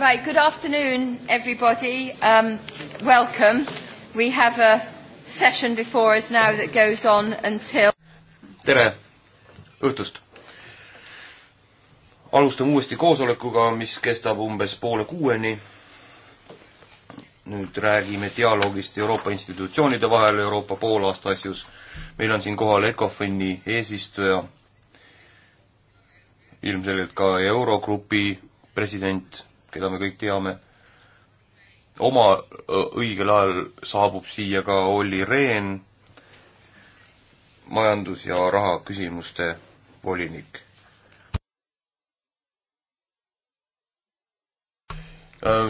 Right, good afternoon, everybody. Um, welcome. We have a session before us now that goes on until tere õhtust! alustame uuesti koosolekuga, mis kestab umbes poole kuueni. nüüd räägime dialoogist Euroopa institutsioonide vahel Euroopa poolaasta asjus. meil on siin kohal ECOFIN-i eesistuja, ilmselgelt ka Eurogrupi president keda me kõik teame. oma õigel ajal saabub siia ka Olli Rehn, majandus- ja rahaküsimuste volinik.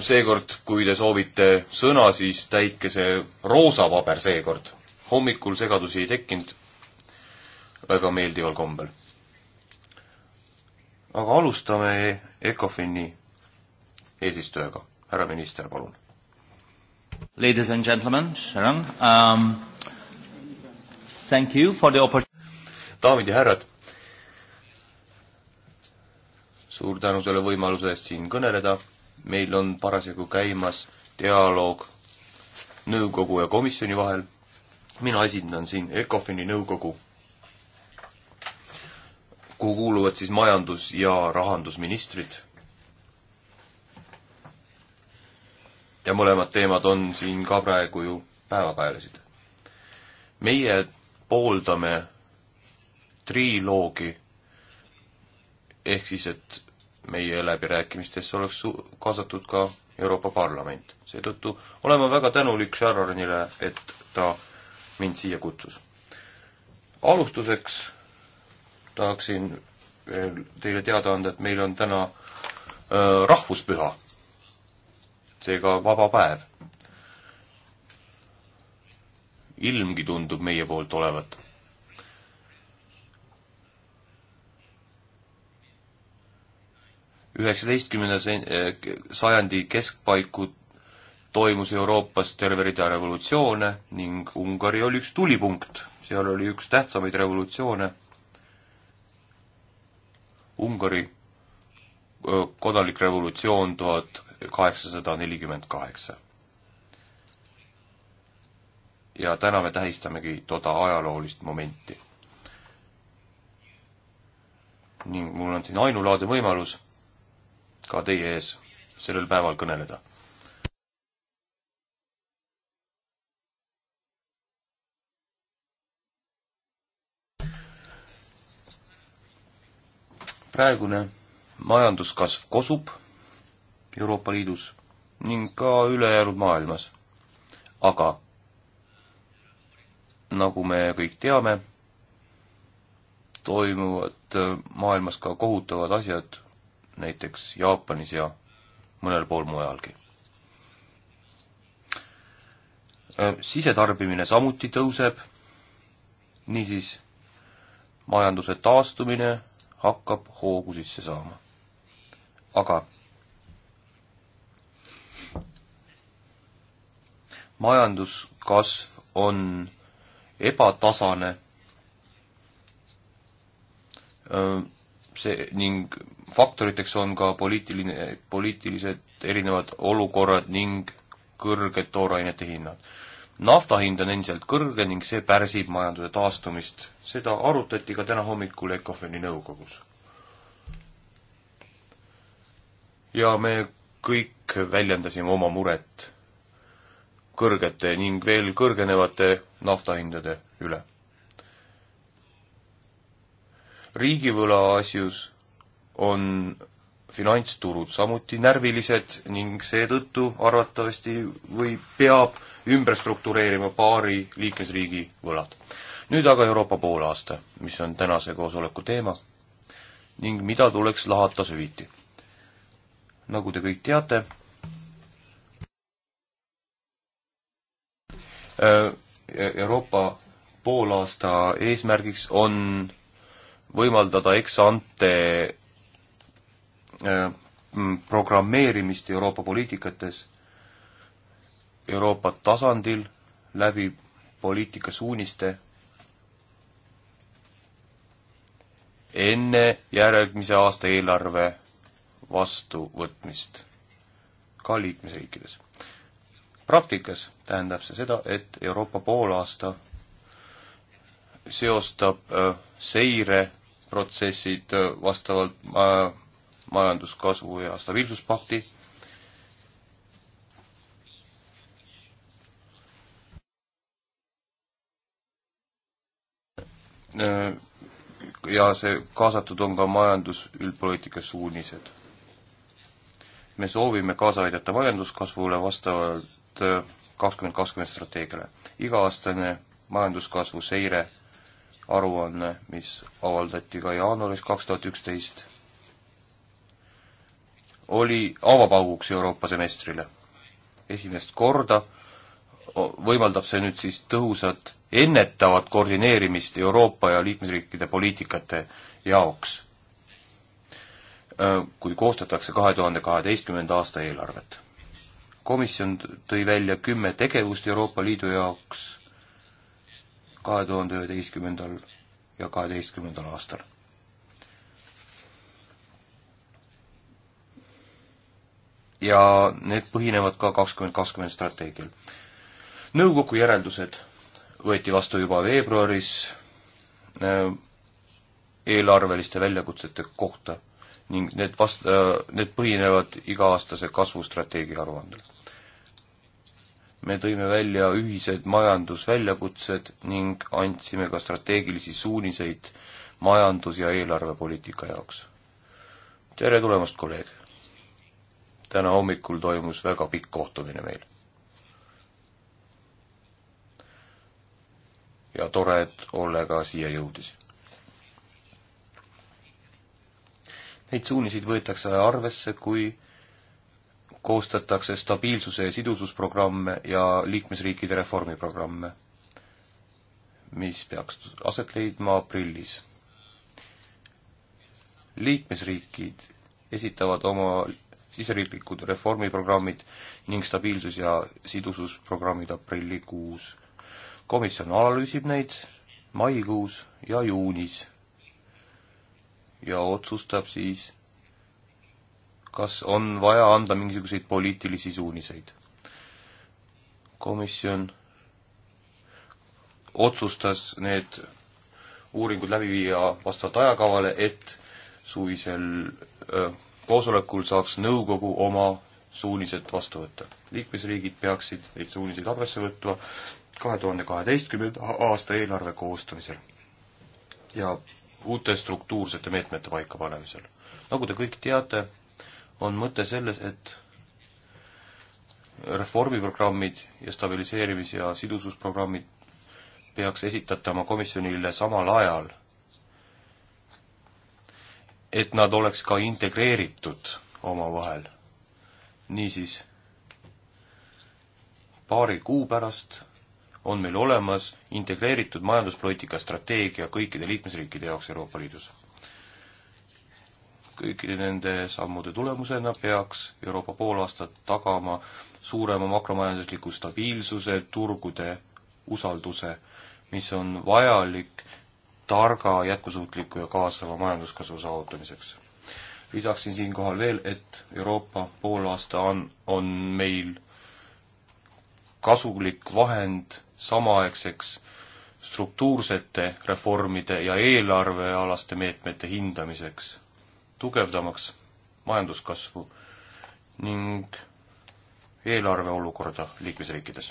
seekord, kui te soovite sõna, siis täitke see roosa paber seekord. hommikul segadusi ei tekkinud väga meeldival kombel aga alustame e-, ECOFIN-i eesistujaga. härra minister, palun. Ladies and gentlemen, Sharon um,, thank you for the opportunity. daamid ja härrad, suur tänu selle võimaluse eest siin kõneleda. meil on parasjagu käimas dialoog nõukogu ja komisjoni vahel. mina esindan siin ECOFIN-i nõukogu kuhu kuuluvad siis majandus- ja rahandusministrid. ja mõlemad teemad on siin ka praegu ju päevakajalised. meie pooldame triloogi, ehk siis, et meie läbirääkimistesse oleks kaasatud ka Euroopa Parlament. seetõttu olen ma väga tänulik Sharonile, et ta mind siia kutsus. alustuseks tahaksin veel teile teada anda, et meil on täna äh, rahvuspüha seega vaba päev. ilmgi tundub meie poolt olevat. üheksateistkümnenda eh, sajandi keskpaiku toimus Euroopas terve rida revolutsioone ning Ungari oli üks tulipunkt, seal oli üks tähtsamaid revolutsioone. Ungari eh, kodanlik revolutsioon tuhat kaheksasada nelikümmend kaheksa. ja täna me tähistamegi toda ajaloolist momenti. ning mul on siin ainulaadne võimalus ka teie ees sellel päeval kõneleda. praegune majanduskasv kosub Euroopa Liidus ning ka ülejäänud maailmas. aga nagu me kõik teame, toimuvad äh, maailmas ka kohutavad asjad, näiteks Jaapanis ja mõnel pool mujalgi. Äh, sisetarbimine samuti tõuseb, niisiis majanduse taastumine hakkab hoogu sisse saama. aga majanduskasv on ebatasane, see ning faktoriteks on ka poliitiline, poliitilised erinevad olukorrad ning kõrged toorainete hinnad. nafta hind on endiselt kõrge ning see pärsib majanduse taastumist. seda arutati ka täna hommikul ECOFIN-i nõukogus. ja me kõik väljendasime oma muret kõrgete ning veel kõrgenevate naftahindade üle. riigivõla asjus on finantsturud samuti närvilised ning seetõttu arvatavasti või peab ümber struktureerima paari liikmesriigi võlad. nüüd aga Euroopa poolaasta, mis on tänase koosoleku teema ning mida tuleks lahata süviti. nagu te kõik teate, Äh, Euroopa poolaasta eesmärgiks on võimaldada ex-ante äh, programmeerimist Euroopa poliitikates Euroopa tasandil läbi poliitikasuuniste enne järgmise aasta eelarve vastuvõtmist ka liikmesriikides praktikas tähendab see seda, et Euroopa poolaasta seostab äh, seireprotsessid äh, vastavalt äh, majanduskasvu ja stabiilsuspakti ja see, kaasatud on ka majandus üldpoliitika suunised. me soovime kaasa aidata majanduskasvule vastavalt Äh, kakskümmend kakskümmend strateegiale. iga-aastane majanduskasvu seire aruanne, mis avaldati ka jaanuaris kaks tuhat üksteist, oli avapauguks Euroopa semestrile. esimest korda võimaldab see nüüd siis tõhusat ennetavat koordineerimist Euroopa ja liikmesriikide poliitikate jaoks, äh, kui koostatakse kahe tuhande kaheteistkümnenda aasta eelarvet komisjon tõi välja kümme tegevust Euroopa Liidu jaoks kahe tuhande üheteistkümnendal ja kaheteistkümnendal aastal. ja need põhinevad ka kakskümmend kakskümmend strateegial. nõukogu järeldused võeti vastu juba veebruaris äh, eelarveliste väljakutsete kohta ning need vast-, äh, need põhinevad iga-aastase kasvustrateegia aruandel me tõime välja ühised majandusväljakutsed ning andsime ka strateegilisi suuniseid majandus- ja eelarvepoliitika jaoks. tere tulemast, kolleeg! täna hommikul toimus väga pikk kohtumine meil. ja tore, et Olle ka siia jõudis. Neid suuniseid võetakse arvesse, kui koostatakse stabiilsuse ja sidususprogramme ja liikmesriikide reformiprogramme, mis peaks aset leidma aprillis. liikmesriigid esitavad oma siseriiklikud reformiprogrammid ning stabiilsus- ja sidususprogrammid aprillikuus. komisjon analüüsib neid maikuus ja juunis ja otsustab siis kas on vaja anda mingisuguseid poliitilisi suuniseid? komisjon otsustas need uuringud läbi viia vastavalt ajakavale, et suvisel öö, koosolekul saaks nõukogu oma suunised vastu võtta. liikmesriigid peaksid neid suuniseid arvesse võtma kahe tuhande kaheteistkümnenda aasta eelarve koostamisel ja uute struktuursete meetmete paikapanemisel. nagu te kõik teate, on mõte selles, et reformiprogrammid ja stabiliseerimis- ja sidususprogrammid peaks esitatama komisjonile samal ajal, et nad oleks ka integreeritud omavahel. niisiis, paari kuu pärast on meil olemas integreeritud majanduspoliitika strateegia kõikide liikmesriikide jaoks Euroopa Liidus kõikide nende sammude tulemusena peaks Euroopa poolaastat tagama suurema makromajandusliku stabiilsuse, turgude usalduse, mis on vajalik targa, jätkusuutliku ja kaasava majanduskasvu saavutamiseks. lisaksin siinkohal veel, et Euroopa poolaasta on, on meil kasulik vahend samaaegseks struktuursete reformide ja eelarvealaste meetmete hindamiseks tugevdamaks majanduskasvu ning eelarve olukorda liikmesriikides.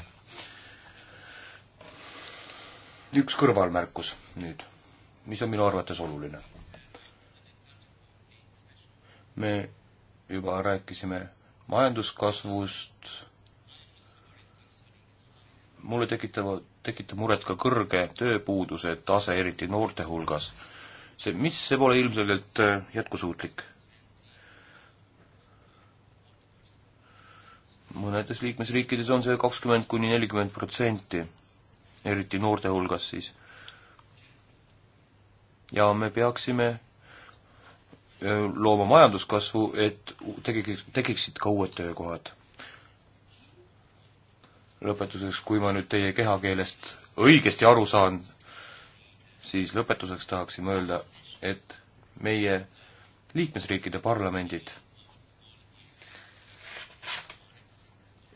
üks kõrvalmärkus nüüd, mis on minu arvates oluline. me juba rääkisime majanduskasvust, mulle tekitavad, tekitab muret ka kõrge tööpuuduse tase, eriti noorte hulgas see, mis, see pole ilmselgelt äh, jätkusuutlik. mõnedes liikmesriikides on see kakskümmend kuni nelikümmend protsenti, eriti noorte hulgas siis. ja me peaksime äh, looma majanduskasvu, et tekiks, tekiksid ka uued töökohad. lõpetuseks, kui ma nüüd teie kehakeelest õigesti aru saan, siis lõpetuseks tahaksin öelda, et meie liikmesriikide parlamendid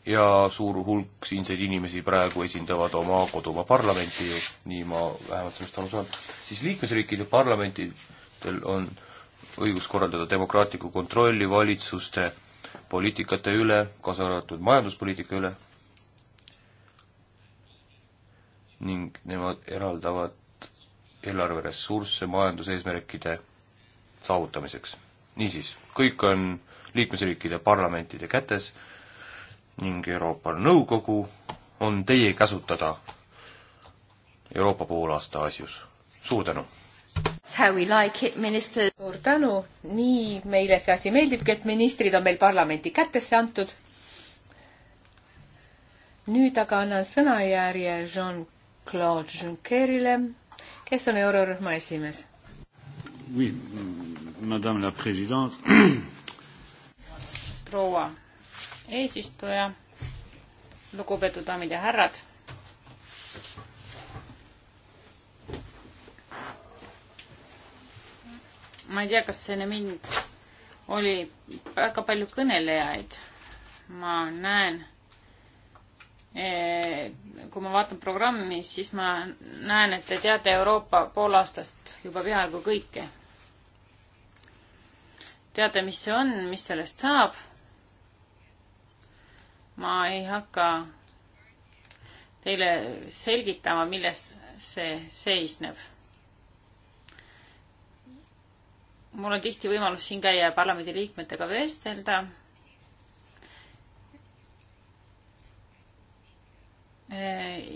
ja suur hulk siinseid inimesi praegu esindavad oma kodumaa parlamenti, nii ma vähemalt sellest aru saan, siis liikmesriikide parlamentidel on õigus korraldada demokraatlikku kontrolli valitsuste poliitikate üle, kaasa arvatud majanduspoliitika üle, ning nemad eraldavad eelarveressursse majanduseesmärkide saavutamiseks. niisiis, kõik on liikmesriikide parlamentide kätes ning Euroopa Nõukogu on teie käsutada Euroopa poolaasta asjus. suur tänu! suur like tänu, nii meile see asi meeldibki, et ministrid on meil parlamendi kätesse antud. nüüd aga annan sõnajärje Jean-Claude Junckerile kes on eurorühma esimees? Oui, madame la présidente. proua eesistuja, lugupeetud daamid ja härrad. ma ei tea, kas enne mind oli väga palju kõnelejaid. ma näen Eh, kui ma vaatan programmi, siis ma näen, et te teate Euroopa poolaastast juba peaaegu kõike. teate, mis see on, mis sellest saab? ma ei hakka teile selgitama, milles see seisneb. mul on tihti võimalus siin käia parlamendiliikmetega vestelda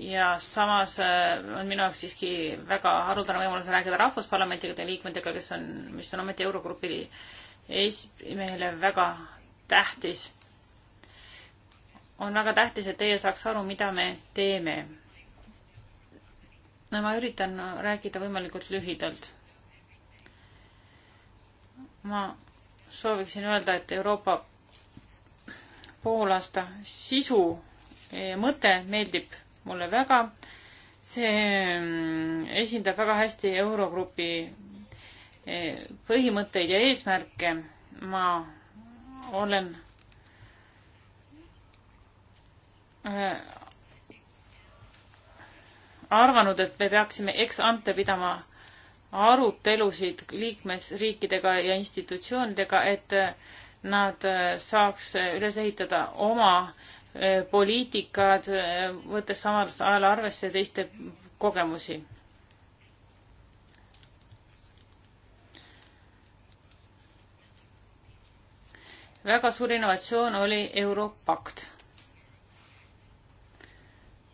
ja samas äh, on minu jaoks siiski väga haruldane võimalus rääkida rahvusparlamentide liikmetega, kes on, mis on ometi Eurogrupi esimehele väga tähtis. on väga tähtis, et teie saaks aru, mida me teeme. no ma üritan rääkida võimalikult lühidalt. ma sooviksin öelda, et Euroopa poolaasta sisu mõte meeldib mulle väga. see mm, esindab väga hästi Eurogrupi põhimõtteid ja eesmärke. ma olen arvanud, et me peaksime eks ante pidama arutelusid liikmesriikidega ja institutsioonidega, et nad saaks üles ehitada oma Eh, poliitikad, eh, võttes samas ajal arvesse teiste kogemusi. väga suur innovatsioon oli Europakt.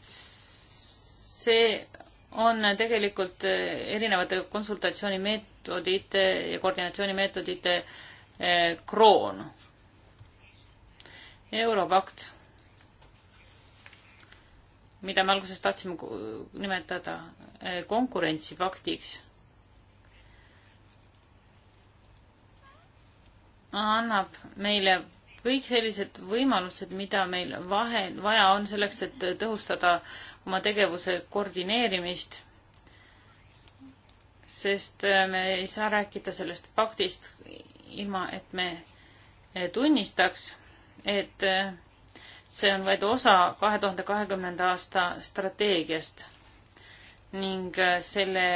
see on tegelikult eh, erinevate konsultatsioonimeetodite ja koordinatsioonimeetodite kroon. Europakt mida me alguses tahtsime nimetada eh, konkurentsipaktiks, annab meile kõik sellised võimalused, mida meil vahe, vaja on selleks, et tõhustada oma tegevuse koordineerimist. sest eh, me ei saa rääkida sellest paktist ilma, et me eh, tunnistaks, et see on vaid osa kahe tuhande kahekümnenda aasta strateegiast ning äh, selle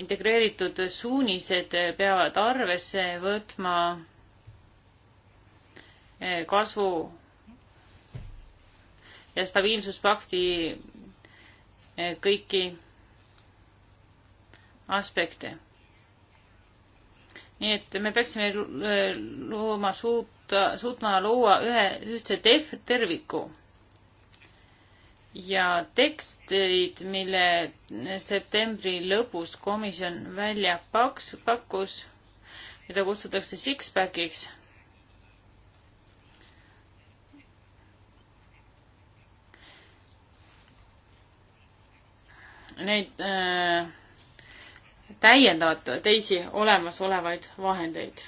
integreeritud suunised peavad arvesse võtma äh, kasvu ja stabiilsuspakti äh, kõiki aspekte. nii et me peaksime looma suut suuta, suutma luua ühe ühtse def-, terviku. ja tekstid, mille septembri lõpus komisjon välja paks, pakkus, mida kutsutakse six-packiks, neid äh, täiendavad teisi olemasolevaid vahendeid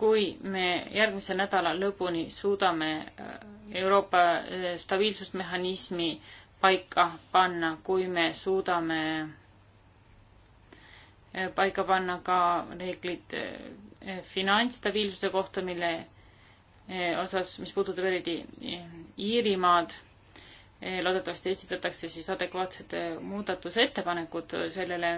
kui me järgmise nädala lõpuni suudame äh, Euroopa äh, stabiilsusmehhanismi paika panna, kui me suudame äh, paika panna ka reeglid finantsstabiilsuse kohta, mille osas, mis puudutab eriti Iirimaad, loodetavasti esitatakse siis adekvaatsed muudatusettepanekud sellele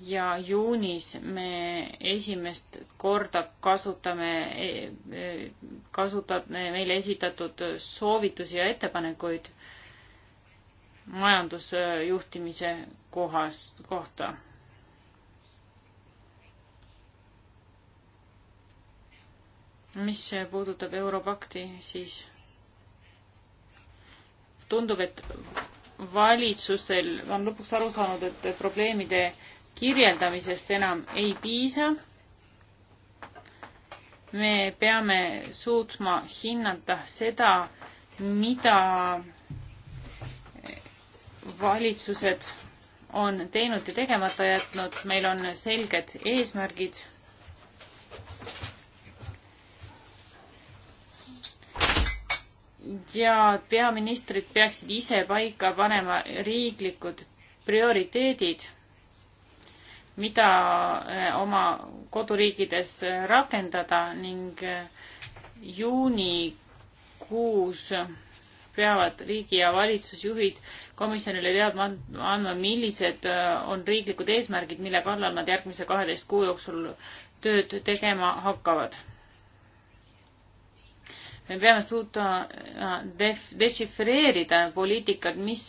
ja juunis me esimest korda kasutame, e, e, kasutame meile esitatud soovitusi ja ettepanekuid majandusjuhtimise kohas, kohta. mis puudutab Europakti, siis tundub, et valitsusel on lõpuks aru saanud, et probleemide kirjeldamisest enam ei piisa. me peame suutma hinnata seda, mida valitsused on teinud ja tegemata jätnud, meil on selged eesmärgid. ja peaministrid peaksid ise paika panema riiklikud prioriteedid mida eh, oma koduriikides eh, rakendada ning eh, juunikuus peavad riigi ja valitsusjuhid komisjonile teadma andma, millised on riiklikud eesmärgid, mille kallal nad järgmise kaheteist kuu jooksul tööd tegema hakkavad. me peame suutma def-, dešifreerida poliitikad, mis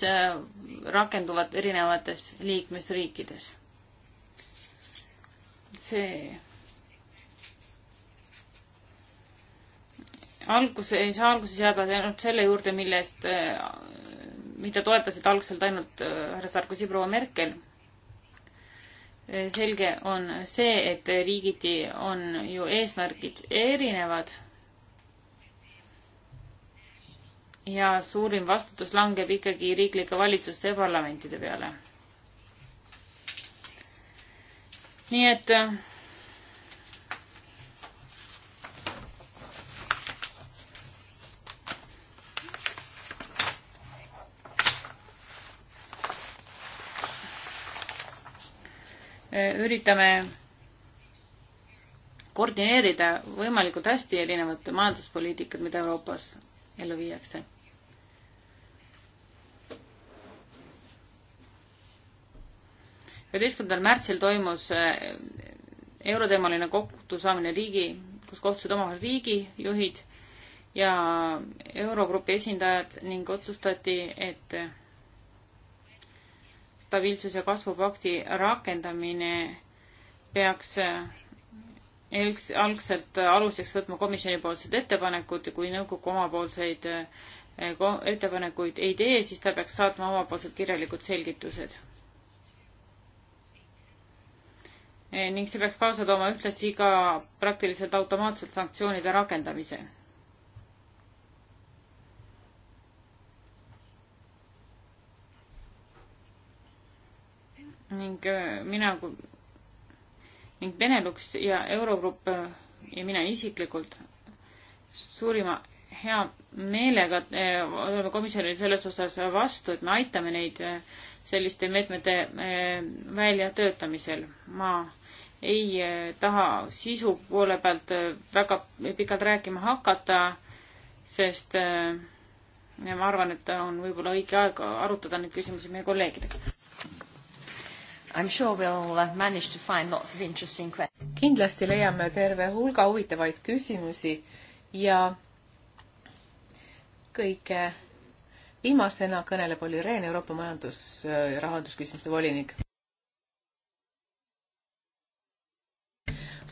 rakenduvad erinevates liikmesriikides see alguse, ei saa alguses jääda ainult selle juurde, millest, äh, mida toetasid algselt ainult äh, härra Sarkozy, proua Merkel. Äh, selge on see, et riigiti on ju eesmärgid erinevad. ja suurim vastutus langeb ikkagi riiklike valitsuste ja parlamentide peale nii et äh, üritame koordineerida võimalikult hästi erinevat majanduspoliitikat, mida Euroopas ellu viiakse üheteistkümnendal märtsil toimus äh, euroteemaline kokkusaamine riigi, kus kohtusid omavahel riigijuhid ja Eurogrupi esindajad ning otsustati, et stabiilsus- ja kasvupakti rakendamine peaks äh, elks, algselt aluseks võtma komisjoni poolsed ettepanekud ja kui nõukogu omapoolseid äh, ettepanekuid ei tee, siis ta peaks saatma omapoolsed kirjalikud selgitused Eh, ning see peaks kaasa tooma ühtlasi ka praktiliselt automaatselt sanktsioonide rakendamise. ning eh, mina ning Benelux ja Eurogrupp eh, ja mina isiklikult suurima hea meelega oleme komisjonile selles osas vastu, et me aitame neid selliste meetmete väljatöötamisel. ma ei eh, taha sisu poole pealt eh, väga pikalt rääkima hakata, sest eh, ma arvan, et on võib-olla õige aeg arutada neid küsimusi meie kolleegidega. I m sure we will uh, manage to find lots of interesting questions. kindlasti leiame terve hulga huvitavaid küsimusi ja kõige viimasena kõneleb oli Reen, Euroopa Majandus- ja Rahandusküsimuste volinik.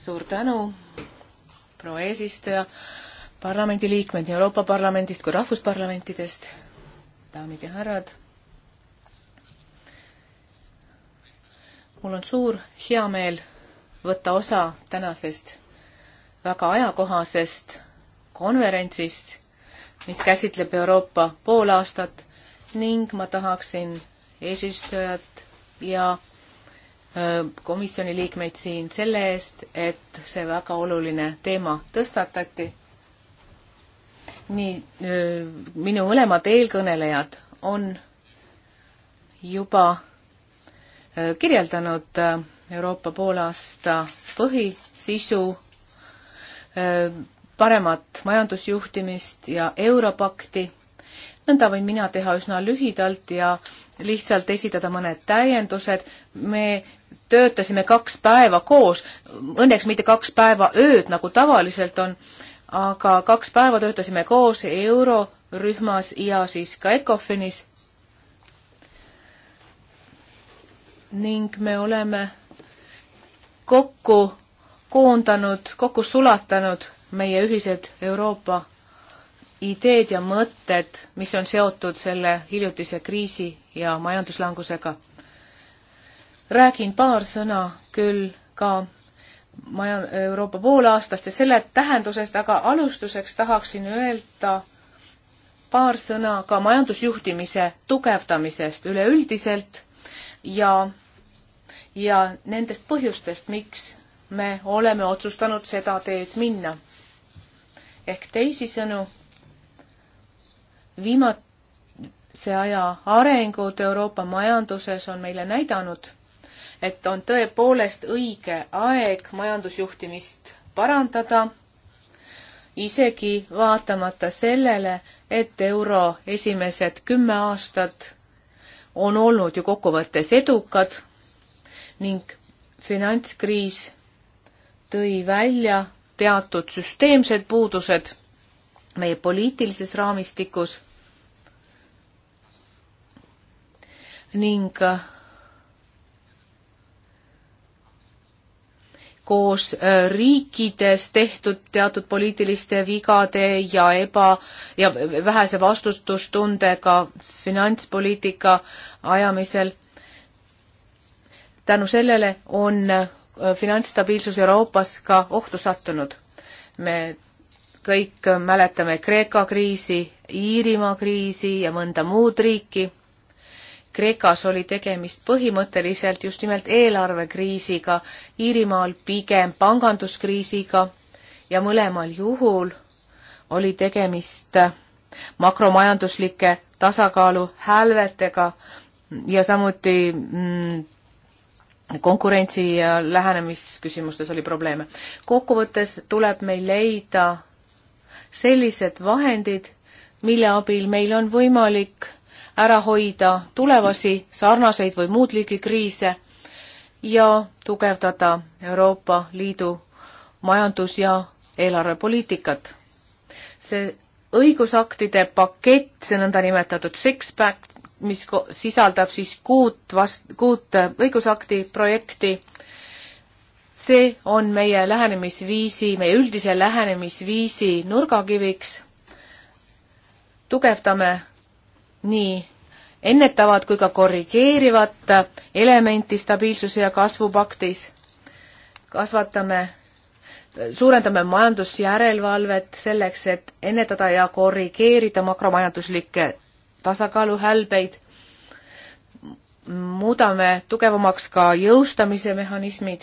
suur tänu, proua eesistuja, parlamendiliikmed nii Euroopa Parlamendist kui rahvusparlamentidest, daamid ja härrad. mul on suur heameel võtta osa tänasest väga ajakohasest konverentsist, mis käsitleb Euroopa poolaastat ning ma tahaksin eesistujat ja Äh, komisjoni liikmeid siin selle eest, et see väga oluline teema tõstatati. nii, äh, minu mõlemad eelkõnelejad on juba äh, kirjeldanud Euroopa poolaasta põhisisu, paremat majandusjuhtimist ja Europakti. nõnda võin mina teha üsna lühidalt ja lihtsalt esitada mõned täiendused. me töötasime kaks päeva koos, õnneks mitte kaks päeva ööd, nagu tavaliselt on, aga kaks päeva töötasime koos eurorühmas ja siis ka ECOFINis. ning me oleme kokku koondanud, kokku sulatanud meie ühised Euroopa ideed ja mõtted, mis on seotud selle hiljutise kriisi ja majanduslangusega räägin paar sõna küll ka maja, Euroopa poolaastast ja selle tähendusest, aga alustuseks tahaksin öelda paar sõna ka majandusjuhtimise tugevdamisest üleüldiselt ja, ja nendest põhjustest, miks me oleme otsustanud seda teed minna. ehk teisisõnu, viimase aja arengud Euroopa majanduses on meile näidanud et on tõepoolest õige aeg majandusjuhtimist parandada, isegi vaatamata sellele, et euro esimesed kümme aastat on olnud ju kokkuvõttes edukad ning finantskriis tõi välja teatud süsteemsed puudused meie poliitilises raamistikus ning koos äh, riikides tehtud teatud poliitiliste vigade ja eba- ja vähese vastutustundega finantspoliitika ajamisel. tänu sellele on äh, finantsstabiilsus Euroopas ka ohtu sattunud. me kõik mäletame Kreeka kriisi, Iirimaa kriisi ja mõnda muud riiki Kreekas oli tegemist põhimõtteliselt just nimelt eelarvekriisiga, Iirimaal pigem panganduskriisiga ja mõlemal juhul oli tegemist makromajanduslike tasakaalu hälvetega ja samuti mm, konkurentsi ja lähenemisküsimustes oli probleeme. kokkuvõttes tuleb meil leida sellised vahendid, mille abil meil on võimalik ära hoida tulevasi sarnaseid või muud liiki kriise ja tugevdada Euroopa Liidu majandus- ja eelarvepoliitikat. see õigusaktide pakett, see nõndanimetatud six-pack, mis sisaldab siis kuut vast-, kuut õigusakti projekti, see on meie lähenemisviisi, meie üldise lähenemisviisi nurgakiviks. tugevdame nii ennetavat kui ka korrigeerivat elementi stabiilsuse ja kasvu paktis. kasvatame, suurendame majandusjärelevalvet selleks, et ennetada ja korrigeerida makromajanduslikke tasakaaluhälbeid. muudame tugevamaks ka jõustamise mehhanismid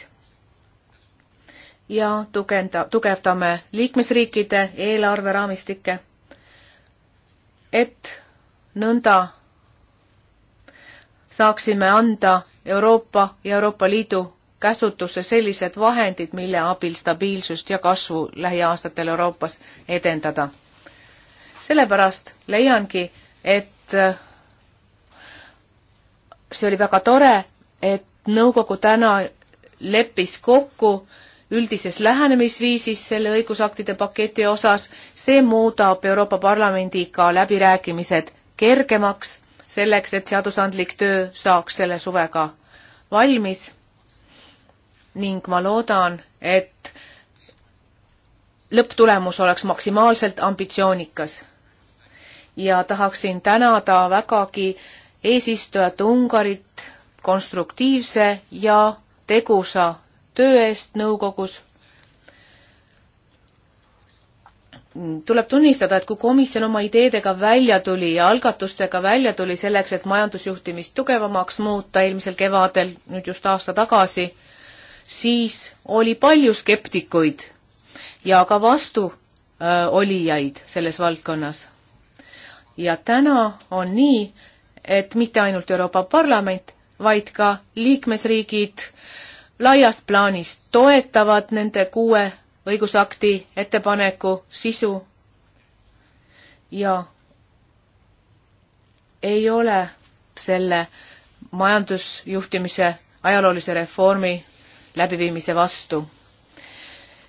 ja tugevda, tugevdame liikmesriikide eelarveraamistikke, et nõnda saaksime anda Euroopa ja Euroopa Liidu käsutusse sellised vahendid, mille abil stabiilsust ja kasvu lähiaastatel Euroopas edendada. sellepärast leiangi, et äh, see oli väga tore, et nõukogu täna leppis kokku üldises lähenemisviisis selle õigusaktide paketi osas, see muudab Euroopa Parlamendiga läbirääkimised kergemaks, selleks et seadusandlik töö saaks selle suvega valmis ning ma loodan, et lõpptulemus oleks maksimaalselt ambitsioonikas. ja tahaksin tänada vägagi eesistujat Ungarit konstruktiivse ja tegusa töö eest nõukogus tuleb tunnistada, et kui komisjon oma ideedega välja tuli ja algatustega välja tuli selleks, et majandusjuhtimist tugevamaks muuta eelmisel kevadel, nüüd just aasta tagasi, siis oli palju skeptikuid ja ka vastuolijaid äh, selles valdkonnas. ja täna on nii, et mitte ainult Euroopa Parlament, vaid ka liikmesriigid laias plaanis toetavad nende kuue õigusakti ettepaneku sisu ja ei ole selle majandusjuhtimise ajaloolise reformi läbiviimise vastu.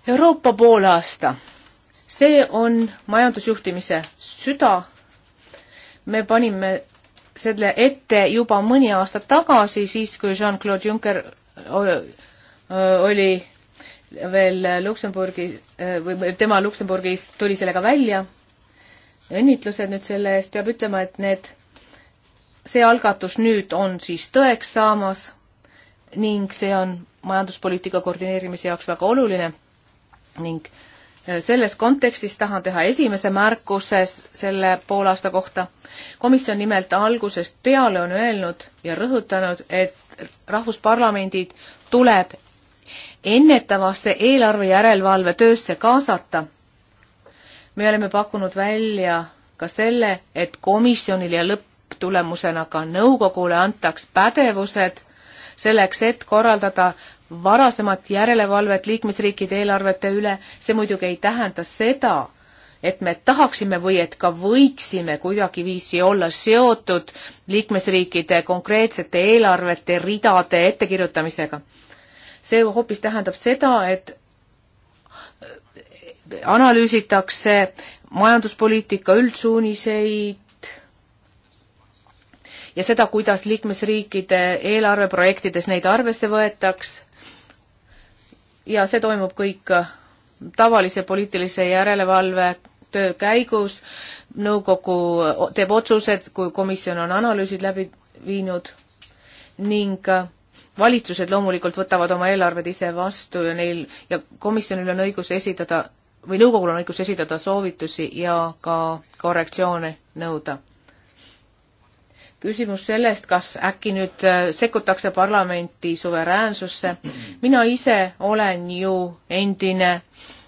Euroopa poolaasta, see on majandusjuhtimise süda. me panime selle ette juba mõni aasta tagasi, siis kui Jean-Claude Juncker oli veel Luksemburgi või tema Luksemburgis tuli sellega välja. õnnitlused nüüd selle eest, peab ütlema, et need, see algatus nüüd on siis tõeks saamas ning see on majanduspoliitika koordineerimise jaoks väga oluline ning äh, selles kontekstis tahan teha esimese märkuse selle poolaasta kohta. komisjon nimelt algusest peale on öelnud ja rõhutanud, et rahvusparlamendid tuleb ennetavasse eelarvejärelevalve töösse kaasata. me oleme pakkunud välja ka selle, et komisjonile ja lõpptulemusena ka nõukogule antaks pädevused selleks, et korraldada varasemat järelevalvet liikmesriikide eelarvete üle, see muidugi ei tähenda seda, et me tahaksime või et ka võiksime kuidagiviisi olla seotud liikmesriikide konkreetsete eelarvete ridade ettekirjutamisega see hoopis tähendab seda, et analüüsitakse majanduspoliitika üldsuuniseid, ja seda, kuidas liikmesriikide eelarveprojektides neid arvesse võetaks. ja see toimub kõik tavalise poliitilise järelevalve töö käigus, nõukogu teeb otsused, kui komisjon on analüüsid läbi viinud ning valitsused loomulikult võtavad oma eelarved ise vastu ja neil ja komisjonil on õigus esitada või nõukogul on õigus esitada soovitusi ja ka korrektsioone nõuda. küsimus sellest, kas äkki nüüd äh, sekkutakse parlamenti suveräänsusse. mina ise olen ju endine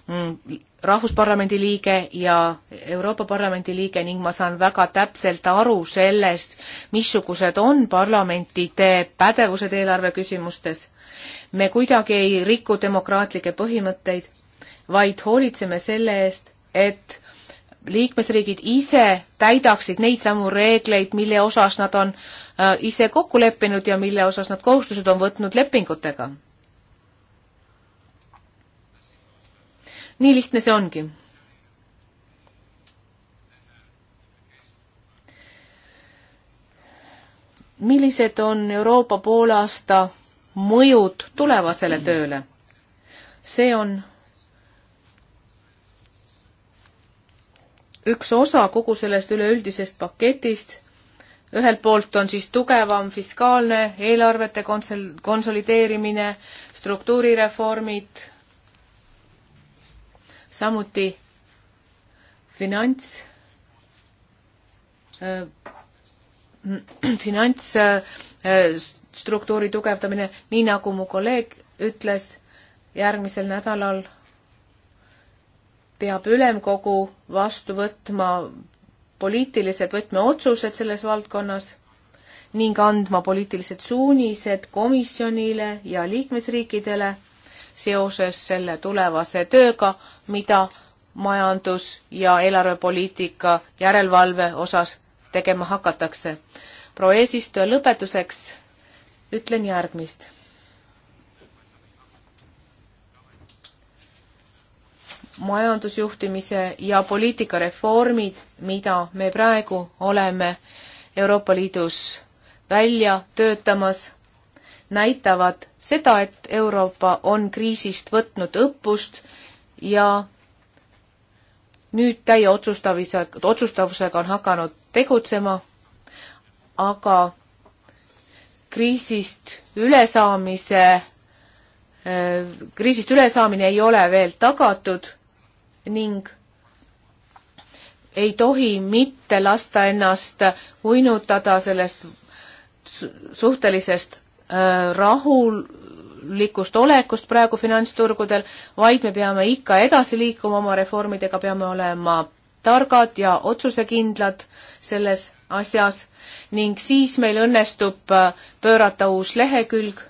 mm, Rahvusparlamendi liige ja Euroopa Parlamendi liige ning ma saan väga täpselt aru sellest, missugused on parlamentide pädevused eelarve küsimustes. me kuidagi ei riku demokraatlikke põhimõtteid, vaid hoolitseme selle eest, et liikmesriigid ise täidaksid neid samu reegleid, mille osas nad on äh, ise kokku leppinud ja mille osas nad kohustused on võtnud lepingutega nii lihtne see ongi. millised on Euroopa poolaasta mõjud tulevasele tööle? see on üks osa kogu sellest üleüldisest paketist. ühelt poolt on siis tugevam fiskaalne eelarvete konsol-, konsolideerimine, struktuurireformid, samuti finants äh,, finantsstruktuuri äh, tugevdamine, nii nagu mu kolleeg ütles, järgmisel nädalal peab ülemkogu vastu võtma poliitilised võtmeotsused selles valdkonnas ning andma poliitilised suunised komisjonile ja liikmesriikidele seoses selle tulevase tööga, mida majandus- ja eelarvepoliitika järelevalve osas tegema hakatakse. proua eesistuja, lõpetuseks ütlen järgmist. majandusjuhtimise ja poliitikareformid, mida me praegu oleme Euroopa Liidus välja töötamas näitavad seda, et Euroopa on kriisist võtnud õppust ja nüüd täie otsustavusega, otsustavusega on hakanud tegutsema, aga kriisist ülesaamise, äh, kriisist ülesaamine ei ole veel tagatud ning ei tohi mitte lasta ennast uinutada sellest suhtelisest Äh, rahulikust olekust praegu finantsturgudel, vaid me peame ikka edasi liikuma oma reformidega, peame olema targad ja otsusekindlad selles asjas ning siis meil õnnestub äh, pöörata uus lehekülg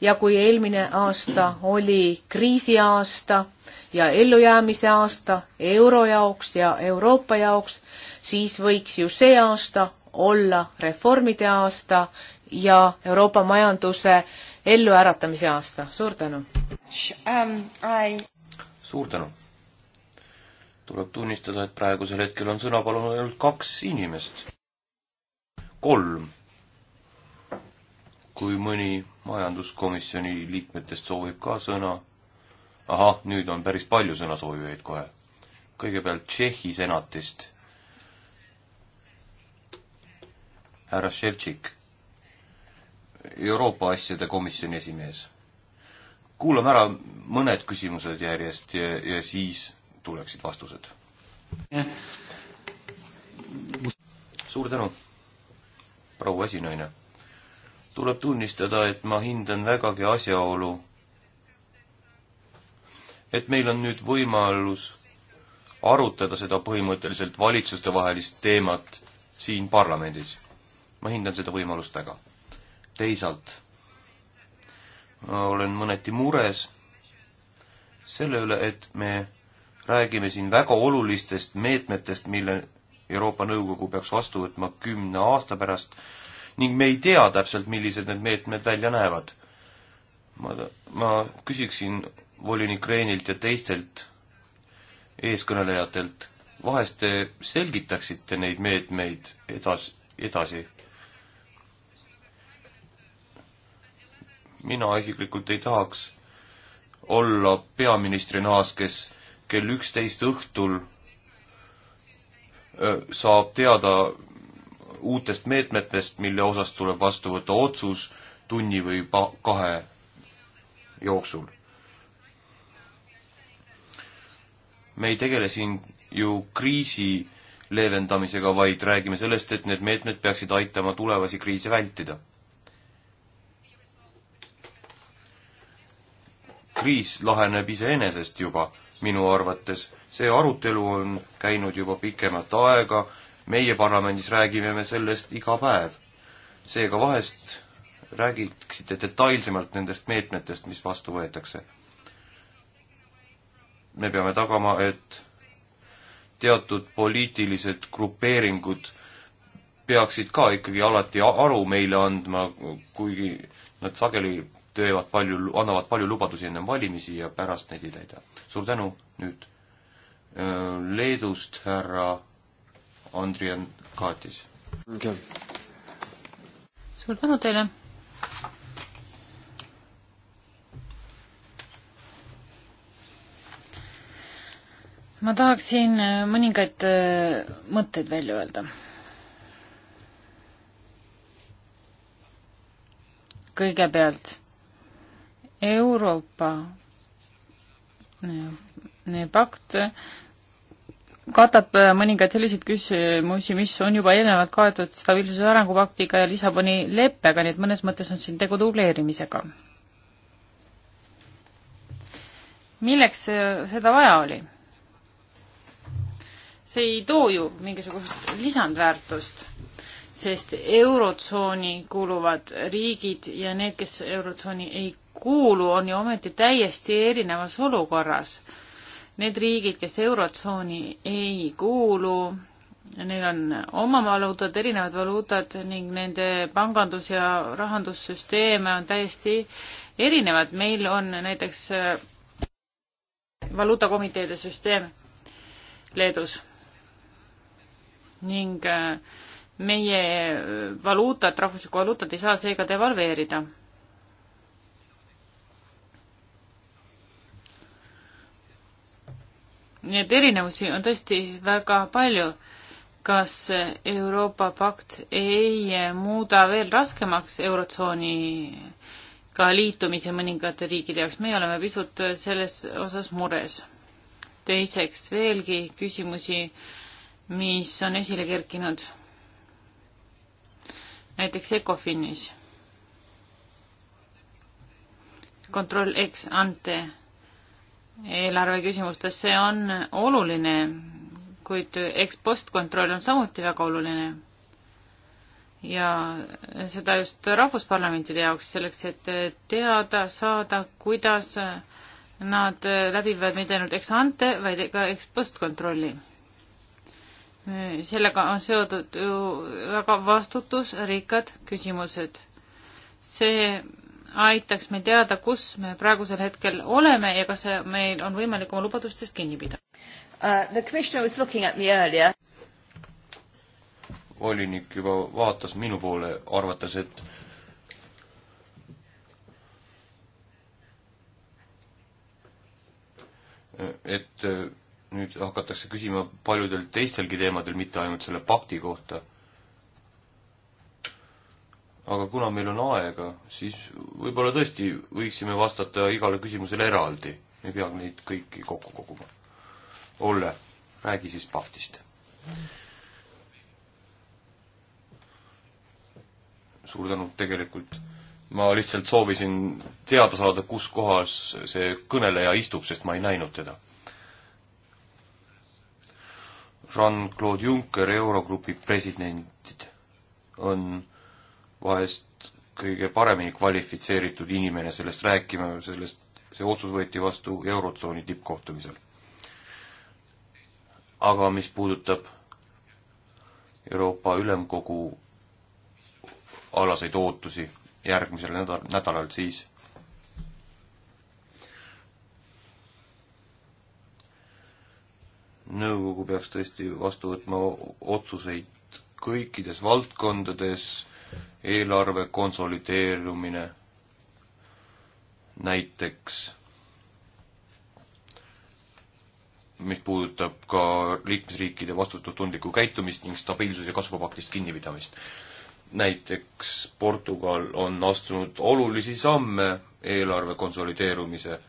ja kui eelmine aasta oli kriisiaasta ja ellujäämise aasta euro jaoks ja Euroopa jaoks, siis võiks ju see aasta olla reformide aasta ja Euroopa majanduse elluäratamise aasta, suur tänu um,! I... suur tänu! tuleb tunnistada, et praegusel hetkel on sõna palunud ainult kaks inimest. kolm. kui mõni majanduskomisjoni liikmetest soovib ka sõna, ahah, nüüd on päris palju sõnasoovijaid kohe. kõigepealt Tšehhi senatist. härra Ševtšik Euroopa asjade komisjoni esimees. kuulame ära mõned küsimused järjest ja, ja siis tuleksid vastused. suur tänu, proua esinaine. tuleb tunnistada, et ma hindan vägagi asjaolu, et meil on nüüd võimalus arutada seda põhimõtteliselt valitsustevahelist teemat siin parlamendis. ma hindan seda võimalust väga teisalt olen mõneti mures selle üle, et me räägime siin väga olulistest meetmetest, mille Euroopa Nõukogu peaks vastu võtma kümne aasta pärast ning me ei tea täpselt, millised need meetmed välja näevad. ma, ma küsiksin volinik Reenilt ja teistelt eeskõnelejatelt, vahest te selgitaksite neid meetmeid edas-, edasi? mina isiklikult ei tahaks olla peaministri naas, kes kell üksteist õhtul saab teada uutest meetmetest, mille osas tuleb vastu võtta otsus tunni või pa-, kahe jooksul. me ei tegele siin ju kriisi leevendamisega, vaid räägime sellest, et need meetmed peaksid aitama tulevasi kriise vältida kriis laheneb iseenesest juba minu arvates. see arutelu on käinud juba pikemat aega, meie parlamendis räägime me sellest iga päev. seega vahest räägiksite detailsemalt nendest meetmetest, mis vastu võetakse. me peame tagama, et teatud poliitilised grupeeringud peaksid ka ikkagi alati aru meile andma, kuigi nad sageli teevad palju, annavad palju lubadusi ennem valimisi ja pärast neid ei täida. suur tänu, nüüd äh, Leedust härra Andrian Kaatis okay.. suur tänu teile. ma tahaksin äh, mõningaid äh, mõtteid välja öelda. kõigepealt Euroopa pakt katab mõningaid selliseid küsimusi, mis on juba eelnevalt kaetud stabiilsuse arengupaktiga ja Lissaboni leppega, nii et mõnes mõttes on siin tegu dubleerimisega. milleks seda vaja oli? see ei too ju mingisugust lisandväärtust, sest Eurotsooni kuuluvad riigid ja need, kes Eurotsooni ei kuulu, on ju ometi täiesti erinevas olukorras. Need riigid, kes Eurotsooni ei kuulu, neil on oma valuutad, erinevad valuutad ning nende pangandus- ja rahandussüsteeme on täiesti erinevad. meil on näiteks äh, valuutakomiteede süsteem Leedus ning äh, meie äh, valuutat, rahvuslikku valuutat ei saa seega devalveerida nii et erinevusi on tõesti väga palju. kas Euroopa pakt ei muuda veel raskemaks Eurotsooniga liitumise mõningate riikide jaoks, meie oleme pisut selles osas mures. teiseks veelgi küsimusi, mis on esile kerkinud. näiteks Ecofinis kontroll ex ante eelarve küsimustes, see on oluline, kuid ekspost kontroll on samuti väga oluline. ja seda just rahvusparlamentide jaoks, selleks et teada saada, kuidas nad läbivad mitte ainult ex-ante, vaid ka ekspost kontrolli. sellega on seotud ju väga vastutusrikkad küsimused. see aitaks meil teada, kus me praegusel hetkel oleme ja kas meil on võimalik oma lubadustest kinni pidada uh,. The commissioner was looking at me earlier. volinik juba vaatas minu poole, arvates, et et nüüd hakatakse küsima paljudel teistelgi teemadel, mitte ainult selle pakti kohta aga kuna meil on aega, siis võib-olla tõesti võiksime vastata igale küsimusele eraldi. ei pea neid kõiki kokku koguma. Olle, räägi siis paktist. suur tänu, tegelikult ma lihtsalt soovisin teada saada, kus kohas see kõneleja istub, sest ma ei näinud teda Jean-Claude Juncker, Eurogrupi president, on vahest kõige paremini kvalifitseeritud inimene sellest rääkima, sellest, see otsus võeti vastu Eurotsooni tippkohtumisel. aga mis puudutab Euroopa Ülemkogu alaseid ootusi järgmisel nädal, nädalal, siis nõukogu peaks tõesti vastu võtma otsuseid kõikides valdkondades, eelarve konsolideerumine näiteks, mis puudutab ka liikmesriikide vastutustundlikku käitumist ning stabiilsus- ja kasvupaktist kinnipidamist. näiteks Portugal on astunud olulisi samme eelarve konsolideerumise,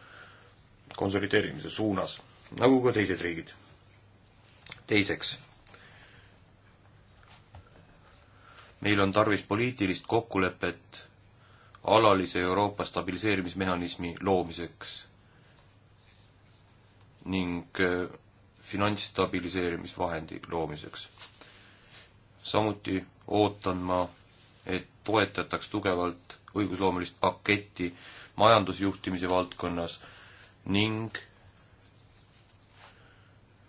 konsolideerimise suunas, nagu ka teised riigid. teiseks meil on tarvis poliitilist kokkulepet alalise Euroopa stabiliseerimismehhanismi loomiseks ning äh, finantsstabiliseerimisvahendi loomiseks. samuti ootan ma, et toetataks tugevalt õigusloomelist paketti majandusjuhtimise valdkonnas ning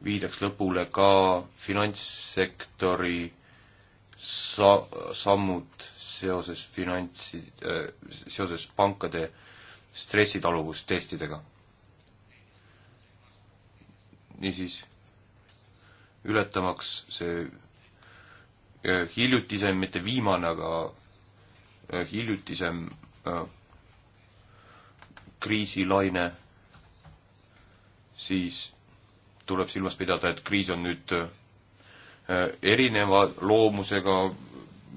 viidaks lõpule ka finantssektori sa-, sammud seoses finantsi, äh, seoses pankade stressitaluvustestidega. niisiis, ületamaks see äh, hiljutisem, mitte viimane, aga äh, hiljutisem kriisilaine, siis tuleb silmas pidada, et kriis on nüüd Äh, erineva loomusega,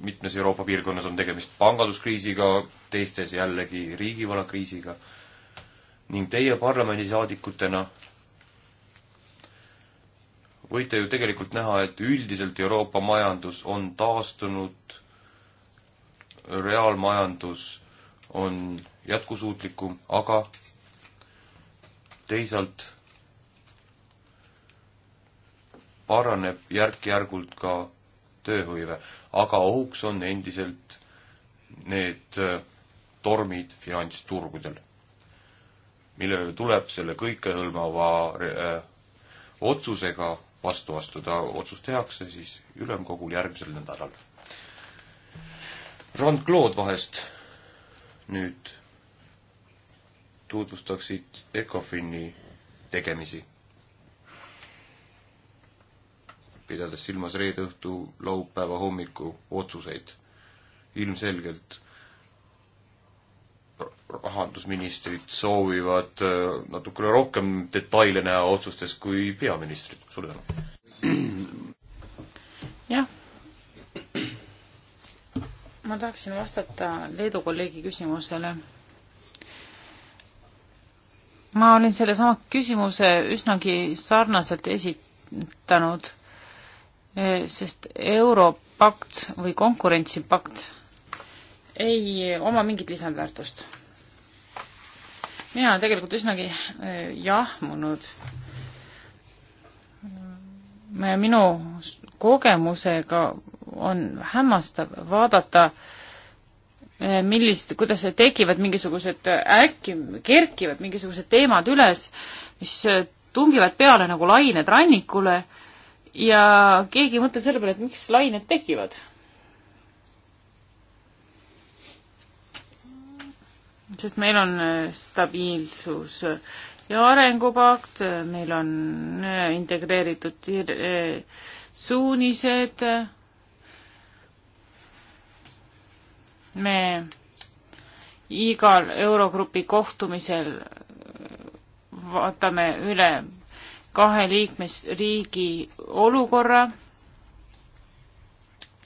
mitmes Euroopa piirkonnas on tegemist panganduskriisiga, teistes jällegi riigivõlakriisiga ning teie parlamendisaadikutena võite ju tegelikult näha, et üldiselt Euroopa majandus on taastunud, reaalmajandus on jätkusuutlikum, aga teisalt paraneb järk-järgult ka tööhõive, aga ohuks on endiselt need äh, tormid finantsturgudel, millele tuleb selle kõikehõlmava äh, otsusega vastu astuda, otsus tehakse siis ülemkogul järgmisel nädalal. Jean-Claude vahest nüüd tutvustaksid ECOFIN-i tegemisi pidades silmas reede õhtu, laupäeva hommiku otsuseid. ilmselgelt rahandusministrid soovivad äh, natukene rohkem detaile näha otsustes kui peaministrid. suur tänu. jah. ma tahaksin vastata Leedu kolleegi küsimusele ma olin sellesama küsimuse üsnagi sarnaselt esitanud. Eh, sest Europakt või konkurentsipakt ei oma mingit lisandväärtust. mina olen tegelikult üsnagi eh, jahmunud. minu kogemusega on hämmastav vaadata, eh, millist, kuidas tekivad mingisugused, äkki kerkivad mingisugused teemad üles, mis tungivad peale nagu lained rannikule ja keegi ei mõtle selle peale, et miks lained tekivad. sest meil on äh, stabiilsus äh, ja arengupakt, äh, meil on integreeritud suunised, me igal Eurogrupi kohtumisel vaatame üle kahe liikmesriigi olukorra,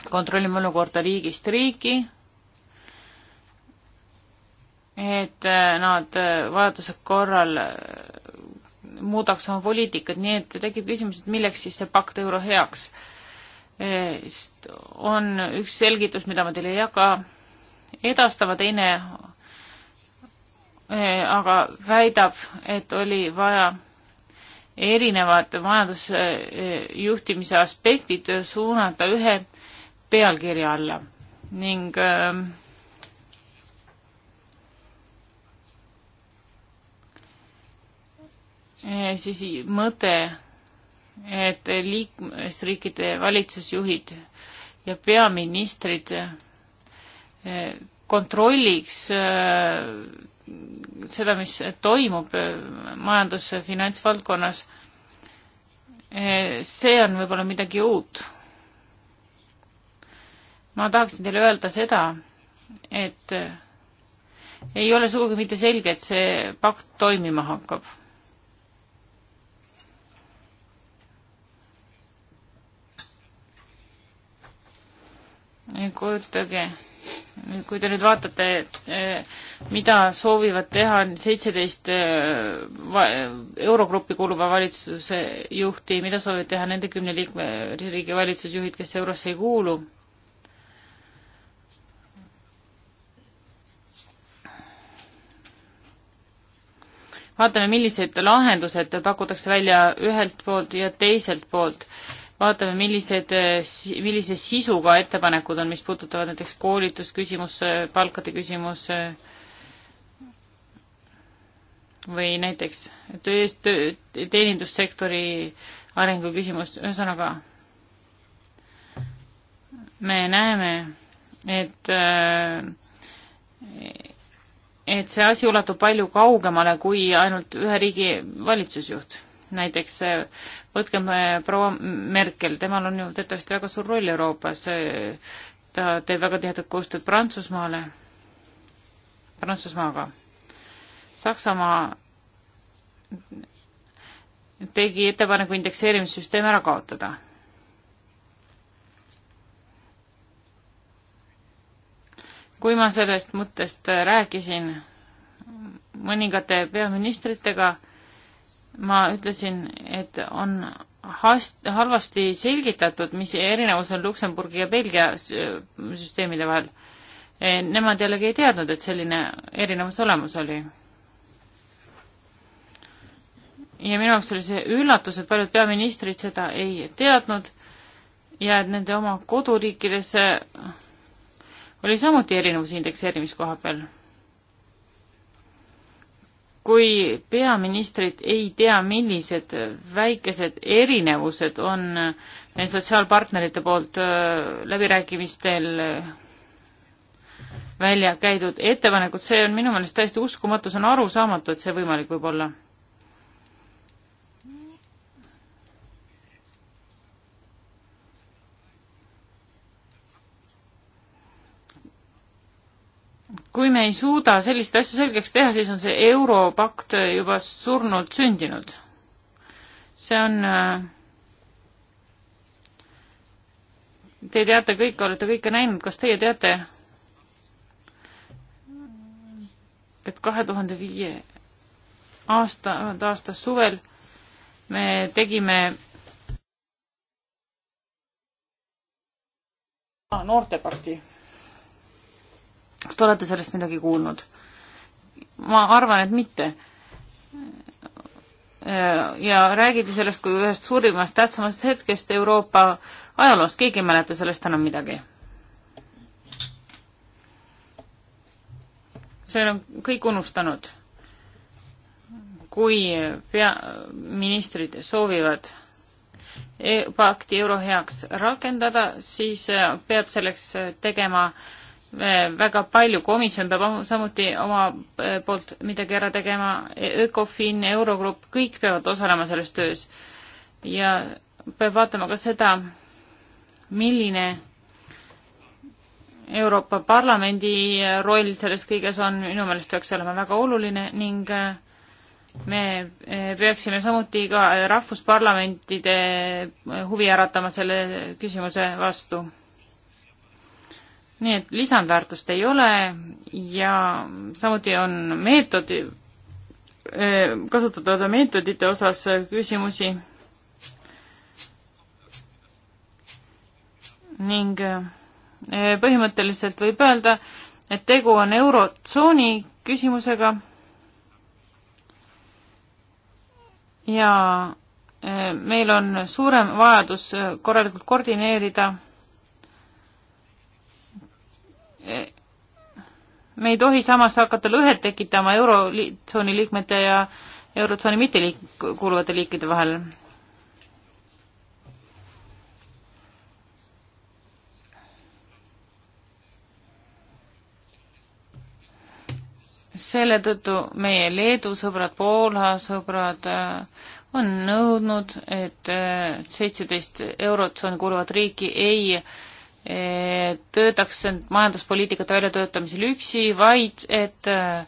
kontrollime olukorda riigist riiki, et äh, nad äh, vajaduse korral äh, muudaks oma poliitikat, nii et tekib küsimus, et milleks siis see pakt euro heaks. sest on üks selgitus, mida ma teile ei jaga, edastama, teine aga väidab, et oli vaja erinevad majandusjuhtimise aspektid suunata ühe pealkirja alla ning äh, siis mõte, et liikmesriikide valitsusjuhid ja peaministrid äh, kontrolliks äh, seda, mis toimub majandus- ja finantsvaldkonnas, see on võib-olla midagi uut. ma tahaksin teile öelda seda, et ei ole sugugi mitte selge, et see pakt toimima hakkab. kujutage kui te nüüd vaatate, eh, mida soovivad teha seitseteist eh, Eurogrupi kuuluva valitsuse juhti, mida soovivad teha nende kümne liikme riigi valitsusjuhid, kes Eurosse ei kuulu, vaatame, millised lahendused pakutakse välja ühelt poolt ja teiselt poolt vaatame, millised, eh, millise sisuga ettepanekud on, mis puudutavad näiteks koolitusküsimus, eh, palkade küsimus eh, või näiteks töö, töö, teenindussektori arengu küsimus, ühesõnaga me näeme, et et see asi ulatub palju kaugemale kui ainult ühe riigi valitsusjuht näiteks eh, võtkem eh, proua Merkel, temal on ju teatavasti väga suur roll Euroopas, eh, ta teeb väga tihedat koostööd Prantsusmaale, Prantsusmaaga. Saksamaa tegi ettepaneku indekseerimissüsteem ära kaotada. kui ma sellest mõttest rääkisin mõningate peaministritega, ma ütlesin, et on hast-, halvasti selgitatud, mis erinevus on Luksemburgi ja Belgia süsteemide vahel. E, nemad jällegi ei teadnud, et selline erinevus olemas oli. ja minu jaoks oli see üllatus, et paljud peaministrid seda ei teadnud ja et nende oma koduriikides oli samuti erinevus indekseerimiskoha peal kui peaministrid ei tea, millised väikesed erinevused on meil sotsiaalpartnerite poolt äh, läbirääkimistel välja käidud ettepanekud, see on minu meelest täiesti uskumatu, see on arusaamatu, et see võimalik võib olla kui me ei suuda selliseid asju selgeks teha, siis on see Europakt juba surnult sündinud. see on äh, Te teate kõike, olete kõike näinud, kas teie teate, et kahe tuhande viie aasta, aasta suvel me tegime noortepakti kas te olete sellest midagi kuulnud? ma arvan, et mitte. ja räägiti sellest kui ühest suurimast tähtsamast hetkest Euroopa ajaloos, keegi ei mäleta sellest enam midagi. see on kõik unustanud. kui peaministrid soovivad pakti euro heaks rakendada, siis peab selleks tegema äh, Äh, väga palju, komisjon peab samuti oma äh, poolt midagi ära tegema, Ökofin, Eurogrupp, kõik peavad osalema selles töös. ja peab vaatama ka seda, milline Euroopa Parlamendi äh, roll selles kõiges on, minu meelest peaks olema väga oluline ning me peaksime samuti ka rahvusparlamentide huvi äratama selle küsimuse vastu nii et lisandväärtust ei ole ja samuti on meetodi, kasutatavate meetodite osas küsimusi. ning põhimõtteliselt võib öelda, et tegu on Eurotsooni küsimusega ja meil on suurem vajadus korralikult koordineerida me ei tohi samas hakata lõhet tekitama eurotsooni liikmete ja eurotsooni mitte liik-, kuuluvate liikide vahel. selle tõttu meie Leedu sõbrad, Poola sõbrad äh, on nõudnud, et äh, seitseteist eurotsooni kuuluvat riiki ei äh, töötaks majanduspoliitikat väljatöötamisel üksi, vaid et äh,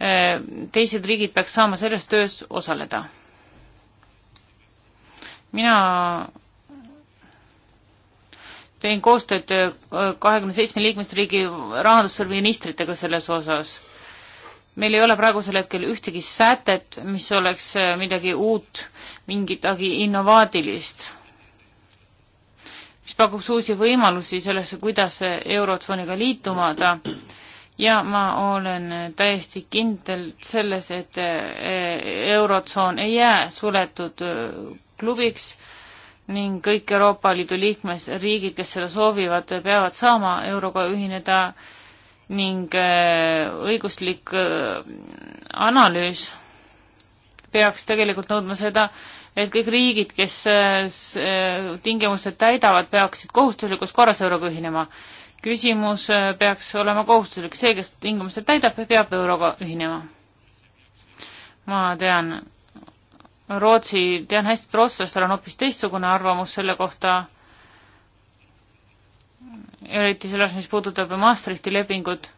äh, teised riigid peaks saama selles töös osaleda. mina teen koostööd äh, kahekümne seitsme liikmesriigi rahandusministritega selles osas. meil ei ole praegusel hetkel ühtegi sätet, mis oleks midagi uut, mingit innovaatilist mis pakuks uusi võimalusi sellesse, kuidas Eurotsooniga liitumada ja ma olen täiesti kindel selles, et eh, Eurotsoon ei jää suletud eh, klubiks ning kõik Euroopa Liidu liikmesriigid, kes seda soovivad, peavad saama euroga ühineda ning eh, õiguslik analüüs peaks tegelikult nõudma seda, et kõik riigid, kes äh, äh, tingimused täidavad, peaksid kohustuslikus korras euroga ühinema. küsimus äh, peaks olema kohustuslik, see, kes tingimused täidab, peab euroga ühinema. ma tean, Rootsi, tean hästi, et rootslastel on hoopis teistsugune arvamus selle kohta, eriti selles, mis puudutab Maastrichti lepingut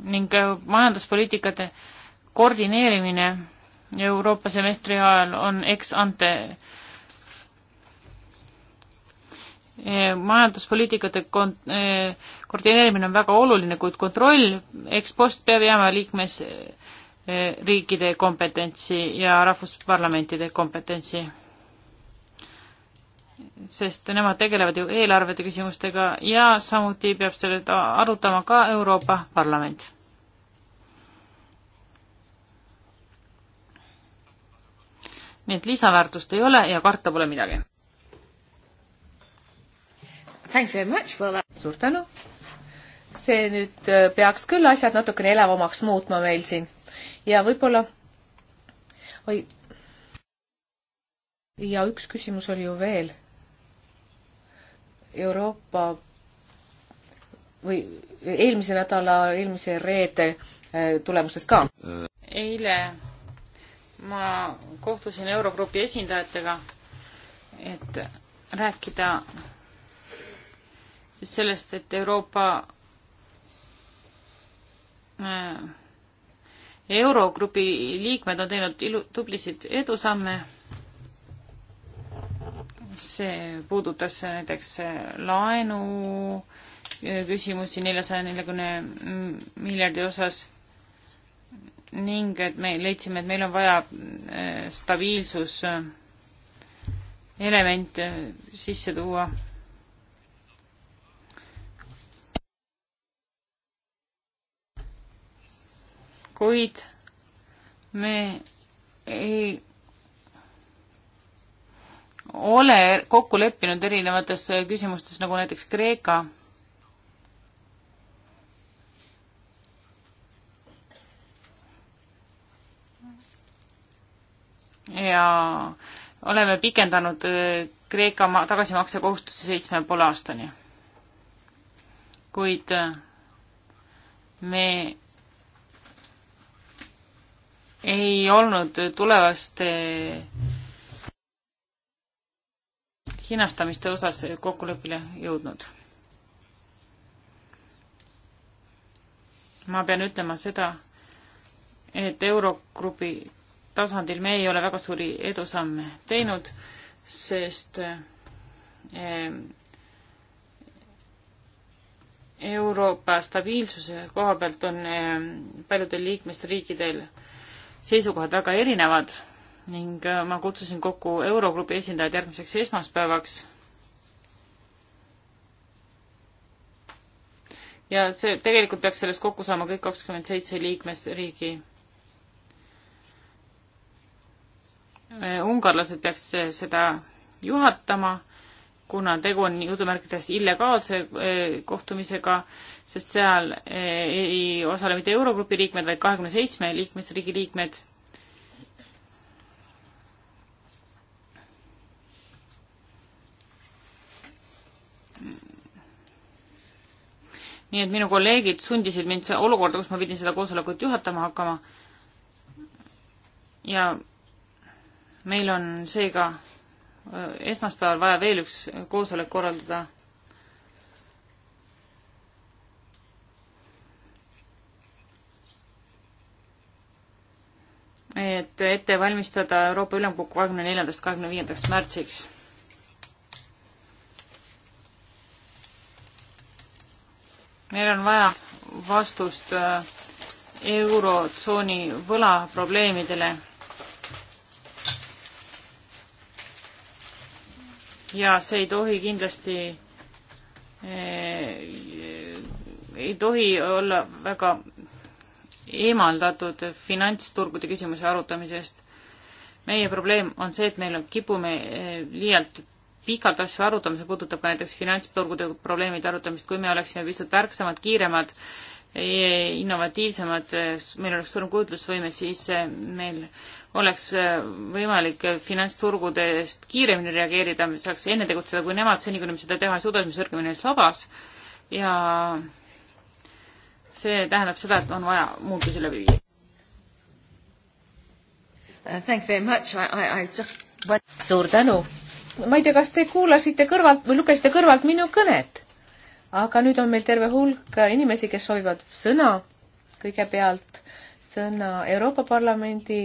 ning majanduspoliitikate koordineerimine Euroopa semestri ajal on ex ante eh, majanduspoliitikate kont-, eh, koordineerimine on väga oluline, kuid kontroll ex post peab jääma liikmesriikide eh, kompetentsi ja rahvusparlamentide kompetentsi. sest nemad tegelevad ju eelarvete küsimustega ja samuti peab selle arutama ka Euroopa Parlament nii et lisaväärtust ei ole ja karta pole midagi. Well, uh, suur tänu! see nüüd äh, peaks küll asjad natukene elavamaks muutma meil siin ja võib-olla oi, ja üks küsimus oli ju veel. Euroopa või eelmise nädala, eelmise reede äh, tulemustest ka. eile ma kohtusin Eurogrupi esindajatega, et rääkida siis sellest, et Euroopa äh, Eurogrupi liikmed on teinud ilu-, tublisid edusamme, see puudutas näiteks laenu äh, küsimusi neljasaja neljakümne mm, miljardi osas ning et me leidsime, et meil on vaja äh, stabiilsus äh, elemente äh, sisse tuua. kuid me ei ole kokku leppinud erinevates küsimustes, nagu näiteks Kreeka ja oleme pikendanud äh, Kreeka tagasimaksekohustuse seitsme ja poole aastani. kuid äh, me ei olnud tulevaste hinnastamiste osas kokkuleppele jõudnud. ma pean ütlema seda, et Eurogrupi tasandil me ei ole väga suuri edusamme teinud, sest eh, Euroopa stabiilsuse koha pealt on eh, paljudel liikmesriikidel seisukohad väga erinevad ning eh, ma kutsusin kokku Eurogrupi esindajad järgmiseks esmaspäevaks. ja see, tegelikult peaks sellest kokku saama kõik kakskümmend seitse liikmesriigi ungarlased peaks seda juhatama, kuna tegu on jutumärkides illegaalse eh, kohtumisega, sest seal eh, ei osale mitte Eurogrupi liikmed, vaid kahekümne seitsme liikmesriigi liikmed. nii et minu kolleegid sundisid mind olukorda, kus ma pidin seda koosolekut juhatama hakkama ja meil on seega esmaspäeval vaja veel üks koosolek korraldada. et ette valmistada Euroopa Ülemkogu kahekümne neljandast kahekümne viiendaks märtsiks. meil on vaja vastust eurotsooni võlaprobleemidele ja see ei tohi kindlasti eh, ei tohi olla väga eemaldatud finantsturgude küsimuse arutamisest. meie probleem on see, et meil on, kipume eh, liialt pikalt asju arutama, see puudutab ka näiteks finantsturgude probleemide arutamist, kui me oleksime pisut tarksemad, kiiremad innovatiivsemad, meil oleks suurem kujutlusvõime, siis eh, meil oleks eh, võimalik finantsturgudest kiiremini reageerida, me saaks enne tegutseda kui nemad, seni kuni me seda teha ei suuda, siis me sõrgime neil sabas ja see tähendab seda, et on vaja muutusi läbi viia. Uh, thank you very much, I, I just suur tänu! ma ei tea, kas te kuulasite kõrvalt või lugesite kõrvalt minu kõnet? aga nüüd on meil terve hulk inimesi, kes soovivad sõna, kõigepealt sõna Euroopa Parlamendi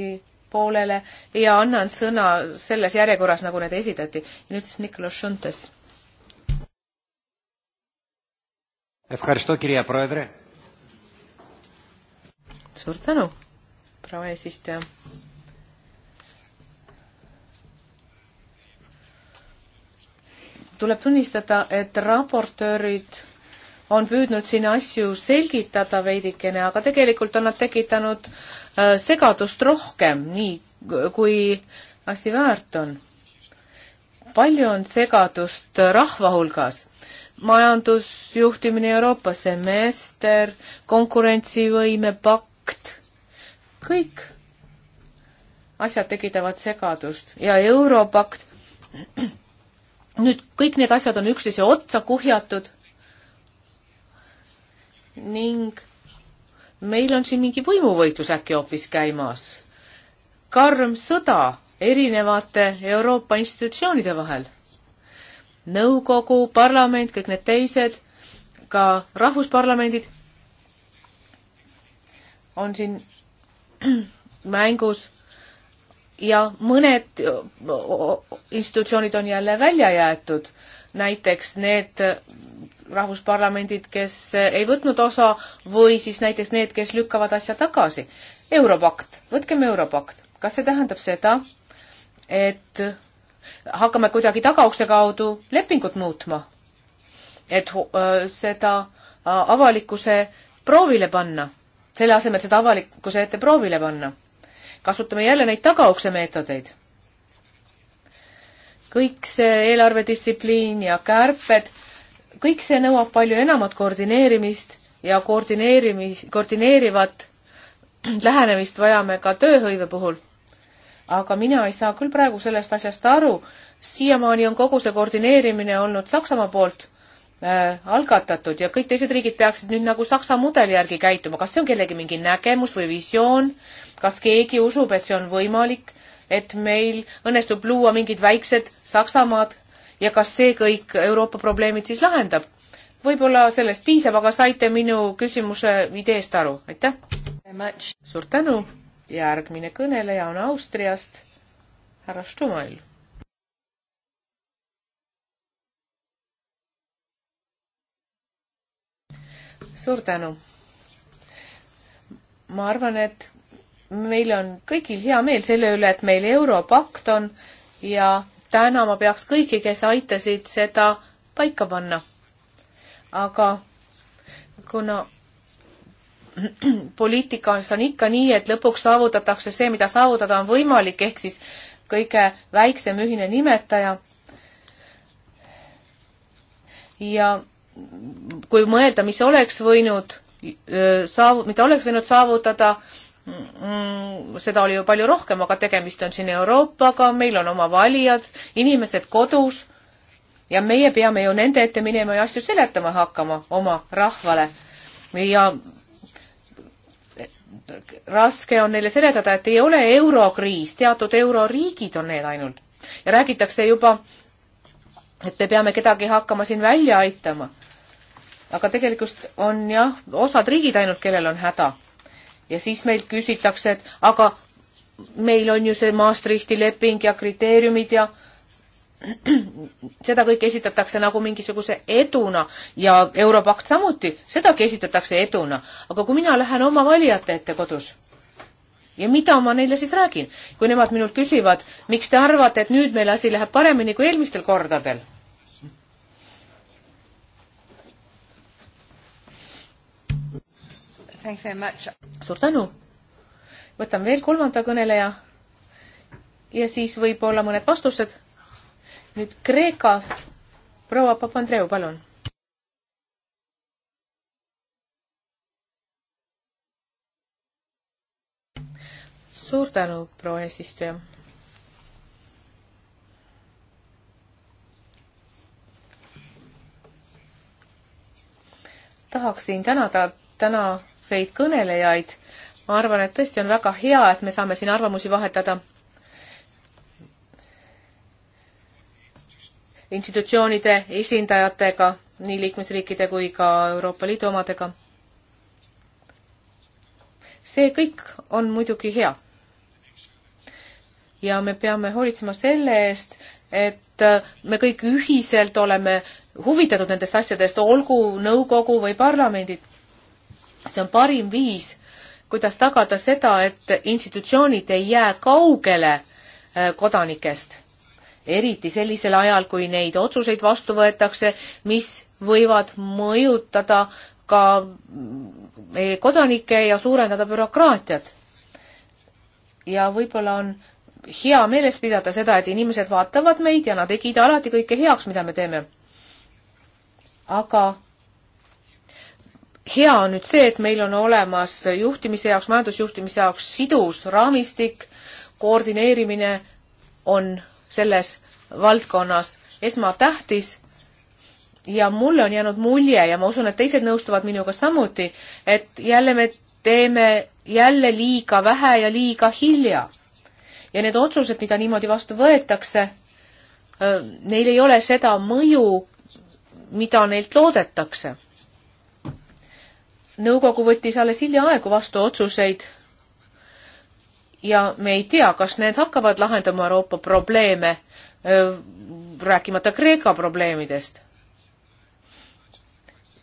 poolele ja annan sõna selles järjekorras, nagu need esitati. ja nüüd siis Nicolas Šuntes. suur tänu, proua eesistuja. tuleb tunnistada, et raportöörid on püüdnud siin asju selgitada veidikene, aga tegelikult on nad tekitanud äh, segadust rohkem, nii kui asi väärt on. palju on segadust rahva hulgas? majandusjuhtimine Euroopas, semester, konkurentsivõime pakt, kõik asjad tekitavad segadust ja Europakt nüüd kõik need asjad on üksteise otsa kuhjatud ning meil on siin mingi võimuvõitlus äkki hoopis käimas. karm sõda erinevate Euroopa institutsioonide vahel. nõukogu, parlament, kõik need teised, ka rahvusparlamendid on siin mängus ja mõned institutsioonid on jälle välja jäetud, näiteks need rahvusparlamendid, kes ei võtnud osa või siis näiteks need, kes lükkavad asja tagasi. Europakt, võtkem Europakt, kas see tähendab seda, et hakkame kuidagi tagaukse kaudu lepingut muutma, et seda avalikkuse proovile panna, selle asemel seda avalikkuse ette proovile panna kasutame jälle neid tagaukse meetodeid. kõik see eelarvedistsipliin ja kärped, kõik see nõuab palju enamat koordineerimist ja koordineerimis, koordineerivat lähenemist vajame ka tööhõive puhul. aga mina ei saa küll praegu sellest asjast aru, siiamaani on kogu see koordineerimine olnud Saksamaa poolt Äh, algatatud ja kõik teised riigid peaksid nüüd nagu Saksa mudeli järgi käituma, kas see on kellegi mingi nägemus või visioon, kas keegi usub, et see on võimalik, et meil õnnestub luua mingid väiksed Saksamaad ja kas see kõik Euroopa probleemid siis lahendab? võib-olla sellest piisab, aga saite minu küsimuse ideest aru, aitäh! suur tänu, järgmine kõneleja on Austriast, härra Stumail suur tänu. ma arvan, et meil on kõigil hea meel selle üle, et meil Europakt on ja tänama peaks kõiki, kes aitasid seda paika panna. aga kuna poliitikas on ikka nii, et lõpuks saavutatakse see, mida saavutada on võimalik, ehk siis kõige väiksem ühine nimetaja. ja kui mõelda, mis oleks võinud saavu-, mida oleks võinud saavutada, mm, seda oli ju palju rohkem, aga tegemist on siin Euroopaga, meil on oma valijad, inimesed kodus ja meie peame ju nende ette minema ja asju seletama hakkama oma rahvale. ja raske on neile seletada, et ei ole eurokriis, teatud euroriigid on need ainult. ja räägitakse juba et me peame kedagi hakkama siin välja aitama. aga tegelikult on jah, osad riigid ainult, kellel on häda. ja siis meilt küsitakse, et aga meil on ju see Maastrichti leping ja kriteeriumid ja seda kõike esitatakse nagu mingisuguse eduna ja Europakt samuti, sedagi esitatakse eduna. aga kui mina lähen oma valijate ette kodus ja mida ma neile siis räägin, kui nemad minult küsivad, miks te arvate, et nüüd meil asi läheb paremini kui eelmistel kordadel? suur tänu. võtan veel kolmanda kõneleja ja siis võib-olla mõned vastused. nüüd Kreeka, proua Papandreou, palun. suur tänu, proua eesistuja. tahaksin tänada täna seid kõnelejaid. ma arvan, et tõesti on väga hea, et me saame siin arvamusi vahetada. institutsioonide esindajatega, nii liikmesriikide kui ka Euroopa Liidu omadega. see kõik on muidugi hea. ja me peame hoolitsema selle eest, et me kõik ühiselt oleme huvitatud nendest asjadest, olgu nõukogu või parlamendid see on parim viis, kuidas tagada seda, et institutsioonid ei jää kaugele äh, kodanikest, eriti sellisel ajal, kui neid otsuseid vastu võetakse, mis võivad mõjutada ka meie kodanikke ja suurendada bürokraatiat. ja võib-olla on hea meeles pidada seda, et inimesed vaatavad meid ja nad ei kiida alati kõike heaks, mida me teeme. aga hea on nüüd see, et meil on olemas juhtimise jaoks, majandusjuhtimise jaoks sidus raamistik, koordineerimine on selles valdkonnas esmatähtis ja mulle on jäänud mulje ja ma usun, et teised nõustuvad minuga samuti, et jälle me teeme jälle liiga vähe ja liiga hilja. ja need otsused, mida niimoodi vastu võetakse, neil ei ole seda mõju, mida neilt loodetakse nõukogu võttis alles hiljaaegu vastu otsuseid ja me ei tea, kas need hakkavad lahendama Euroopa probleeme, rääkimata Kreeka probleemidest.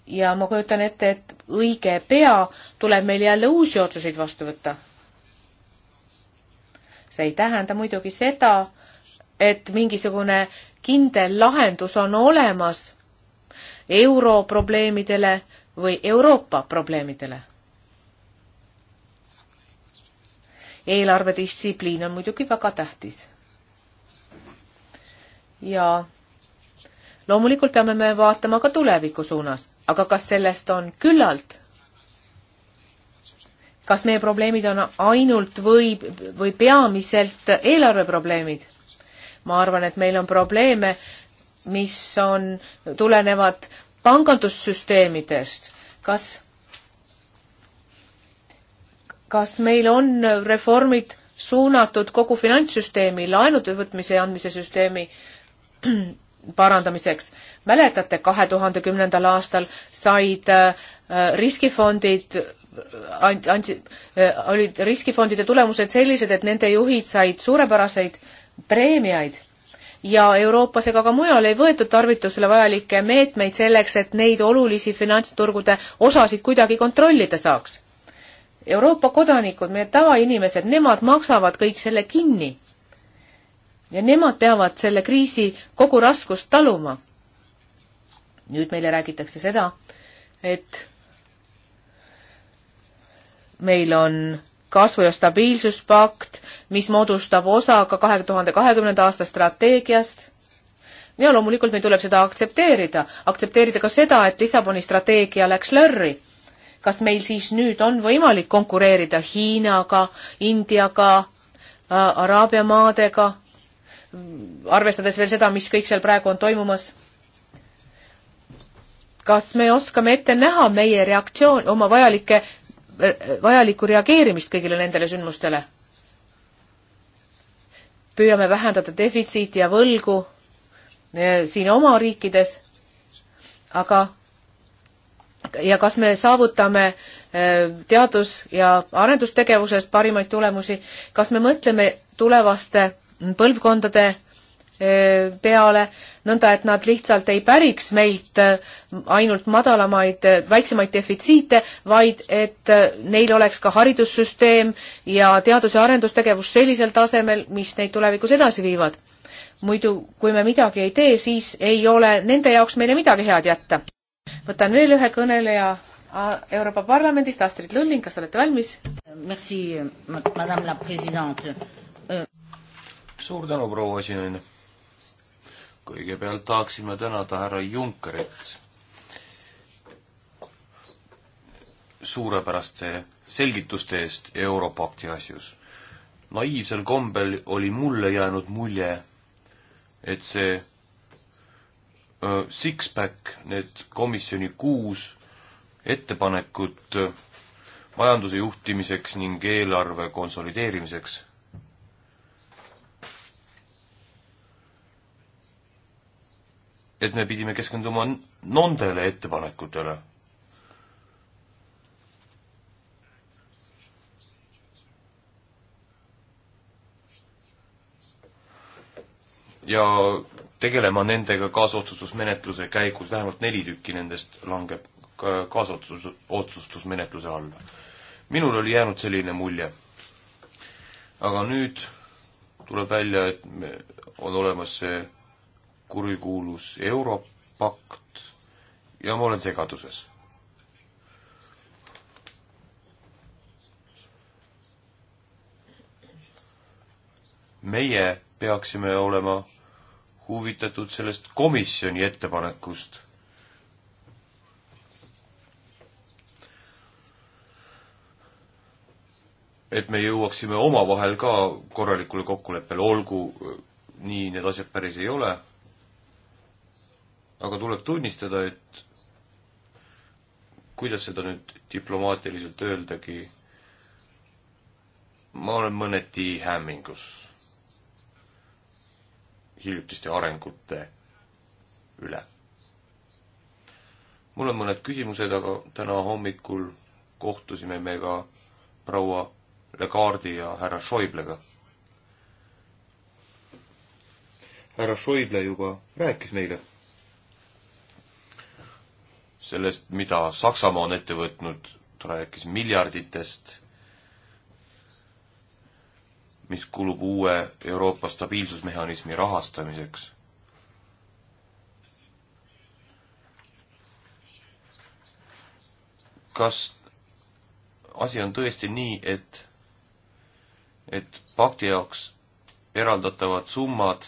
ja ma kujutan ette, et õige pea tuleb meil jälle uusi otsuseid vastu võtta. see ei tähenda muidugi seda, et mingisugune kindel lahendus on olemas europrobleemidele, või Euroopa probleemidele. eelarvedistsipliin on muidugi väga tähtis. ja loomulikult peame me vaatama ka tuleviku suunas, aga kas sellest on küllalt? kas meie probleemid on ainult või, või peamiselt eelarveprobleemid? ma arvan, et meil on probleeme, mis on, tulenevad pangandussüsteemidest, kas, kas meil on reformid suunatud kogu finantssüsteemi, laenude võtmise ja andmise süsteemi parandamiseks. mäletate, kahe tuhande kümnendal aastal said äh, riskifondid äh, and-, andsid äh,, olid riskifondide tulemused sellised, et nende juhid said suurepäraseid preemiaid ja Euroopas ega ka mujal ei võetud tarvitusele vajalikke meetmeid selleks, et neid olulisi finantsturgude osasid kuidagi kontrollida saaks. Euroopa kodanikud, meie tavainimesed, nemad maksavad kõik selle kinni. ja nemad peavad selle kriisi kogu raskust taluma. nüüd meile räägitakse seda, et meil on kasvu- ja stabiilsuspakt, mis moodustab osa ka kahe tuhande kahekümnenda aasta strateegiast. ja loomulikult meil tuleb seda aktsepteerida, aktsepteerida ka seda, et Lissaboni strateegia läks lörri. kas meil siis nüüd on võimalik konkureerida Hiinaga, Indiaga äh,, Araabia maadega, arvestades veel seda, mis kõik seal praegu on toimumas kas me oskame ette näha meie reaktsioon, oma vajalikke vajalikku reageerimist kõigile nendele sündmustele. püüame vähendada defitsiiti ja võlgu eh, siin oma riikides, aga ja kas me saavutame eh, teadus- ja arendustegevusest parimaid tulemusi, kas me mõtleme tulevaste põlvkondade peale, nõnda et nad lihtsalt ei päriks meilt äh, ainult madalamaid, äh, väiksemaid defitsiite, vaid et äh, neil oleks ka haridussüsteem ja teadus- ja arendustegevus sellisel tasemel, mis neid tulevikus edasi viivad. muidu, kui me midagi ei tee, siis ei ole nende jaoks meile midagi head jätta. võtan veel ühe kõneleja Euroopa Parlamendist, Astrid Lulling, kas olete valmis? Merci, madame la president. suur tänu, proua esinaine kõigepealt tahaksime tänada härra Junckerit suurepäraste selgituste eest Europakti asjus. naiivsel kombel oli mulle jäänud mulje, et see six-pack, need komisjoni kuus ettepanekut majanduse juhtimiseks ning eelarve konsolideerimiseks et me pidime keskenduma nendele ettepanekutele. ja tegelema nendega kaasotsustusmenetluse käigus, vähemalt neli tükki nendest langeb kaasotsus, otsustusmenetluse alla. minul oli jäänud selline mulje. aga nüüd tuleb välja, et me, on olemas see kurikuulus Europakt ja ma olen segaduses. meie peaksime olema huvitatud sellest komisjoni ettepanekust et me jõuaksime omavahel ka korralikule kokkuleppele, olgu nii need asjad päris ei ole aga tuleb tunnistada, et kuidas seda nüüd diplomaatiliselt öeldagi, ma olen mõneti hämmingus hiljutiste arengute üle. mul on mõned küsimused, aga täna hommikul kohtusime me ka proua Legardi ja härra Schäublega. härra Schäuble juba rääkis meile sellest, mida Saksamaa on ette võtnud, ta rääkis miljarditest, mis kulub uue Euroopa stabiilsusmehhanismi rahastamiseks. kas asi on tõesti nii, et, et pakti jaoks eraldatavad summad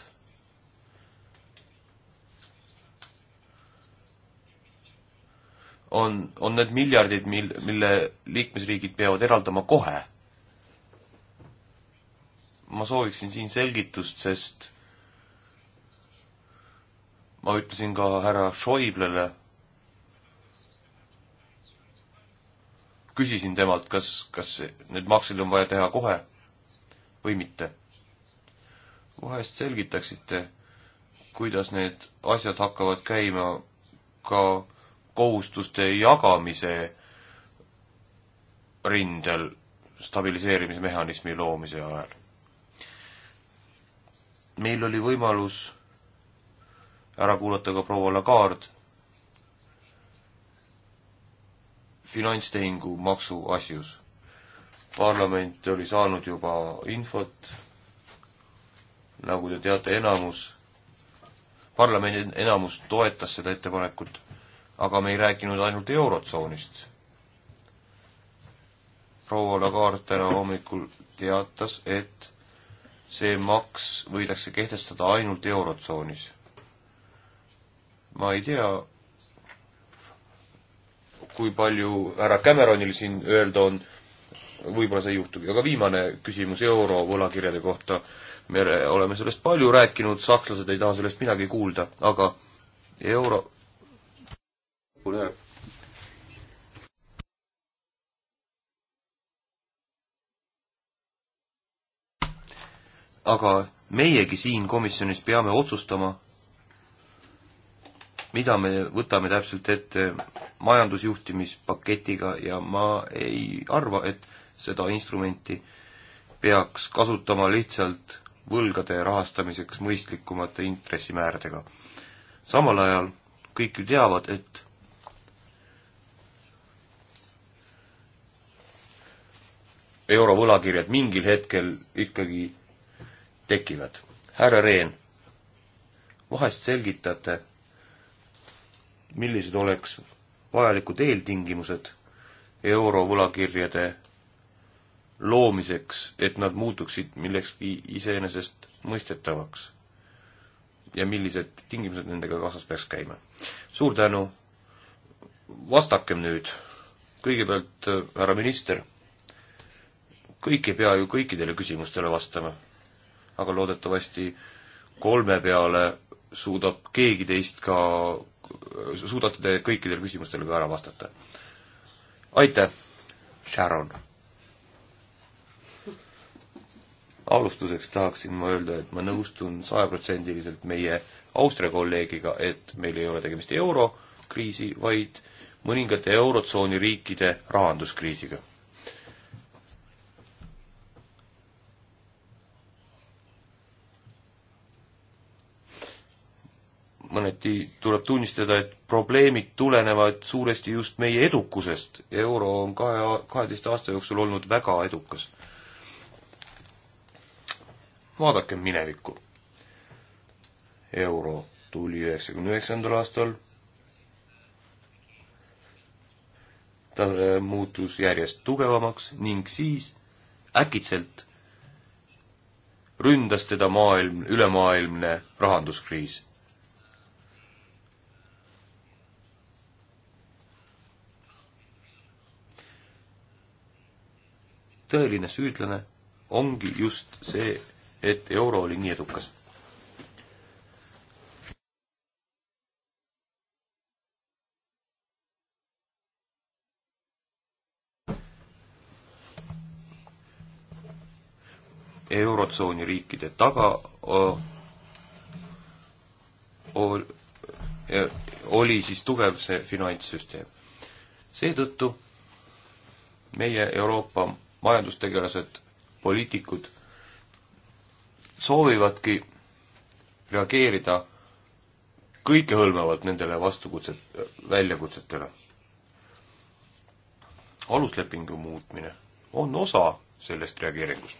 on, on need miljardid, mil, mille liikmesriigid peavad eraldama kohe. ma sooviksin siin selgitust, sest ma ütlesin ka härra Schäublele, küsisin temalt, kas, kas need maksed on vaja teha kohe või mitte. vahest selgitaksite, kuidas need asjad hakkavad käima ka kohustuste jagamise rindel stabiliseerimismehhanismi loomise ajal. meil oli võimalus ära kuulata ka proua Lagarde finantstehingu maksu asjus. parlament oli saanud juba infot, nagu te teate, enamus, parlamendi enamus toetas seda ettepanekut aga me ei rääkinud ainult Eurotsoonist. proua Lagarde täna hommikul teatas, et see maks võidakse kehtestada ainult Eurotsoonis. ma ei tea, kui palju härra Cameronil siin öelda on, võib-olla see ei juhtugi, aga viimane küsimus euro võlakirjade kohta, me oleme sellest palju rääkinud, sakslased ei taha sellest midagi kuulda, aga euro lõpule. aga meiegi siin komisjonis peame otsustama, mida me võtame täpselt ette majandusjuhtimispaketiga ja ma ei arva, et seda instrumenti peaks kasutama lihtsalt võlgade rahastamiseks mõistlikumate intressimääradega. samal ajal kõik ju teavad, et eurovõlakirjad mingil hetkel ikkagi tekivad. härra Rehn, vahest selgitate, millised oleks vajalikud eeltingimused eurovõlakirjade loomiseks, et nad muutuksid millekski iseenesestmõistetavaks? ja millised tingimused nendega kaasas peaks käima? suur tänu, vastakem nüüd. kõigepealt härra minister kõik ei pea ju kõikidele küsimustele vastama. aga loodetavasti kolme peale suudab keegi teist ka, suudate te kõikidele küsimustele ka ära vastata. aitäh, Sharon! alustuseks tahaksin ma öelda, et ma nõustun sajaprotsendiliselt meie Austria kolleegiga, et meil ei ole tegemist eurokriisi, vaid mõningate Eurotsooni riikide rahanduskriisiga mõneti tuleb tunnistada, et probleemid tulenevad suuresti just meie edukusest. euro on kahe, kaheteist aasta jooksul olnud väga edukas. vaadakem minevikku. euro tuli üheksakümne üheksandal aastal, ta äh, muutus järjest tugevamaks ning siis äkitselt ründas teda maailm, ülemaailmne rahanduskriis tõeline süüdlane ongi just see, et euro oli nii edukas. eurotsooni riikide taga o, o, e, oli siis tugev see finantssüsteem. seetõttu meie Euroopa majandustegelased, poliitikud soovivadki reageerida kõikehõlmavalt nendele vastukutset, väljakutsetele. aluslepingu muutmine on osa sellest reageeringust.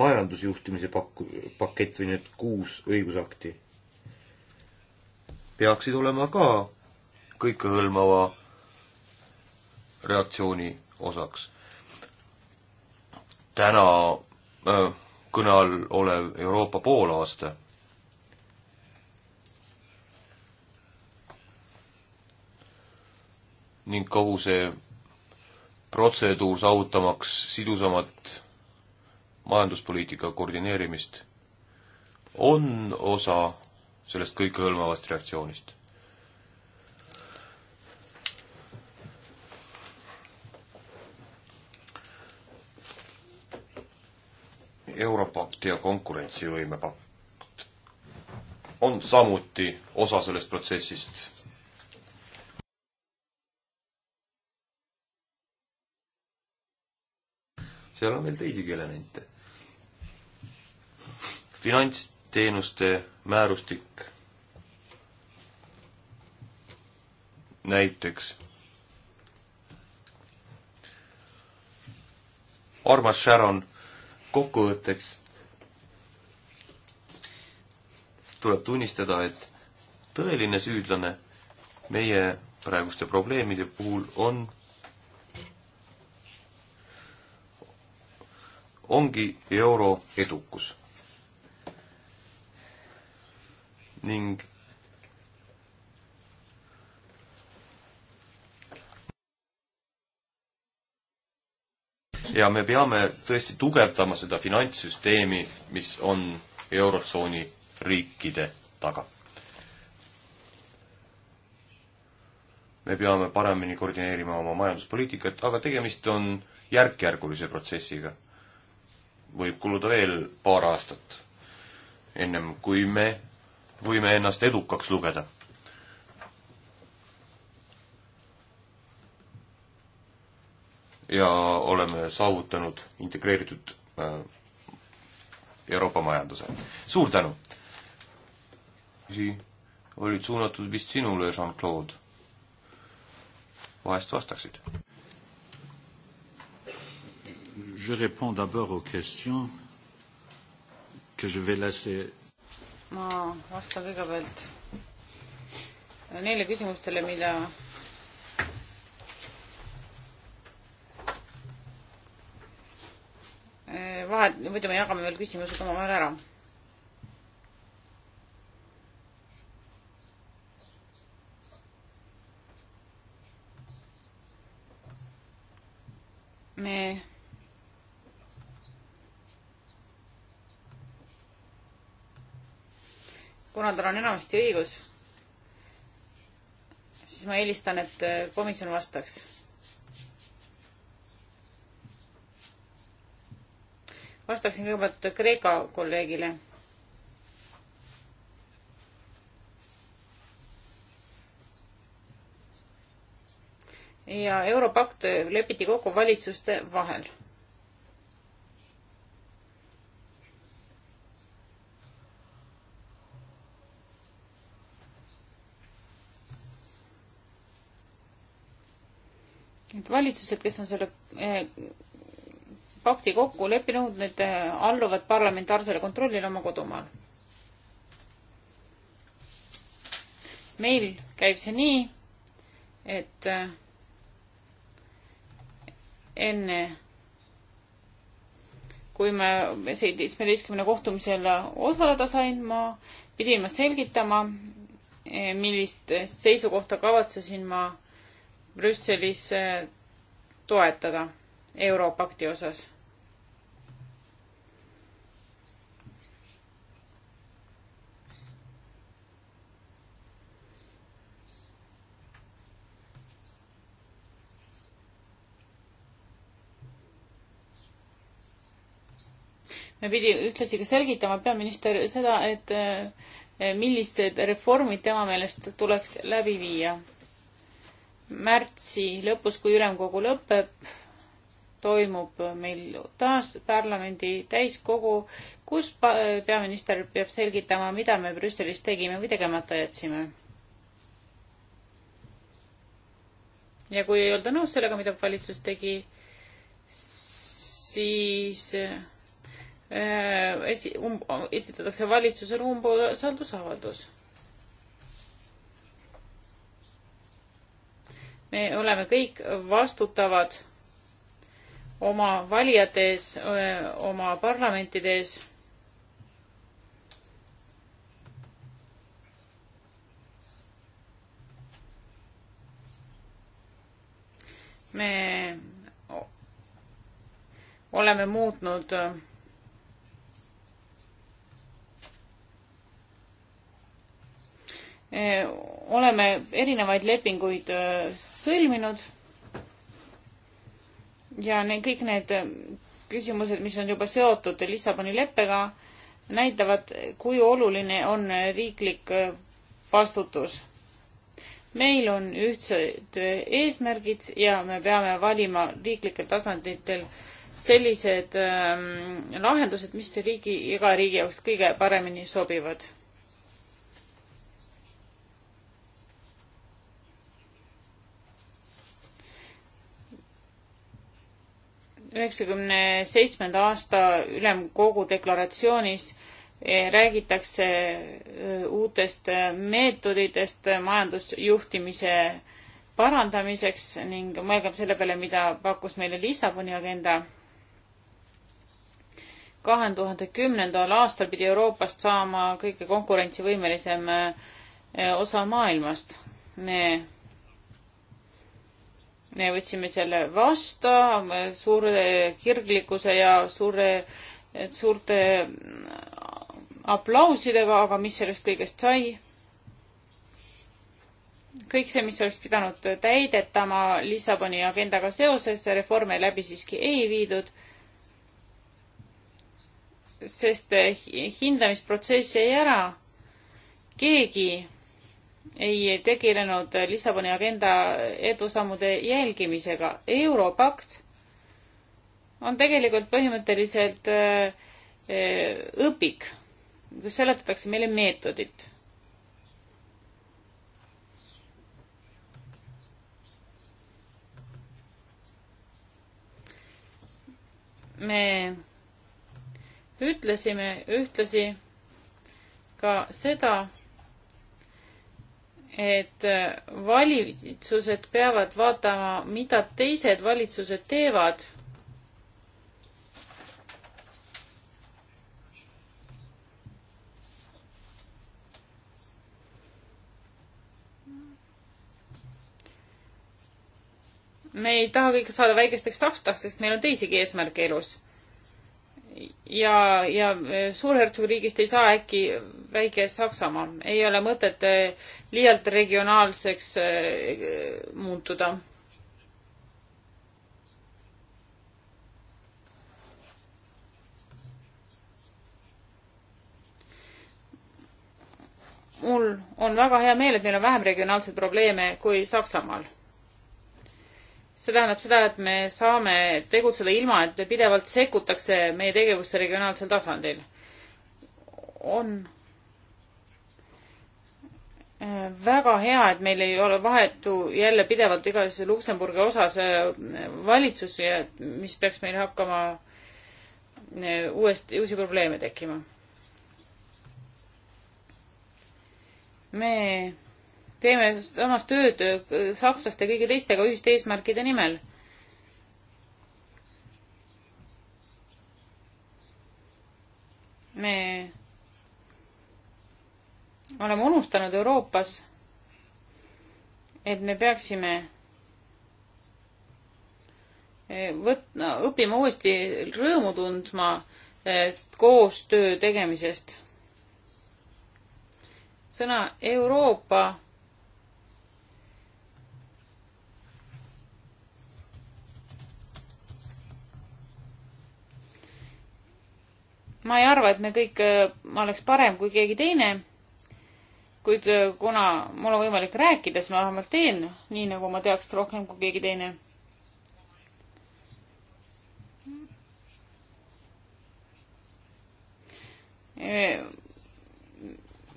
majandusjuhtimise pakku-, pakett või need kuus õigusakti peaksid olema ka kõikehõlmava reaktsiooni osaks. täna äh, kõne all olev Euroopa poolaasta ning kogu see protseduur saavutamaks sidusamat majanduspoliitika koordineerimist on osa sellest kõikehõlmavast reaktsioonist Europakt ja konkurentsivõimepakt on samuti osa sellest protsessist. seal on veel teisigi elemente. finantsteenuste määrustik näiteks. armas Sharon kokkuvõtteks tuleb tunnistada, et tõeline süüdlane meie praeguste probleemide puhul on, ongi euro edukus. ning ja me peame tõesti tugevdama seda finantssüsteemi, mis on Eurotsooni riikide taga. me peame paremini koordineerima oma majanduspoliitikat, aga tegemist on järk-järgulise protsessiga. võib kuluda veel paar aastat, ennem kui me võime ennast edukaks lugeda ja oleme saavutanud integreeritud äh, Euroopa majanduse. suur tänu! olid suunatud vist sinule, Jean-Claude. vahest vastaksid? Je réponds d'abord aux questions que je vais laisser ma vastan kõigepealt neile küsimustele, mida vahel, muidu me jagame veel küsimused omavahel ära. me kuna tal on enamasti õigus, siis ma eelistan, et komisjon vastaks vastaksin kõigepealt Kreeka kolleegile. ja Europakt lepiti kokku valitsuste vahel et valitsused, kes on selle eh, pakti kokku leppinud, nüüd äh, alluvad parlamentaarsele kontrollile oma kodumaal. meil käib see nii, et äh, enne kui me seitsmeteistkümne kohtumisel osaleda sain, ma pidin ma selgitama, äh, millist seisukohta kavatsesin ma Brüsselis toetada Europakti osas. pidi ühtlasi ka selgitama peaminister seda, et eh, millised reformid tema meelest tuleks läbi viia. märtsi lõpus, kui ülemkogu lõpeb, toimub meil taas parlamendi täiskogu, kus peaminister peab selgitama, mida me Brüsselis tegime või tegemata jätsime. ja kui ei olda nõus sellega, mida valitsus tegi, siis eh, Äh, esi- um,, esitatakse valitsusele umbusaldusavaldus. me oleme kõik vastutavad oma valijate ees, äh, oma parlamentide ees. me oleme muutnud Eh, oleme erinevaid lepinguid eh, sõlminud ja need, kõik need eh, küsimused, mis on juba seotud Lissaboni leppega, näitavad, kui oluline on riiklik vastutus. meil on ühtsed eesmärgid ja me peame valima riiklikel tasanditel sellised ähm, lahendused, mis riigi, iga riigi jaoks kõige paremini sobivad üheksakümne seitsmenda aasta ülemkogu deklaratsioonis eh, räägitakse eh, uutest eh, meetoditest majandusjuhtimise parandamiseks ning mõelgem selle peale, mida pakkus meile Lissaboni agenda. kahe tuhande kümnendal aastal pidi Euroopast saama kõige konkurentsivõimelisem osa maailmast. me me võtsime selle vastu suure kirglikkuse ja suure, suurte aplausidega, aga mis sellest kõigest sai? kõik see, mis oleks pidanud täidetama Lissaboni agendaga seoses, reforme läbi siiski ei viidud, sest hindamisprotsess jäi ära. keegi ei tegelenud Lissaboni agenda edusammude jälgimisega. Europakt on tegelikult põhimõtteliselt äh, äh, õpik, kus seletatakse meile meetodit. me ütlesime ühtlasi ka seda, et valitsused peavad vaatama, mida teised valitsused teevad. me ei taha kõike saada väikesteks takstasteks, meil on teisigi eesmärke elus ja, ja Suurhertsogiriigist ei saa äkki väike Saksamaa, ei ole mõtet eh, liialt regionaalseks eh, muutuda. mul on väga hea meel, et meil on vähem regionaalseid probleeme kui Saksamaal see tähendab seda, et me saame tegutseda ilma, et pidevalt sekkutakse meie tegevusse regionaalsel tasandil. on äh, väga hea, et meil ei ole vahetu jälle pidevalt igas Luksemburgi osas äh, valitsus ja mis peaks meil hakkama äh, uuesti, uusi probleeme tekkima. me teeme samas tööd äh, sakslaste, kõigi teistega ühiste eesmärkide nimel. me oleme unustanud Euroopas, et me peaksime äh, võtma, õppima uuesti rõõmu tundma äh, koostöö tegemisest. sõna Euroopa ma ei arva, et me kõik, ma äh, oleks parem kui keegi teine, kuid äh, kuna mul on võimalik rääkida, siis ma vähemalt teen nii, nagu ma teaks rohkem kui keegi teine.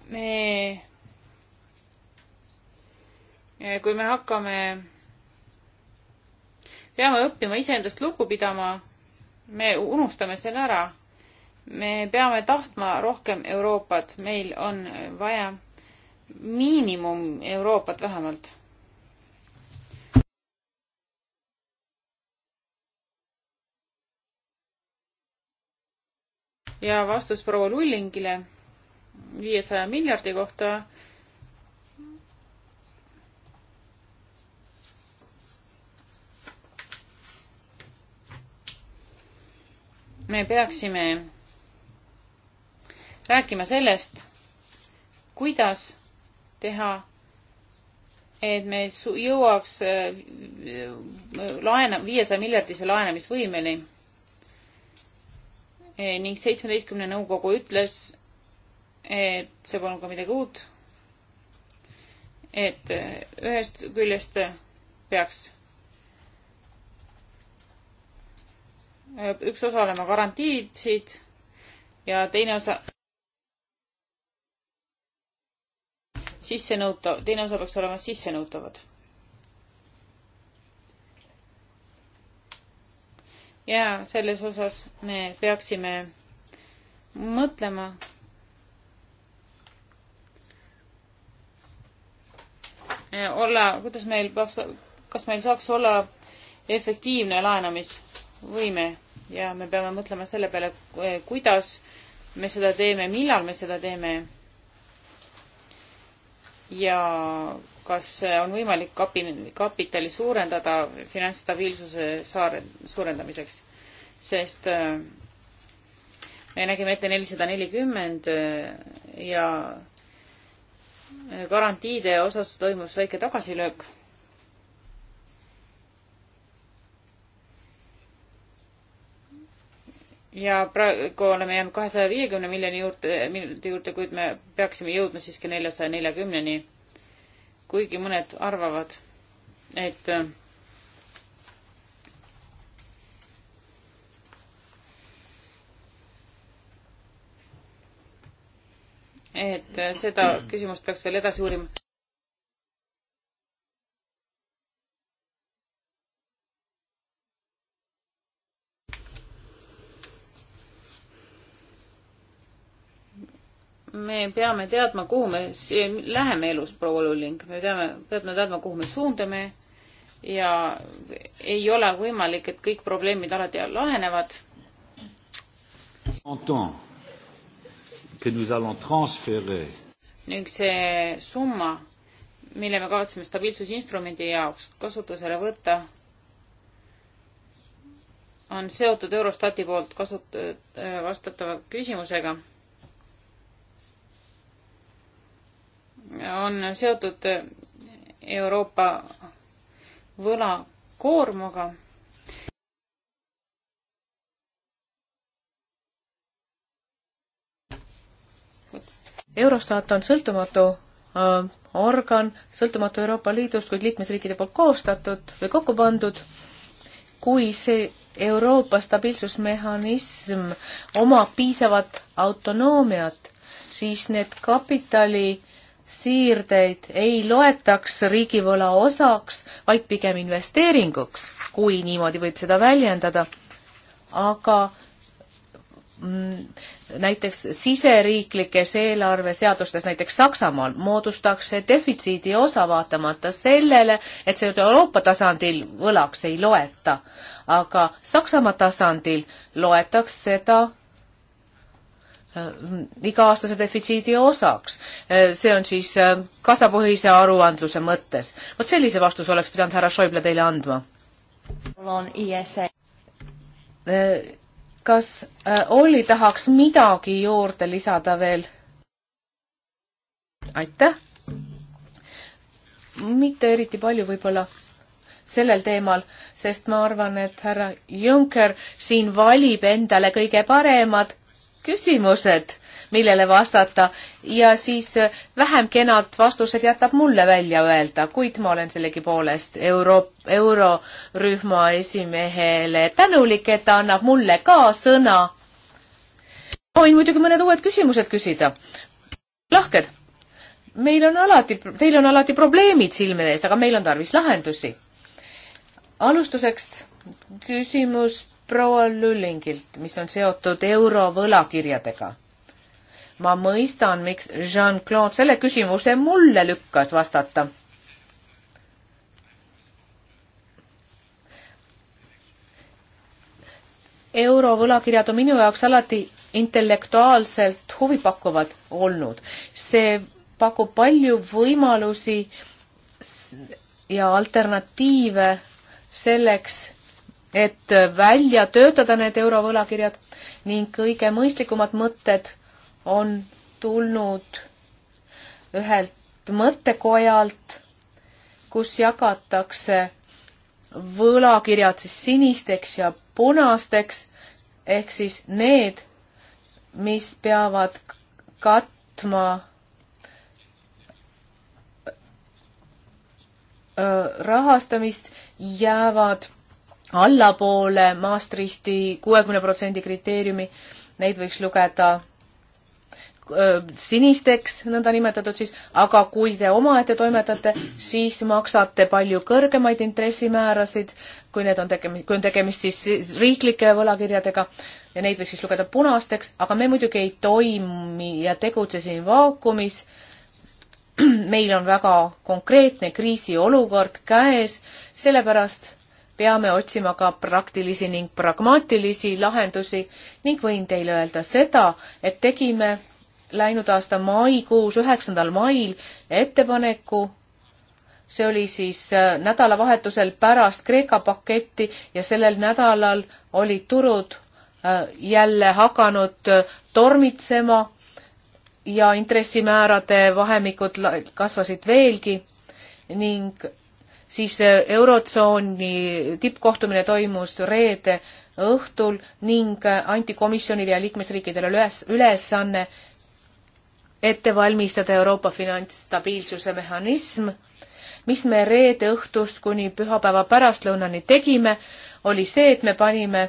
me, kui me hakkame, peame õppima iseendast lugu pidama, me unustame selle ära me peame tahtma rohkem Euroopat, meil on vaja miinimum Euroopat vähemalt. ja vastus proua Lullingile viiesaja miljardi kohta. me peaksime rääkima sellest, kuidas teha, et me jõuaks äh, laena, viiesaja miljardise laenamisvõimeni. E, ning seitsmeteistkümne nõukogu ütles, et see polnud ka midagi uut. et äh, ühest küljest peaks äh, üks osa olema garantiisid ja teine osa sissenõutav, teine osa peaks olema sissenõutavad. ja selles osas me peaksime mõtlema. olla, kuidas meil peaks, kas meil saaks olla efektiivne laenamisvõime ja me peame mõtlema selle peale, kuidas me seda teeme, millal me seda teeme ja kas on võimalik kapi, kapitali suurendada finantsstabiilsuse saare suurendamiseks, sest äh, me nägime ette nelisada nelikümmend äh, ja äh, garantiide osas toimus väike tagasilöök ja praegu oleme jäänud kahesaja viiekümne miljoni juurde, minuti juurde, kuid me peaksime jõudma siiski neljasaja neljakümneni. kuigi mõned arvavad, et et seda küsimust peaks veel edasi uurima. me peame teadma, kuhu me läheme elus, proua Lulling, me peame, peame teadma, kuhu me suundume ja ei ole võimalik, et kõik probleemid alati lahenevad. ning see summa, mille me kavatseme stabiilsusinstrumendi jaoks kasutusele võtta, on seotud Eurostati poolt kasut-, vastatava küsimusega on seotud Euroopa võlakoormaga. Eurostat on sõltumatu äh, organ, sõltumatu Euroopa Liidust, kuid liikmesriikide poolt koostatud või kokku pandud. kui see Euroopa stabiilsusmehhanism omab piisavat autonoomiat, siis need kapitali äh, siirdeid ei loetaks riigivõla osaks, vaid pigem investeeringuks, kui niimoodi võib seda väljendada. aga mm, näiteks siseriiklikes eelarveseadustes, näiteks Saksamaal, moodustaks see defitsiidi osa, vaatamata sellele, et see Euroopa tasandil võlaks ei loeta. aga Saksamaa tasandil loetaks seda Äh, iga-aastase defitsiidi osaks. Äh, see on siis äh, kasapõhise aruandluse mõttes. vot sellise vastuse oleks pidanud härra Schäuble teile andma. mul on ISE. kas Olli tahaks midagi juurde lisada veel? aitäh. mitte eriti palju võib-olla sellel teemal, sest ma arvan, et härra Juncker siin valib endale kõige paremad küsimused, millele vastata ja siis äh, vähem kenad vastused jätab mulle välja öelda, kuid ma olen sellegipoolest euro, eurorühma esimehele tänulik, et ta annab mulle ka sõna. võin muidugi mõned uued küsimused küsida. lahked? meil on alati, teil on alati probleemid silme ees, aga meil on tarvis lahendusi. alustuseks küsimus proua Lüllingilt, mis on seotud eurovõlakirjadega. ma mõistan, miks Jean-Claude selle küsimuse mulle lükkas vastata. eurovõlakirjad on minu jaoks alati intellektuaalselt huvipakkuvad olnud. see pakub palju võimalusi ja alternatiive selleks, et välja töötada need eurovõlakirjad ning kõige mõistlikumad mõtted on tulnud ühelt mõttekojalt, kus jagatakse võlakirjad siis sinisteks ja punasteks ehk siis need, mis peavad katma rahastamist, jäävad allapoole Maastrichti kuuekümne protsendi kriteeriumi, neid võiks lugeda sinisteks nõndanimetatud siis, aga kui te omaette toimetate, siis maksab te palju kõrgemaid intressimäärasid, kui need on tegemist, kui on tegemist siis riiklike võlakirjadega ja neid võiks siis lugeda punasteks, aga me muidugi ei toimi ja tegutse siin vaakumis. meil on väga konkreetne kriisiolukord käes, sellepärast peame otsima ka praktilisi ning pragmaatilisi lahendusi ning võin teile öelda seda, et tegime läinud aasta maikuus, üheksandal mail ettepaneku, see oli siis äh, nädalavahetusel pärast Kreeka paketti ja sellel nädalal olid turud äh, jälle hakanud äh, tormitsema ja intressimäärade vahemikud kasvasid veelgi ning siis äh, Eurotsooni tippkohtumine toimus reede õhtul ning äh, anti komisjonile ja liikmesriikidele üles, ülesanne ette valmistada Euroopa finantsstabiilsuse mehhanism, mis me reede õhtust kuni pühapäeva pärastlõunani tegime, oli see, et me panime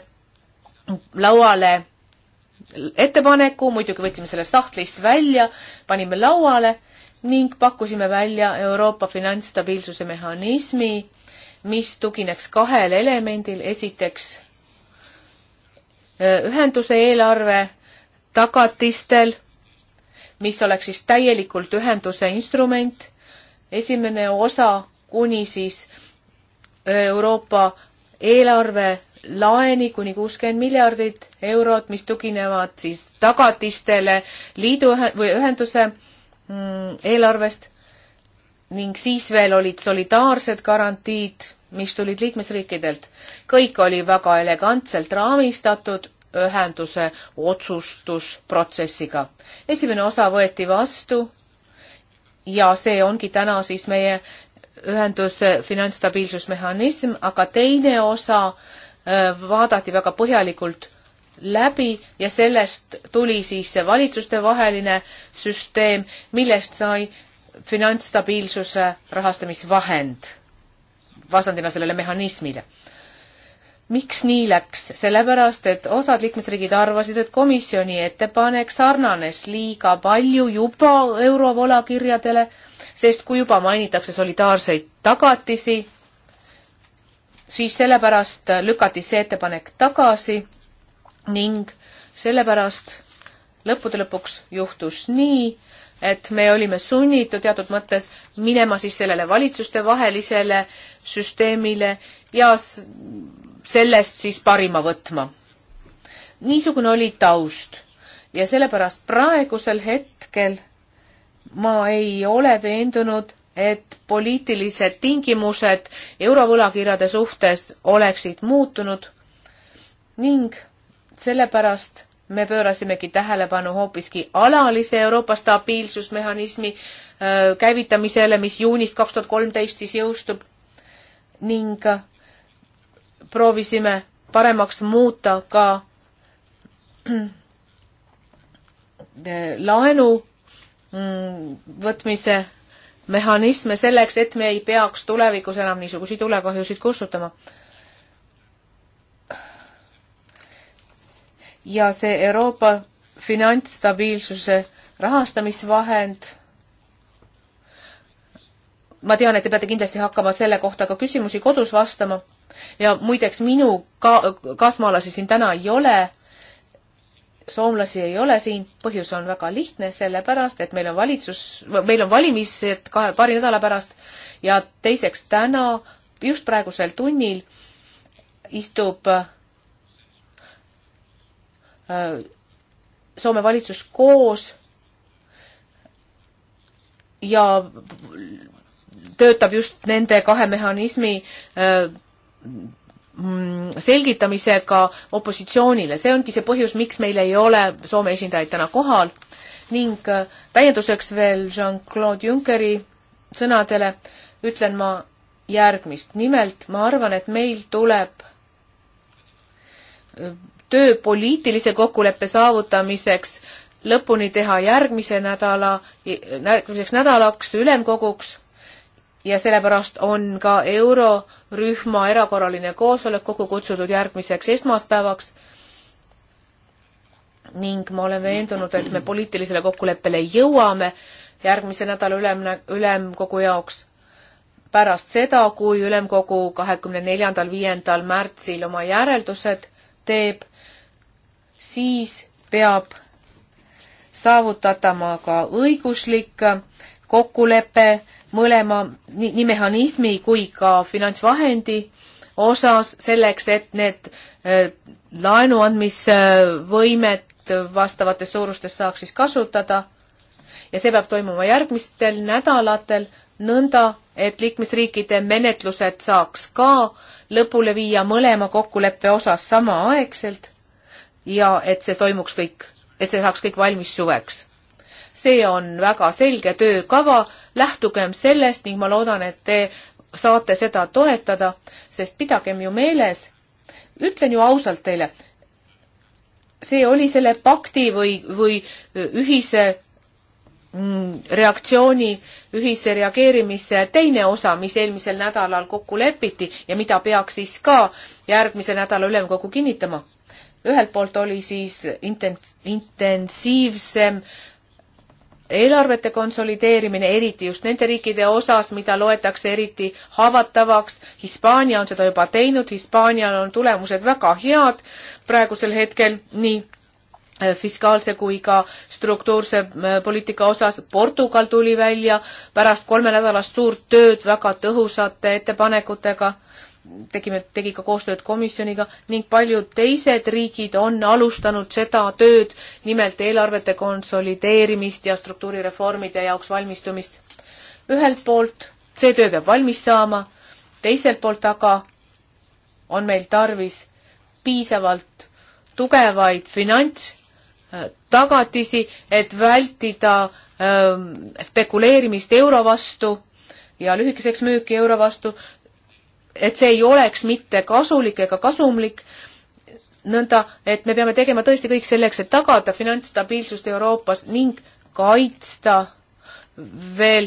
lauale ettepaneku, muidugi võtsime selle sahtlist välja, panime lauale ning pakkusime välja Euroopa finantsstabiilsuse mehhanismi, mis tugineks kahel elemendil, esiteks ühenduse eelarve tagatistel, mis oleks siis täielikult ühenduse instrument, esimene osa kuni siis Euroopa eelarve laeni kuni kuuskümmend miljardit eurot, mis tuginevad siis tagatistele liidu ühe, või ühenduse Mm, eelarvest ning siis veel olid solidaarsed garantiid, mis tulid liikmesriikidelt. kõik oli väga elegantselt raamistatud ühenduse otsustusprotsessiga. esimene osa võeti vastu ja see ongi täna siis meie ühenduse finantsstabiilsusmehhanism, aga teine osa äh, vaadati väga põhjalikult läbi ja sellest tuli siis see valitsustevaheline süsteem, millest sai finantsstabiilsuse rahastamisvahend vastandina sellele mehhanismile. miks nii läks? sellepärast, et osad liikmesriigid arvasid, et komisjoni ettepanek sarnanes liiga palju juba eurovõlakirjadele, sest kui juba mainitakse solidaarseid tagatisi, siis sellepärast lükati see ettepanek tagasi ning sellepärast lõppude lõpuks juhtus nii, et me olime sunnitud teatud mõttes minema siis sellele valitsustevahelisele süsteemile ja sellest siis parima võtma. niisugune oli taust ja sellepärast praegusel hetkel ma ei ole veendunud, et poliitilised tingimused eurovõlakirjade suhtes oleksid muutunud ning sellepärast me pöörasimegi tähelepanu hoopiski alalise Euroopa stabiilsusmehhanismi äh, käivitamisele, mis juunist kaks tuhat kolmteist siis jõustub ning äh, proovisime paremaks muuta ka äh, laenu mm, võtmise mehhanisme selleks, et me ei peaks tulevikus enam niisuguseid tulekahjusid kustutama ja see Euroopa finantsstabiilsuse rahastamisvahend, ma tean, et te peate kindlasti hakkama selle kohta ka küsimusi kodus vastama ja muideks minu ka-, kaasmaalasi siin täna ei ole, soomlasi ei ole siin, põhjus on väga lihtne, sellepärast et meil on valitsus, meil on valimised kahe, paari nädala pärast ja teiseks täna just praegusel tunnil istub äh, Äh, Soome valitsus koos ja töötab just nende kahe mehhanismi äh, mm, selgitamisega opositsioonile, see ongi see põhjus, miks meil ei ole Soome esindajaid täna kohal ning äh, täienduseks veel Jean-Claude Junckeri sõnadele ütlen ma järgmist. nimelt ma arvan, et meil tuleb töö poliitilise kokkuleppe saavutamiseks lõpuni teha järgmise nädala, järgmiseks nädalaks ülemkoguks ja sellepärast on ka eurorühma erakorraline koosolek kokku kutsutud järgmiseks esmaspäevaks ning ma olen veendunud, et me poliitilisele kokkuleppele jõuame järgmise nädala ülem, ülemkogu jaoks pärast seda, kui ülemkogu kahekümne neljandal, viiendal märtsil oma järeldused teeb, siis peab saavutatama ka õiguslik kokkulepe mõlema nii mehhanismi kui ka finantsvahendi osas selleks, et need äh, laenu andmisvõimet vastavates suurustes saaks siis kasutada. ja see peab toimuma järgmistel nädalatel, nõnda et liikmesriikide menetlused saaks ka lõpule viia mõlema kokkuleppe osas samaaegselt ja et see toimuks kõik, et see saaks kõik valmis suveks. see on väga selge töökava, lähtugem sellest ning ma loodan, et te saate seda toetada, sest pidagem ju meeles, ütlen ju ausalt teile, see oli selle pakti või, või ühise Mm, reaktsiooni, ühise reageerimise teine osa, mis eelmisel nädalal kokku lepiti ja mida peaks siis ka järgmise nädala ülemkogu kinnitama. ühelt poolt oli siis inten-, intensiivsem eelarvete konsolideerimine, eriti just nende riikide osas, mida loetakse eriti haavatavaks. Hispaania on seda juba teinud, Hispaanial on tulemused väga head praegusel hetkel nii Äh, fiskaalse kui ka struktuurse äh, poliitika osas. Portugal tuli välja pärast kolmenädalast suurt tööd väga tõhusate ettepanekutega, tegime, tegi ka koostööd komisjoniga ning paljud teised riigid on alustanud seda tööd, nimelt eelarvete konsolideerimist ja struktuurireformide jaoks valmistumist. ühelt poolt see töö peab valmis saama, teiselt poolt aga on meil tarvis piisavalt tugevaid finants Äh, tagatisi, et vältida ähm, spekuleerimist euro vastu ja lühikeseks müüki euro vastu, et see ei oleks mitte kasulik ega kasumlik, nõnda et me peame tegema tõesti kõik selleks, et tagada finantsstabiilsust Euroopas ning kaitsta veel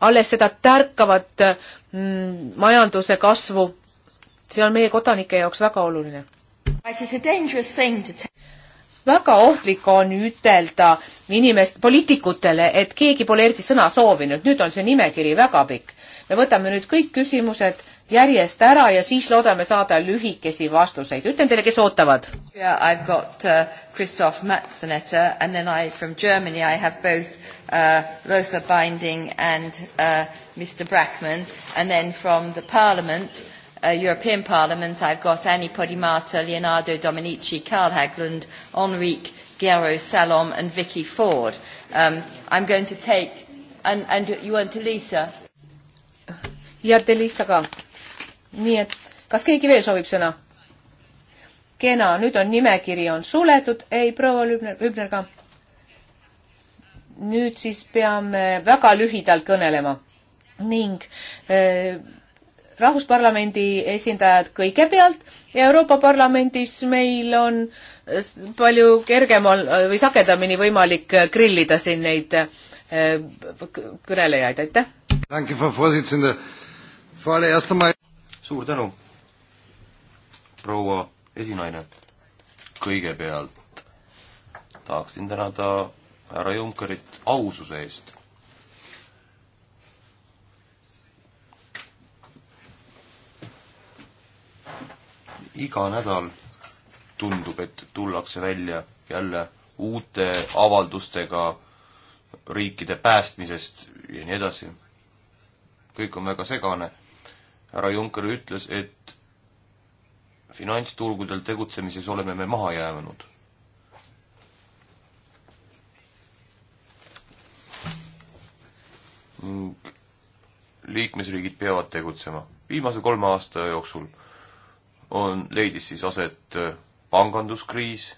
alles seda tärkavat mm, majanduse kasvu. see on meie kodanike jaoks väga oluline väga ohtlik on ütelda inimest, poliitikutele, et keegi pole eriti sõna soovinud, nüüd on see nimekiri väga pikk. me võtame nüüd kõik küsimused järjest ära ja siis loodame saada lühikesi vastuseid. ütlen teile, kes ootavad yeah,. I have got uh, Christoph Matzeneta and then I from Germany I have both uh, Rosa Binding and uh, Mr Brackman and then from the parliament uh, European Parliament, I've got Annie Podimata, Leonardo Domenici, Carl Haglund, Enrique Guerrero Salom, and Vicky Ford. Um, I'm going to take, and, and you want to Lisa? ja te Lisa ka. nii et kas keegi veel soovib sõna? kena, nüüd on nimekiri on suletud, ei proua Lübner, Lübner ka. nüüd siis peame väga lühidalt kõnelema ning öö, äh, Rahvusparlamendi esindajad kõigepealt ja Euroopa Parlamendis meil on palju kergemal või sagedamini võimalik grillida siin neid äh, kõnelejaid, aitäh! suur tänu, proua esinaine! kõigepealt tahaksin tänada härra Junckerit aususe eest iga nädal tundub, et tullakse välja jälle uute avaldustega riikide päästmisest ja nii edasi. kõik on väga segane. härra Juncker ütles, et finantsturgudel tegutsemises oleme me maha jäänud. liikmesriigid peavad tegutsema. viimase kolme aasta jooksul on, leidis siis aset äh, panganduskriis.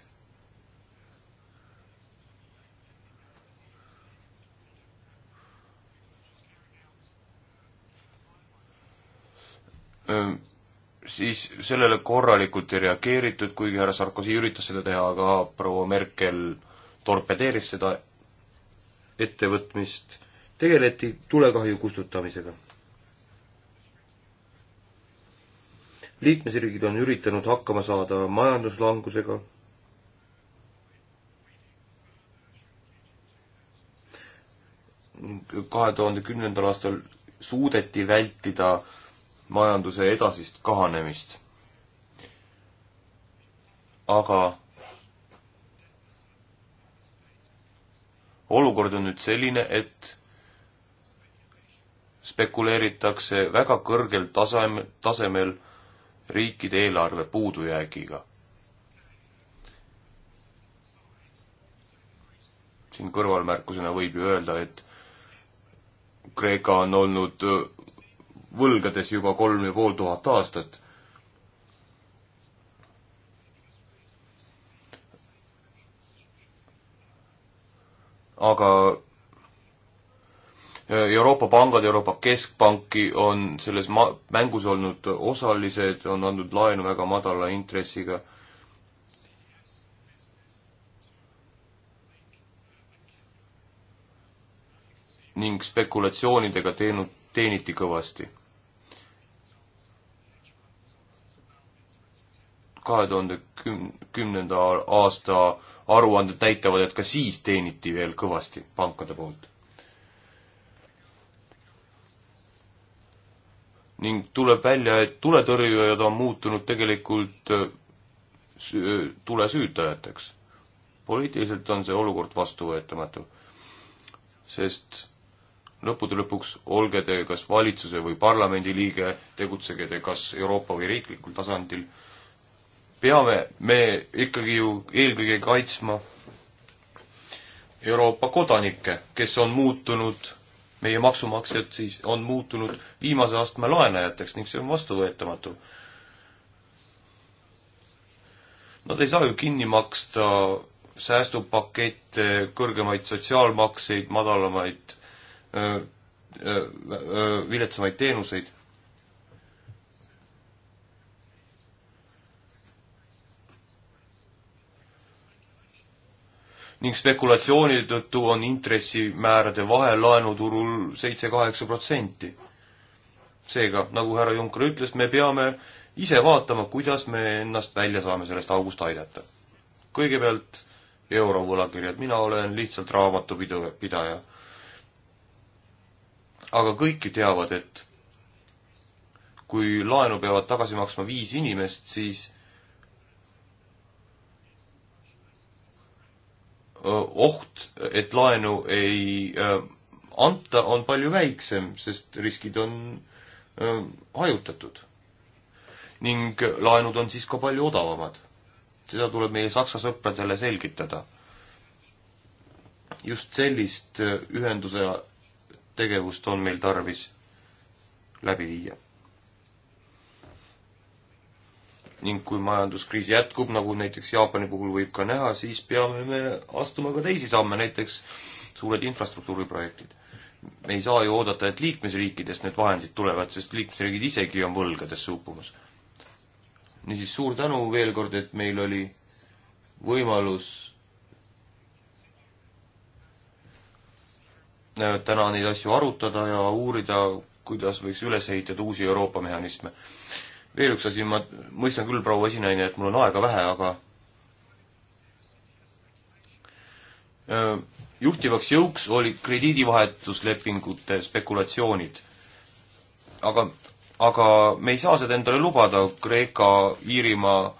Äh, siis sellele korralikult ei reageeritud, kuigi härra Sarkozy üritas seda teha, aga proua Merkel torpedeeris seda ettevõtmist, tegeleti tulekahju kustutamisega liikmesriigid on üritanud hakkama saada majanduslangusega. kahe tuhande kümnendal aastal suudeti vältida majanduse edasist kahanemist. aga olukord on nüüd selline, et spekuleeritakse väga kõrgel tasem-, tasemel, tasemel riikide eelarve puudujäägiga. siin kõrvalmärkusena võib ju öelda, et Kreeka on olnud võlgades juba kolm ja pool tuhat aastat. aga Äh, Euroopa pangad, Euroopa Keskpanki on selles ma-, mängus olnud osalised, on andnud laenu väga madala intressiga. ning spekulatsioonidega teenu-, teeniti kõvasti. kahe tuhande küm-, kümnenda aasta aruanded näitavad, et ka siis teeniti veel kõvasti pankade poolt ning tuleb välja, et tuletõrjujad on muutunud tegelikult äh, äh, tulesüütajateks. poliitiliselt on see olukord vastuvõetamatu. sest lõppude lõpuks olge te kas valitsuse või parlamendi liige, tegutsege te kas Euroopa või riiklikul tasandil, peame me ikkagi ju eelkõige kaitsma Euroopa kodanikke, kes on muutunud meie maksumaksjad siis on muutunud viimase astme laenajateks ning see on vastuvõetamatu. Nad ei saa ju kinni maksta säästupakette, kõrgemaid sotsiaalmakseid, madalamaid, viletsamaid teenuseid ning spekulatsiooni tõttu on intressimäärade vahe laenuturul seitse-kaheksa protsenti. seega, nagu härra Juncker ütles, me peame ise vaatama, kuidas me ennast välja saame sellest august aidata. kõigepealt eurovõlakirjad, mina olen lihtsalt raamatupidaja. aga kõik ju teavad, et kui laenu peavad tagasi maksma viis inimest, siis oht, et laenu ei anta, on palju väiksem, sest riskid on hajutatud. ning laenud on siis ka palju odavamad. seda tuleb meie saksa sõpradele selgitada. just sellist ühenduse tegevust on meil tarvis läbi viia. ning kui majanduskriis jätkub, nagu näiteks Jaapani puhul võib ka näha, siis peame me astuma ka teisi samme, näiteks suured infrastruktuuriprojektid. me ei saa ju oodata, et liikmesriikidest need vahendid tulevad, sest liikmesriigid isegi on võlgadesse uppumas. niisiis suur tänu veel kord, et meil oli võimalus äh, täna neid asju arutada ja uurida, kuidas võiks üles ehitada uusi Euroopa mehhanisme veel üks asi, ma mõistan küll, proua esinaine, et mul on aega vähe, aga juhtivaks jõuks oli krediidivahetuslepingute spekulatsioonid. aga, aga me ei saa seda endale lubada, Kreeka, Iirimaa,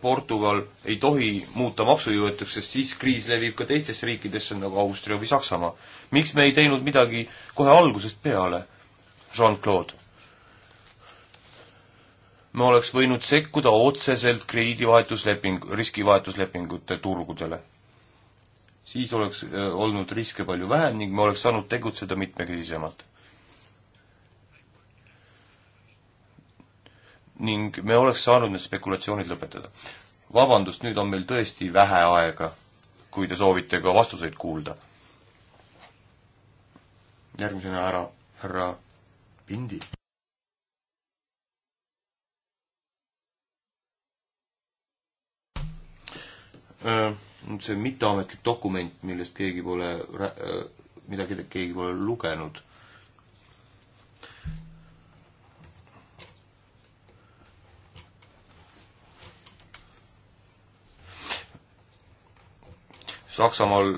Portugal ei tohi muuta maksujõuetuks, sest siis kriis levib ka teistesse riikidesse, nagu Austria või Saksamaa. miks me ei teinud midagi kohe algusest peale, Jean-Claude? me oleks võinud sekkuda otseselt krediidivahetusleping, riskivahetuslepingute turgudele. siis oleks äh, olnud riske palju vähem ning me oleks saanud tegutseda mitmekesisemalt. ning me oleks saanud need spekulatsioonid lõpetada. vabandust, nüüd on meil tõesti vähe aega, kui te soovite ka vastuseid kuulda. järgmisena ära, härra Pindi. Äh, see mitteametlik dokument, millest keegi pole, äh, mida keegi pole lugenud. Saksamaal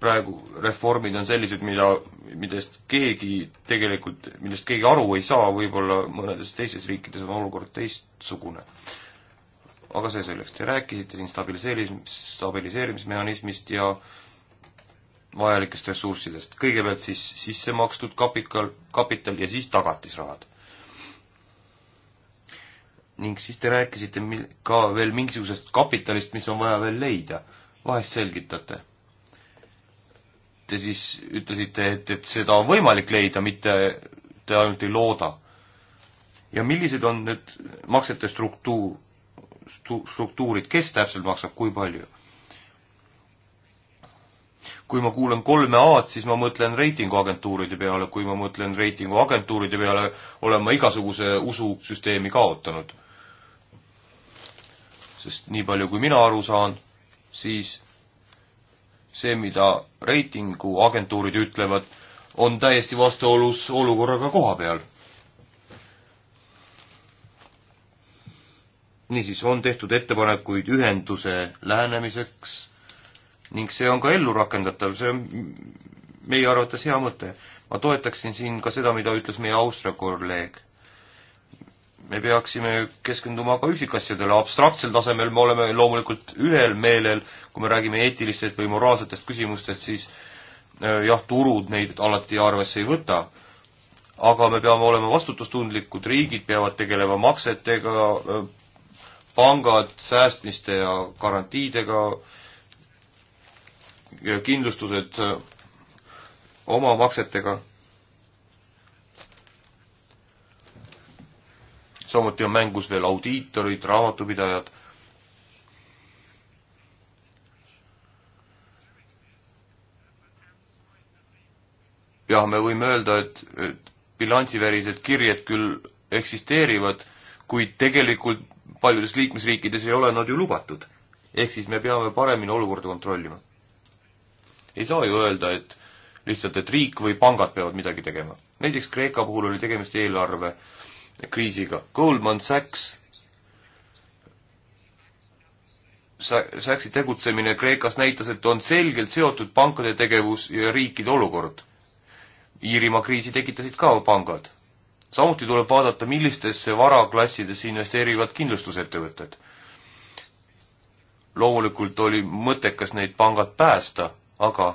praegu reformid on sellised, mida, millest keegi tegelikult, millest keegi aru ei saa, võib-olla mõnedes teistes riikides on olukord teistsugune aga see selleks, te rääkisite siin stabiliseerimis, stabiliseerimismehhanismist ja vajalikest ressurssidest. kõigepealt siis sisse makstud kapital, kapital ja siis tagatisrahad. ning siis te rääkisite mil-, ka veel mingisugusest kapitalist, mis on vaja veel leida. vahest selgitate? Te siis ütlesite, et, et seda on võimalik leida, mitte te ainult ei looda. ja millised on need maksete struktuur? stu-, struktuurid, kes täpselt maksab kui palju. kui ma kuulen kolme A-d, siis ma mõtlen reitinguagentuuride peale, kui ma mõtlen reitinguagentuuride peale, olen ma igasuguse ususüsteemi kaotanud. sest nii palju, kui mina aru saan, siis see, mida reitinguagentuurid ütlevad, on täiesti vastuolus olukorraga koha peal niisiis on tehtud ettepanekuid ühenduse lähenemiseks ning see on ka ellu rakendatav, see on meie arvates hea mõte. ma toetaksin siin ka seda, mida ütles meie Austria kolleeg. me peaksime keskenduma ka üksikasjadele, abstraktsel tasemel me oleme loomulikult ühel meelel, kui me räägime eetilistest või moraalsetest küsimustest, siis äh, jah, turud neid alati arvesse ei võta, aga me peame olema vastutustundlikud, riigid peavad tegelema maksetega, äh, pangad säästmiste ja garantiidega, kindlustused äh, omamaksetega. samuti on mängus veel audiitorid, raamatupidajad. jah, me võime öelda, et, et bilansivärised kirjed küll eksisteerivad, kuid tegelikult paljudes liikmesriikides ei ole nad ju lubatud. ehk siis me peame paremini olukorda kontrollima. ei saa ju öelda, et lihtsalt, et riik või pangad peavad midagi tegema. näiteks Kreeka puhul oli tegemist eelarvekriisiga. Goldman Sachs Saksi tegutsemine Kreekas näitas, et on selgelt seotud pankade tegevus ja riikide olukord. Iirimaa kriisi tekitasid ka pangad samuti tuleb vaadata, millistesse varaklassidesse investeerivad kindlustusettevõtted. loomulikult oli mõttekas neid pangad päästa, aga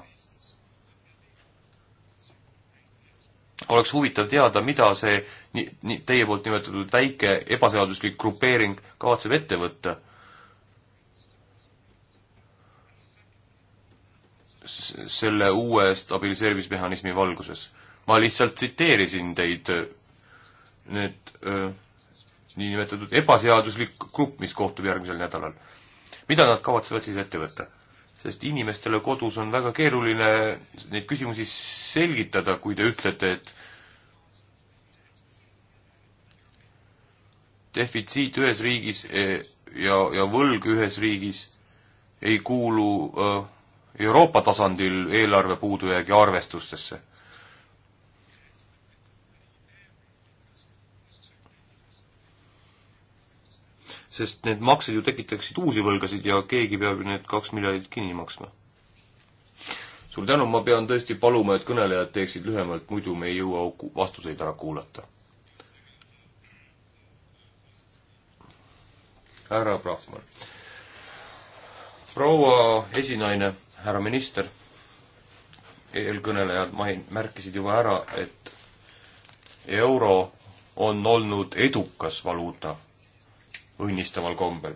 oleks huvitav teada, mida see nii, nii teie poolt nimetatud väike ebaseaduslik grupeering kavatseb ette võtta. selle uue stabiliseerimismehhanismi valguses. ma lihtsalt tsiteerisin teid need niinimetatud ebaseaduslik grupp, mis kohtub järgmisel nädalal. mida nad kavatsevad siis ette võtta? sest inimestele kodus on väga keeruline neid küsimusi selgitada, kui te ütlete, et defitsiit ühes riigis e, ja, ja võlg ühes riigis ei kuulu Euroopa tasandil eelarve puudujäägi arvestustesse sest need maksed ju tekitaksid uusi võlgasid ja keegi peab ju need kaks miljardit kinni maksma. suur tänu, ma pean tõesti paluma, et kõnelejad teeksid lühemalt, muidu me ei jõua vastuseid ära kuulata. härra Brahman. proua esinaine, härra minister, eelkõnelejad main-, märkisid juba ära, et euro on olnud edukas valuuta õnnistaval kombel.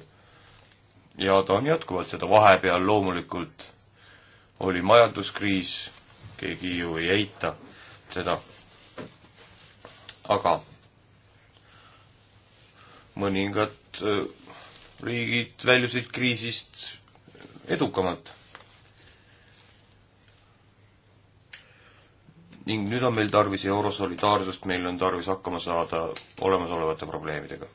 ja ta on jätkuvalt seda, vahepeal loomulikult oli majanduskriis, keegi ju ei eita seda, aga mõningad äh, riigid väljusid kriisist edukamalt. ning nüüd on meil tarvis eurosolidaarsust, meil on tarvis hakkama saada olemasolevate probleemidega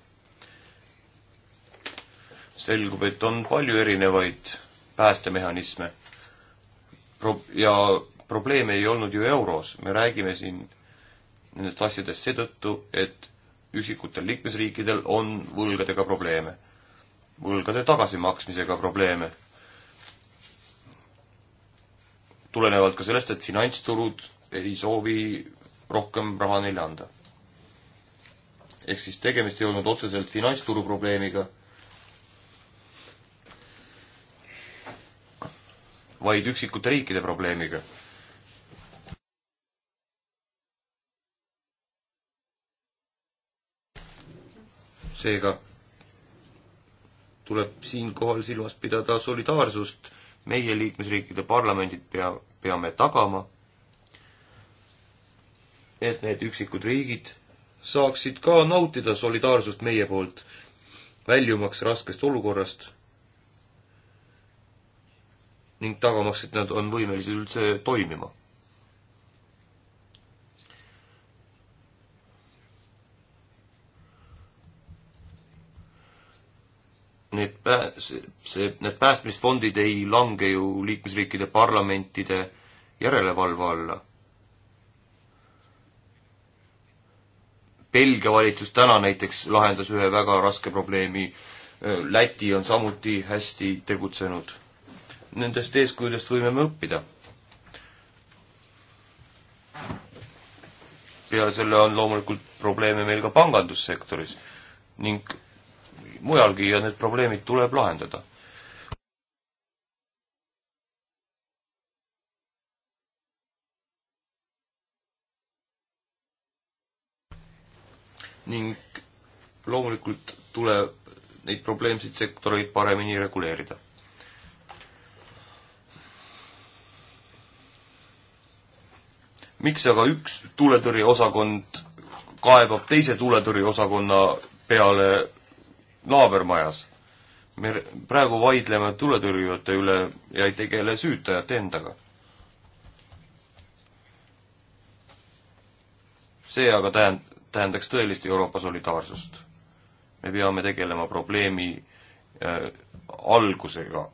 selgub, et on palju erinevaid päästemehhanisme. Pro-, ja probleem ei olnud ju euros, me räägime siin nendest asjadest seetõttu, et üksikutel liikmesriikidel on võlgadega probleeme, võlgade tagasimaksmisega probleeme. tulenevalt ka sellest, et finantsturud ei soovi rohkem raha neile anda. ehk siis tegemist ei olnud otseselt finantsturu probleemiga vaid üksikute riikide probleemiga. seega tuleb siinkohal silmas pidada solidaarsust, meie liikmesriikide parlamendid pea, peame tagama, et need üksikud riigid saaksid ka nautida solidaarsust meie poolt, väljumaks raskest olukorrast ning tagamaks, et nad on võimelised üldse toimima. Need pääs-, see, need päästmisfondid ei lange ju liikmesriikide parlamentide järelevalve alla Belgia valitsus täna näiteks lahendas ühe väga raske probleemi. Läti on samuti hästi tegutsenud nendest eeskujudest võime me õppida. peale selle on loomulikult probleeme meil ka pangandussektoris ning mujalgi ja need probleemid tuleb lahendada ning loomulikult tuleb neid probleemseid sektoreid paremini reguleerida. miks aga üks tuletõrjeosakond kaebab teise tuletõrjeosakonna peale naabermajas? me praegu vaidleme tuletõrjujate üle ja ei tegele süütajate endaga. see aga tähend-, tähendaks tõelist Euroopa solidaarsust. me peame tegelema probleemi äh, algusega,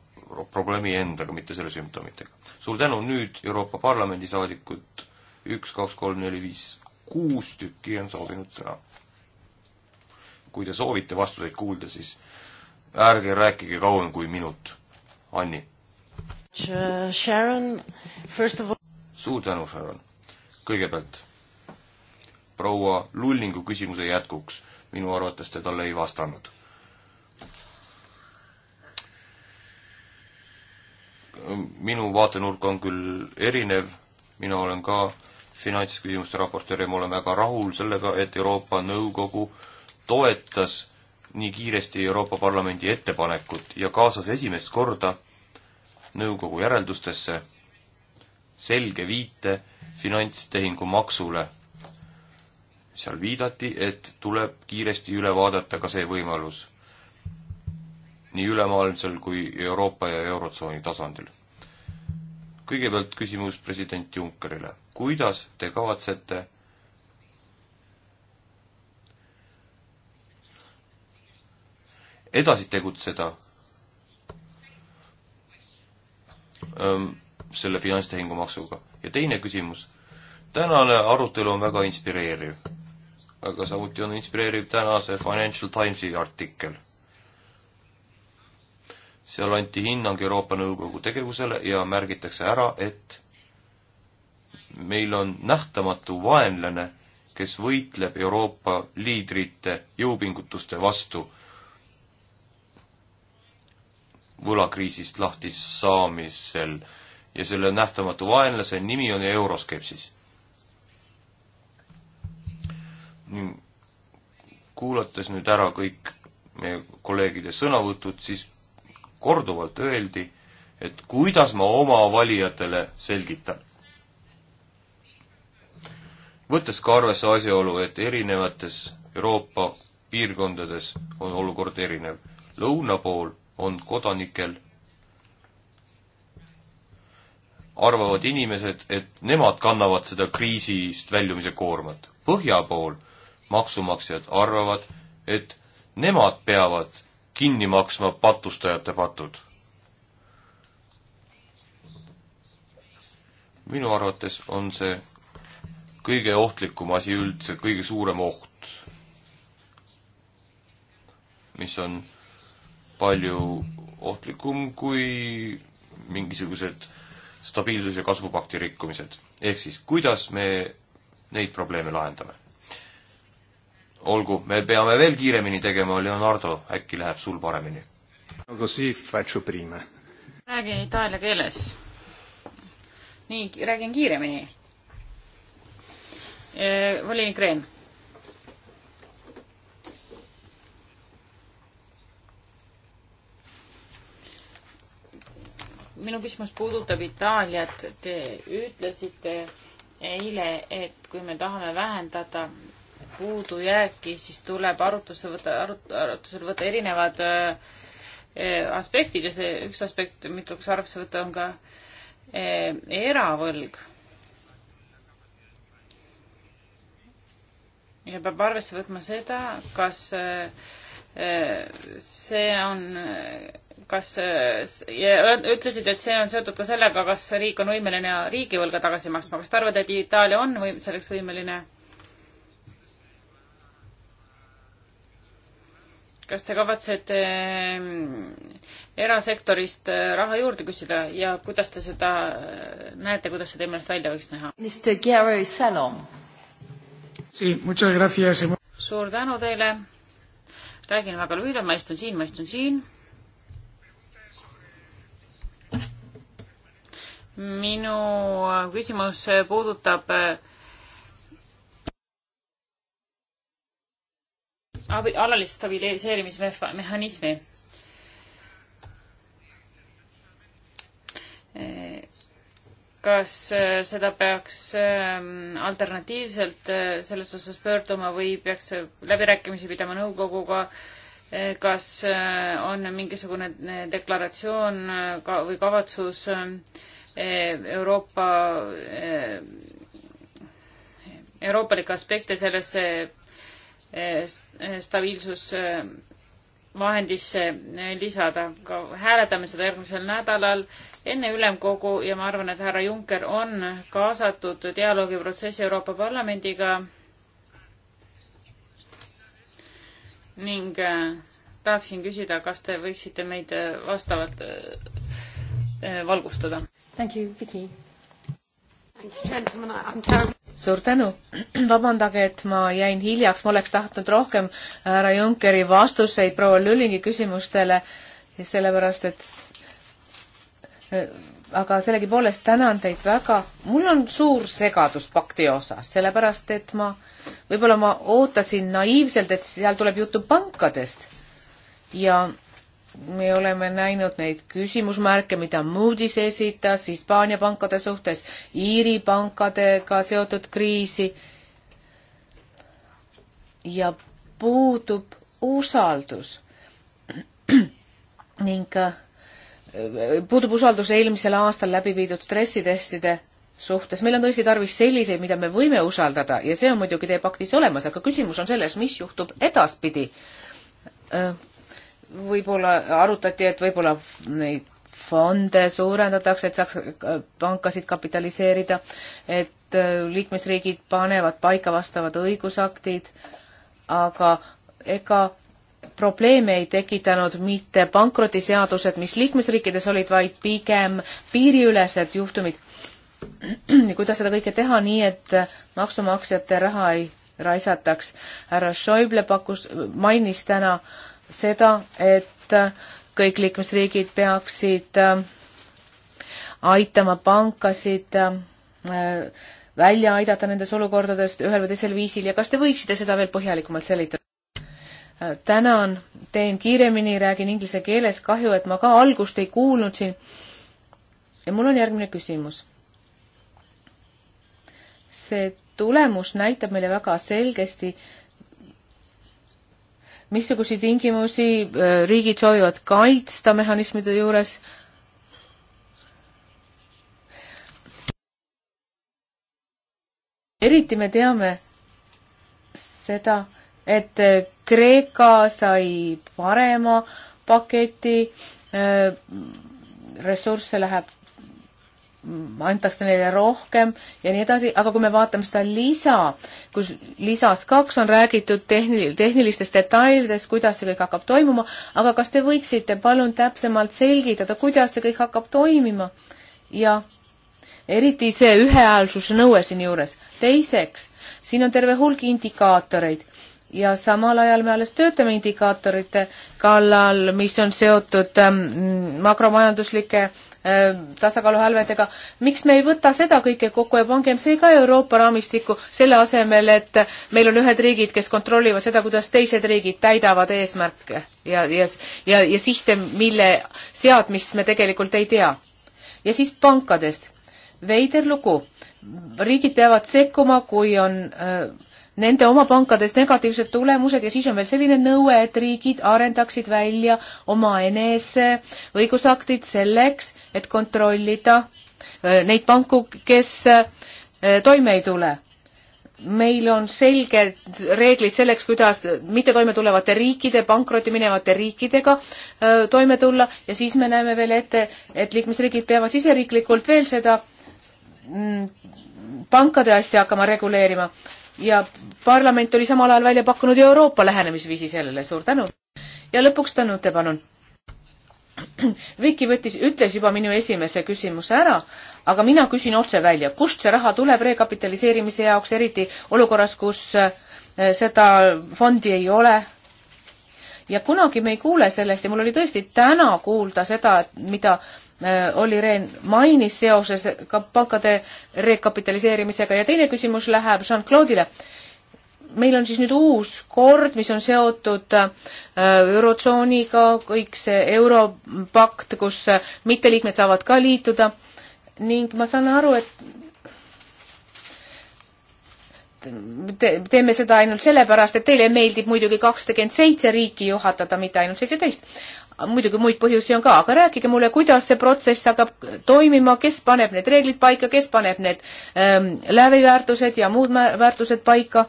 probleemi endaga, mitte selle sümptomitega. suur tänu, nüüd Euroopa Parlamendi saadikud üks, kaks, kolm, neli, viis, kuus tükki on soovinud sõna. kui te soovite vastuseid kuulda, siis ärge rääkige kauem kui minut. Anni. Sharon, first of all. suur tänu, Sharon. kõigepealt proua Lullingu küsimuse jätkuks. minu arvates te talle ei vastanud minu vaatenurk on küll erinev, mina olen ka finantsküsimuste raportöör ja ma olen väga rahul sellega, et Euroopa Nõukogu toetas nii kiiresti Euroopa Parlamendi ettepanekut ja kaasas esimest korda nõukogu järeldustesse selge viite finantstehingu maksule. seal viidati, et tuleb kiiresti üle vaadata ka see võimalus nii ülemaailmsel kui Euroopa ja Eurotsooni tasandil kõigepealt küsimus president Junckerile. kuidas te kavatsete edasi tegutseda ähm, selle finantstehingumaksuga? ja teine küsimus, tänane arutelu on väga inspireeriv, aga samuti on inspireeriv tänase Financial Timesi artikkel seal anti hinnang Euroopa Nõukogu tegevusele ja märgitakse ära, et meil on nähtamatu vaenlane, kes võitleb Euroopa liidrite jõupingutuste vastu võlakriisist lahti saamisel ja selle nähtamatu vaenlase nimi on euroskepsis. kuulates nüüd ära kõik meie kolleegide sõnavõtud, siis korduvalt öeldi, et kuidas ma oma valijatele selgitan. võttes ka arvesse asjaolu, et erinevates Euroopa piirkondades on olukord erinev. lõuna pool on kodanikel, arvavad inimesed, et nemad kannavad seda kriisist väljumise koormat. põhja pool maksumaksjad arvavad, et nemad peavad kinni maksma patustajate patud. minu arvates on see kõige ohtlikum asi üldse, kõige suurem oht, mis on palju ohtlikum kui mingisugused stabiilsus- ja kasvupakti rikkumised. ehk siis, kuidas me neid probleeme lahendame? olgu, me peame veel kiiremini tegema, Leonardo, äkki läheb sul paremini? räägin itaalia keeles. nii, räägin kiiremini. E, volinik Rehn minu küsimus puudutab Itaaliat. Te ütlesite eile, et kui me tahame vähendada puudujääki, siis tuleb arutlusse võtta, arut-, arutlusele võtta erinevad äh, äh, aspektid ja see üks aspekt, mida tuleks arvesse võtta, on ka äh, eravõlg. ja peab arvesse võtma seda, kas äh, äh see on, kas, äh, ja ütlesid, et see on seotud ka sellega, kas riik on võimeline riigivõlga tagasi maksma. kas te arvate, et Itaalia on või selleks võimeline? kas te kavatsete ähm, erasektorist äh, raha juurde küsida ja kuidas te seda äh, näete, kuidas see teie meelest välja võiks näha? suur tänu teile. räägin väga lühidalt, ma istun siin, ma istun siin. minu äh, küsimus puudutab äh, abi, alalist stabiliseerimismehhanismi. kas äh, seda peaks ähm, alternatiivselt äh, selles osas pöörduma või peaks äh, läbirääkimisi pidama nõukoguga? kas on mingisugune deklaratsioon ka või kavatsus Euroopa euroopalikke aspekte sellesse Eh, stabiilsusvahendisse eh, lisada. ka hääletame seda järgmisel nädalal enne ülemkogu ja ma arvan, et härra Juncker on kaasatud dialoogiprotsessi Euroopa Parlamendiga ning eh, tahaksin küsida, kas te võiksite meid vastavalt valgustada? Thank you, Vicky. Thank you, gentlemen, I am terribly suur tänu. vabandage, et ma jäin hiljaks, ma oleks tahtnud rohkem härra Junckeri vastuseid proua Lüllingi küsimustele, sellepärast et äh, aga sellegipoolest tänan teid väga. mul on suur segadus pakti osas, sellepärast et ma, võib-olla ma ootasin naiivselt, et seal tuleb juttu pankadest ja me oleme näinud neid küsimusmärke, mida Moody's esitas Hispaania pankade suhtes, Iiri pankadega seotud kriisi. ja puudub usaldus ning äh, puudub usaldus eelmisel aastal läbi viidud stressitestide suhtes, meil on tõesti tarvis selliseid, mida me võime usaldada ja see on muidugi teie paktis olemas, aga küsimus on selles, mis juhtub edaspidi äh, võib-olla arutati, et võib-olla neid fonde suurendatakse, et saaks äh, pankasid kapitaliseerida, et äh, liikmesriigid panevad paika vastavad õigusaktid, aga ega probleeme ei tekitanud mitte pankrotiseadused, mis liikmesriikides olid, vaid pigem piiriülesed juhtumid. kuidas seda kõike teha nii, et äh, maksumaksjate raha ei raisataks. härra Schäuble pakkus, mainis täna äh, seda, et kõik liikmesriigid peaksid äh, aitama pankasid äh, välja aidata nendest olukordadest ühel või teisel viisil ja kas te võiksite seda veel põhjalikumalt selitada? Äh, tänan, teen kiiremini, räägin inglise keeles, kahju, et ma ka algust ei kuulnud siin. ja mul on järgmine küsimus. see tulemus näitab meile väga selgesti äh, missuguseid tingimusi äh, riigid soovivad kaitsta mehhanismide juures. eriti me teame seda, et äh, Kreeka sai parema paketi, äh, ressursse läheb antakse neile rohkem ja nii edasi, aga kui me vaatame seda lisa, kus lisas kaks on räägitud tehnil-, tehnilistest detailidest, kuidas see kõik hakkab toimuma, aga kas te võiksite palun täpsemalt selgitada, kuidas see kõik hakkab toimima ja eriti see ühehäälsuse nõue siinjuures. teiseks, siin on terve hulk indikaatoreid ja samal ajal me alles töötame indikaatorite kallal, mis on seotud ähm, makromajanduslike äh, Äh, tasakaaluhälvedega, miks me ei võta seda kõike kokku ja pangem see ka Euroopa raamistikku, selle asemel, et meil on ühed riigid, kes kontrollivad seda, kuidas teised riigid täidavad eesmärke ja, ja, ja, ja sihte, mille seadmist me tegelikult ei tea. ja siis pankadest. veider lugu. riigid peavad sekkuma, kui on äh, nende oma pankades negatiivsed tulemused ja siis on veel selline nõue, et riigid arendaksid välja omaenese õigusaktid selleks, et kontrollida äh, neid panku, kes äh, toime ei tule. meil on selged reeglid selleks, kuidas mitte toime tulevate riikide, pankrotti minevate riikidega äh, toime tulla ja siis me näeme veel ette, et liikmesriigid peavad siseriiklikult veel seda mm, pankade asja hakkama reguleerima ja parlament oli samal ajal välja pakkunud Euroopa lähenemisviisi sellele, suur tänu. ja lõpuks Tõnute, palun. Viki võttis, ütles juba minu esimese küsimuse ära, aga mina küsin otse välja, kust see raha tuleb rekapitaliseerimise jaoks, eriti olukorras, kus eh, seda fondi ei ole? ja kunagi me ei kuule sellest ja mul oli tõesti täna kuulda seda, mida Äh, Olli Rehn mainis seoses ka pankade rekapitaliseerimisega ja teine küsimus läheb Jean-Claude'ile. meil on siis nüüd uus kord, mis on seotud äh, Eurotsooniga, kõik see Europakt, kus äh, mitteliikmed saavad ka liituda ning ma saan aru, et te, teeme seda ainult sellepärast, et teile meeldib muidugi kakskümmend seitse riiki juhatada, mitte ainult seitseteist muidugi muid põhjusi on ka, aga rääkige mulle, kuidas see protsess hakkab toimima, kes paneb need reeglid paika, kes paneb need ähm, läveväärtused ja muud väärtused paika.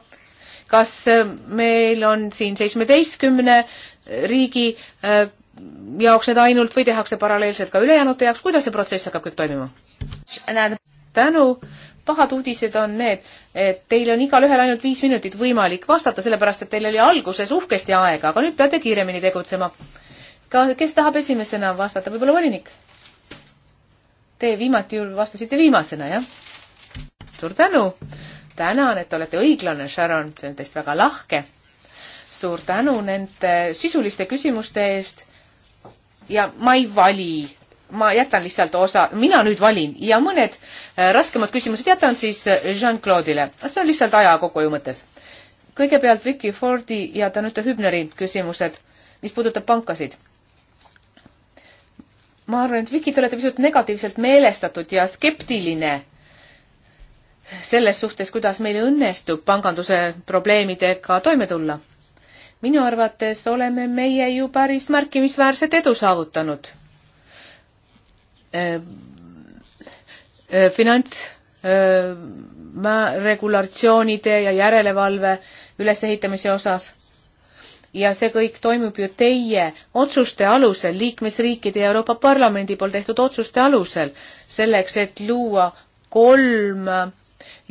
kas äh, meil on siin seitsmeteistkümne riigi äh, jaoks need ainult või tehakse paralleelselt ka ülejäänute jaoks, kuidas see protsess hakkab kõik toimima? tänu, pahad uudised on need, et teil on igalühel ainult viis minutit võimalik vastata, sellepärast et teil oli alguses uhkesti aega, aga nüüd peate kiiremini tegutsema ka, kes tahab esimesena vastata, võib-olla volinik? Te viimati ju vastasite viimasena, jah? suur tänu! tänan, et olete õiglane, Sharon, see on teist väga lahke. suur tänu nende sisuliste küsimuste eest. ja ma ei vali, ma jätan lihtsalt osa, mina nüüd valin ja mõned äh, raskemad küsimused jätan siis äh, Jean-Claude'ile, see on lihtsalt aja kokkuhoiu mõttes. kõigepealt Vicky Fordi ja Danuta Hübneri küsimused, mis puudutab pankasid ma arvan, et Viki, te olete pisut negatiivselt meelestatud ja skeptiline selles suhtes, kuidas meil õnnestub panganduse probleemidega toime tulla. minu arvates oleme meie ju päris märkimisväärset edu saavutanud. Äh, äh, finants äh, regulatsioonide ja järelevalve ülesehitamise osas ja see kõik toimub ju teie otsuste alusel, liikmesriikide ja Euroopa Parlamendi poolt tehtud otsuste alusel, selleks et luua kolm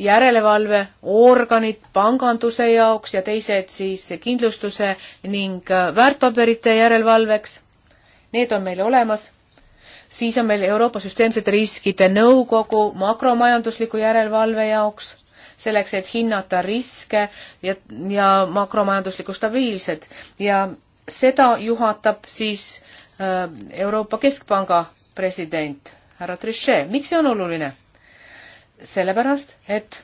järelevalveorganit panganduse jaoks ja teised siis kindlustuse ning väärtpaberite järelevalveks. Need on meil olemas. siis on meil Euroopa Süsteemsete Riskide Nõukogu makromajandusliku järelevalve jaoks selleks, et hinnata riske ja, ja makromajanduslikku stabiilset ja seda juhatab siis äh, Euroopa Keskpanga president härra Trichet. miks see on oluline? sellepärast, et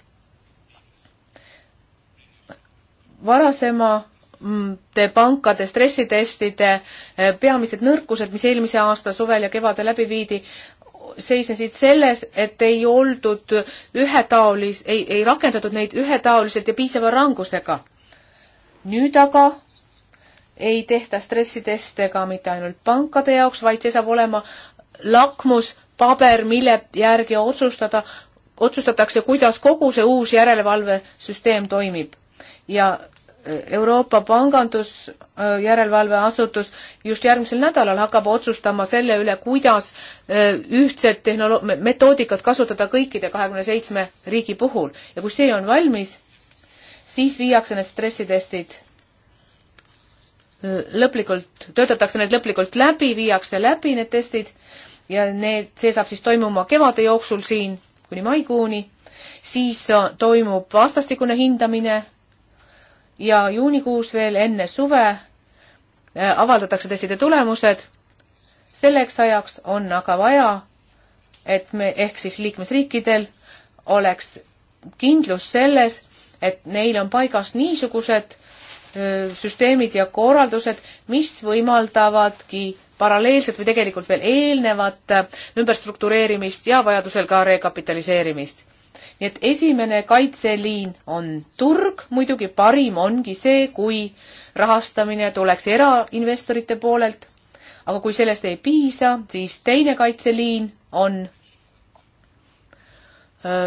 varasema mm, pankade stressitestide äh, peamised nõrkused, mis eelmise aasta suvel ja kevadel läbi viidi, seisnesid selles, et ei oldud ühetaolis-, ei, ei rakendatud neid ühetaoliselt ja piisava rangusega. nüüd aga ei tehta stressiteste ka mitte ainult pankade jaoks, vaid see saab olema lakmuspaber, mille järgi otsustada, otsustatakse, kuidas kogu see uus järelevalvesüsteem toimib. ja Euroopa Pangandusjärelevalveasutus just järgmisel nädalal hakkab otsustama selle üle, kuidas ühtset tehnolo-, metoodikat kasutada kõikide kahekümne seitsme riigi puhul ja kui see on valmis, siis viiakse need stressitestid lõplikult, töötatakse need lõplikult läbi, viiakse läbi need testid ja need, see saab siis toimuma kevade jooksul siin kuni maikuuni, siis toimub vastastikune hindamine ja juunikuus veel enne suve äh, avaldatakse testide tulemused. selleks ajaks on aga vaja, et me ehk siis liikmesriikidel oleks kindlus selles, et neil on paigas niisugused öö, äh, süsteemid ja korraldused, mis võimaldavadki paralleelselt või tegelikult veel eelnevat äh, ümberstruktureerimist ja vajadusel ka rekapitaliseerimist nii et esimene kaitseliin on turg, muidugi parim ongi see, kui rahastamine tuleks erainvestorite poolelt, aga kui sellest ei piisa, siis teine kaitseliin on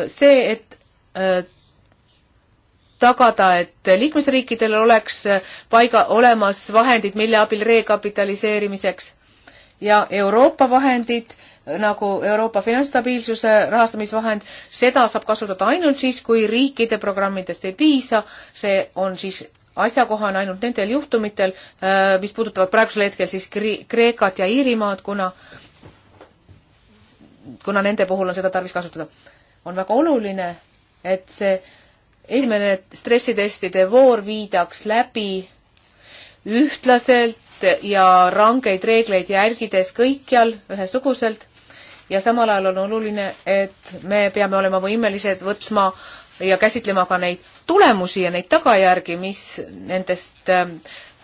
see, et tagada, et liikmesriikidel oleks paiga, olemas vahendid, mille abil rekapitaliseerimiseks ja Euroopa vahendid nagu Euroopa finantsstabiilsuse rahastamisvahend, seda saab kasutada ainult siis, kui riikide programmidest ei piisa, see on siis asjakohane ainult nendel juhtumitel, äh, mis puudutavad praegusel hetkel siis Kreekat ja Iirimaad, kuna kuna nende puhul on seda tarvis kasutada. on väga oluline, et see eelmine stressitestide voor viidaks läbi ühtlaselt ja rangeid reegleid järgides kõikjal ühesuguselt ja samal ajal on oluline, et me peame olema võimelised võtma ja käsitlema ka neid tulemusi ja neid tagajärgi, mis nendest ähm,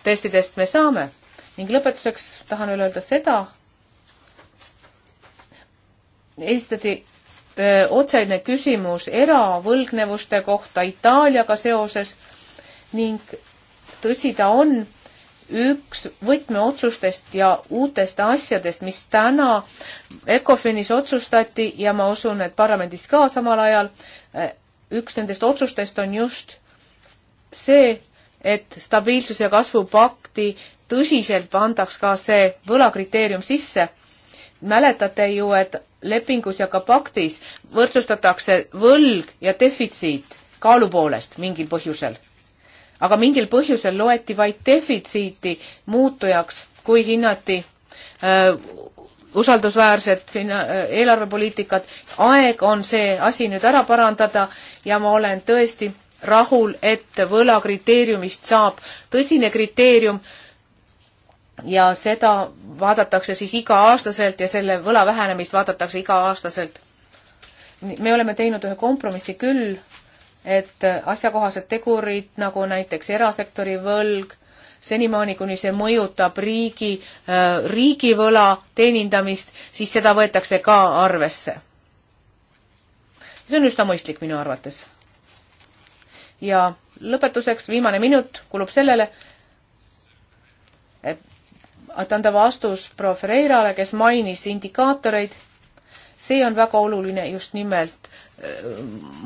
testidest me saame. ning lõpetuseks tahan veel öelda seda, esitati äh, otsene küsimus eravõlgnevuste kohta Itaaliaga seoses ning tõsi ta on, üks võtmeotsustest ja uutest asjadest, mis täna ECOFINis otsustati ja ma usun, et parlamendis ka samal ajal, eh, üks nendest otsustest on just see, et stabiilsus- ja kasvupakti tõsiselt pandaks ka see võlakriteerium sisse. mäletate ju, et lepingus ja ka paktis võrdsustatakse võlg ja defitsiit kaalu poolest mingil põhjusel aga mingil põhjusel loeti vaid defitsiiti muutujaks, kui hinnati öö, äh, usaldusväärset äh, eelarvepoliitikat. aeg on see asi nüüd ära parandada ja ma olen tõesti rahul, et võlakriteeriumist saab tõsine kriteerium ja seda vaadatakse siis iga-aastaselt ja selle võla vähenemist vaadatakse iga-aastaselt. me oleme teinud ühe kompromissi küll et asjakohased tegurid nagu näiteks erasektori võlg, senimaani, kuni see mõjutab riigi, äh, riigivõla teenindamist, siis seda võetakse ka arvesse. see on üsna mõistlik minu arvates. ja lõpetuseks viimane minut kulub sellele, et anda vastus proua Ferreirale, kes mainis indikaatoreid. see on väga oluline just nimelt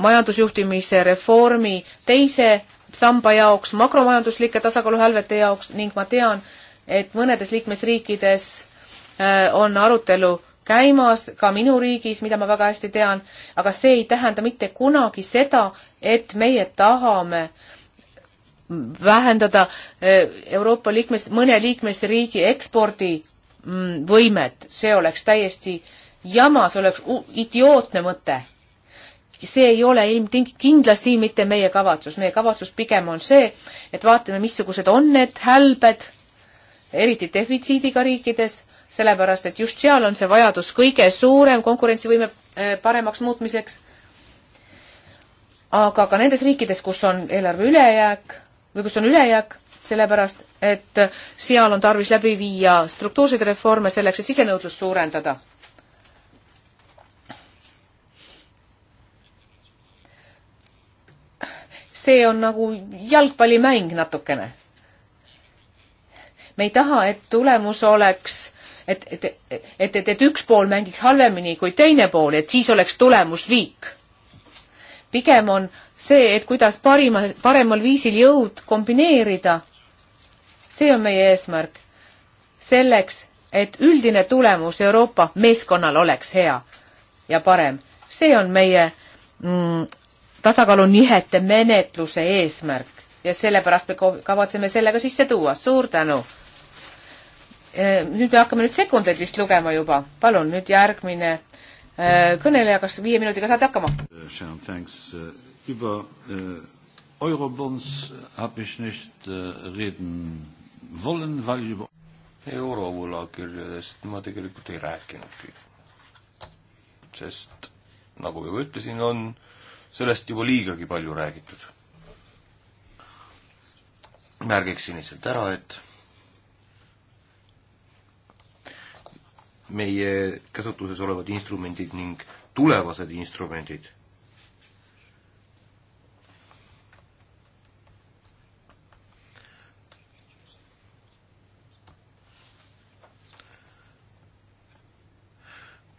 majandusjuhtimise reformi teise samba jaoks, makromajanduslike tasakaaluhälvete jaoks ning ma tean, et mõnedes liikmesriikides äh, on arutelu käimas, ka minu riigis, mida ma väga hästi tean, aga see ei tähenda mitte kunagi seda, et meie tahame vähendada äh, Euroopa liikmes, mõne liikmesriigi ekspordivõimet, mm, see oleks täiesti jama, see oleks idiootne mõte see ei ole ilmting-, kindlasti mitte meie kavatsus, meie kavatsus pigem on see, et vaatame, missugused on need hälbed, eriti defitsiidiga riikides, sellepärast et just seal on see vajadus kõige suurem konkurentsivõime äh, paremaks muutmiseks. aga ka nendes riikides, kus on eelarve ülejääk või kus on ülejääk, sellepärast et seal on tarvis läbi viia struktuurseid reforme selleks, et sisenõudlust suurendada see on nagu jalgpallimäng natukene. me ei taha, et tulemus oleks, et, et, et, et, et, et üks pool mängiks halvemini kui teine pool, et siis oleks tulemusviik. pigem on see, et kuidas parima, paremal viisil jõud kombineerida. see on meie eesmärk. selleks, et üldine tulemus Euroopa meeskonnal oleks hea ja parem. see on meie mm, tasakaalunihete menetluse eesmärk ja sellepärast me kavatseme selle ka sisse tuua. suur tänu! nüüd me hakkame nüüd sekundeid vist lugema juba. palun, nüüd järgmine kõneleja, kas viie minutiga saate hakkama? eurovõlakirjadest ma tegelikult ei rääkinudki. sest nagu juba ütlesin, on sellest juba liigagi palju räägitud. märgiksin lihtsalt ära, et meie käsutuses olevad instrumendid ning tulevased instrumendid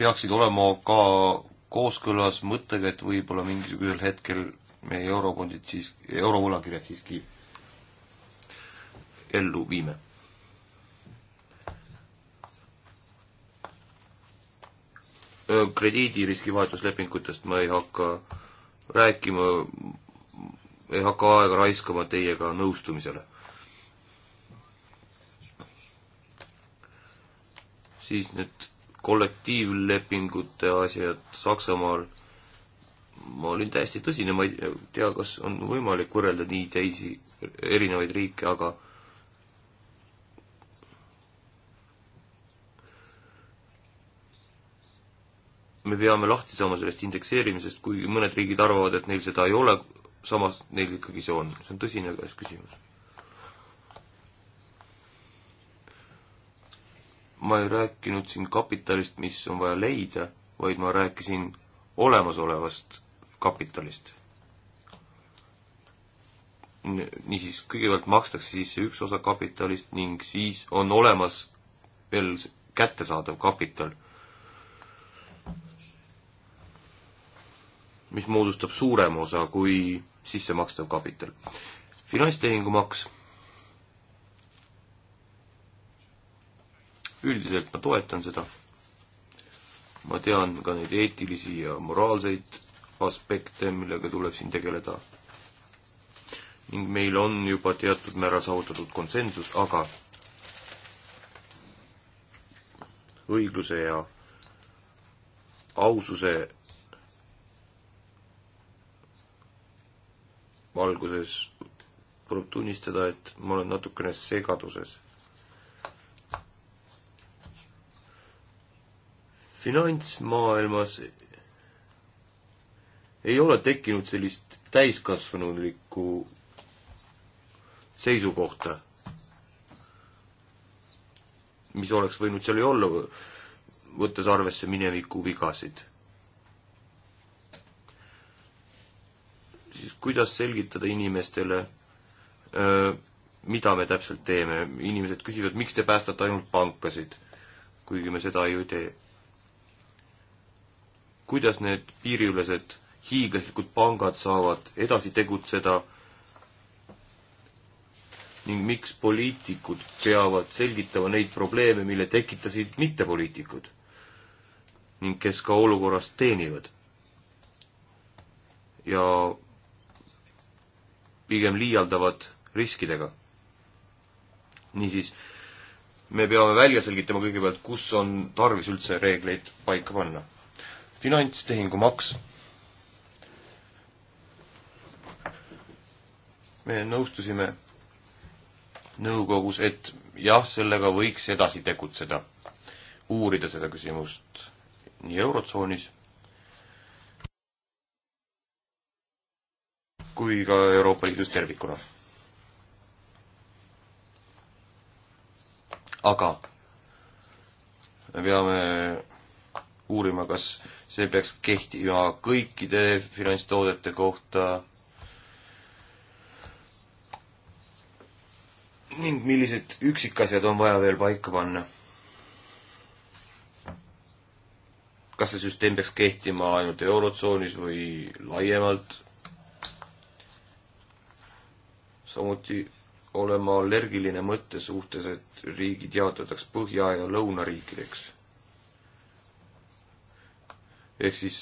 peaksid olema ka kooskõlas mõttega, et võib-olla mingisugusel hetkel meie eurofondid siis, eurovõlakirjad siiski ellu viime. krediidiriski vahetuslepingutest ma ei hakka rääkima, ei hakka aega raiskama teiega nõustumisele. siis need kollektiivlepingute asjad Saksamaal, ma olin täiesti tõsine, ma ei tea, kas on võimalik võrrelda nii teisi erinevaid riike, aga me peame lahti saama sellest indekseerimisest, kui mõned riigid arvavad, et neil seda ei ole, samas neil ikkagi see on. see on tõsine küsimus ma ei rääkinud siin kapitalist, mis on vaja leida, vaid ma rääkisin olemasolevast kapitalist. niisiis, kõigepealt makstakse sisse üks osa kapitalist ning siis on olemas veel kättesaadav kapital, mis moodustab suurema osa kui sissemakstav kapital. finantstehingumaks üldiselt ma toetan seda. ma tean ka neid eetilisi ja moraalseid aspekte, millega tuleb siin tegeleda. ning meil on juba teatud määral saavutatud konsensus, aga õigluse ja aususe valguses tuleb tunnistada, et ma olen natukene segaduses finantsmaailmas ei ole tekkinud sellist täiskasvanulikku seisukohta, mis oleks võinud seal ju olla, võttes arvesse mineviku vigasid. siis kuidas selgitada inimestele, mida me täpselt teeme, inimesed küsivad, miks te päästate ainult pankasid, kuigi me seda ju ei tee kuidas need piiriülesed hiiglaslikud pangad saavad edasi tegutseda ning miks poliitikud peavad selgitama neid probleeme, mille tekitasid mittepoliitikud ning kes ka olukorrast teenivad. ja pigem liialdavad riskidega. niisiis, me peame välja selgitama kõigepealt, kus on tarvis üldse reegleid paika panna finantstehingumaks. me nõustusime nõukogus, et jah, sellega võiks edasi tegutseda, uurida seda küsimust nii Eurotsoonis kui ka Euroopa Liidus tervikuna. aga me peame uurima, kas see peaks kehtima kõikide finantstoodete kohta ning millised üksikasjad on vaja veel paika panna. kas see süsteem peaks kehtima ainult Eurotsoonis või laiemalt? samuti olema allergiline mõtte suhtes, et riigid jaotataks põhja- ja lõunariikideks ehk siis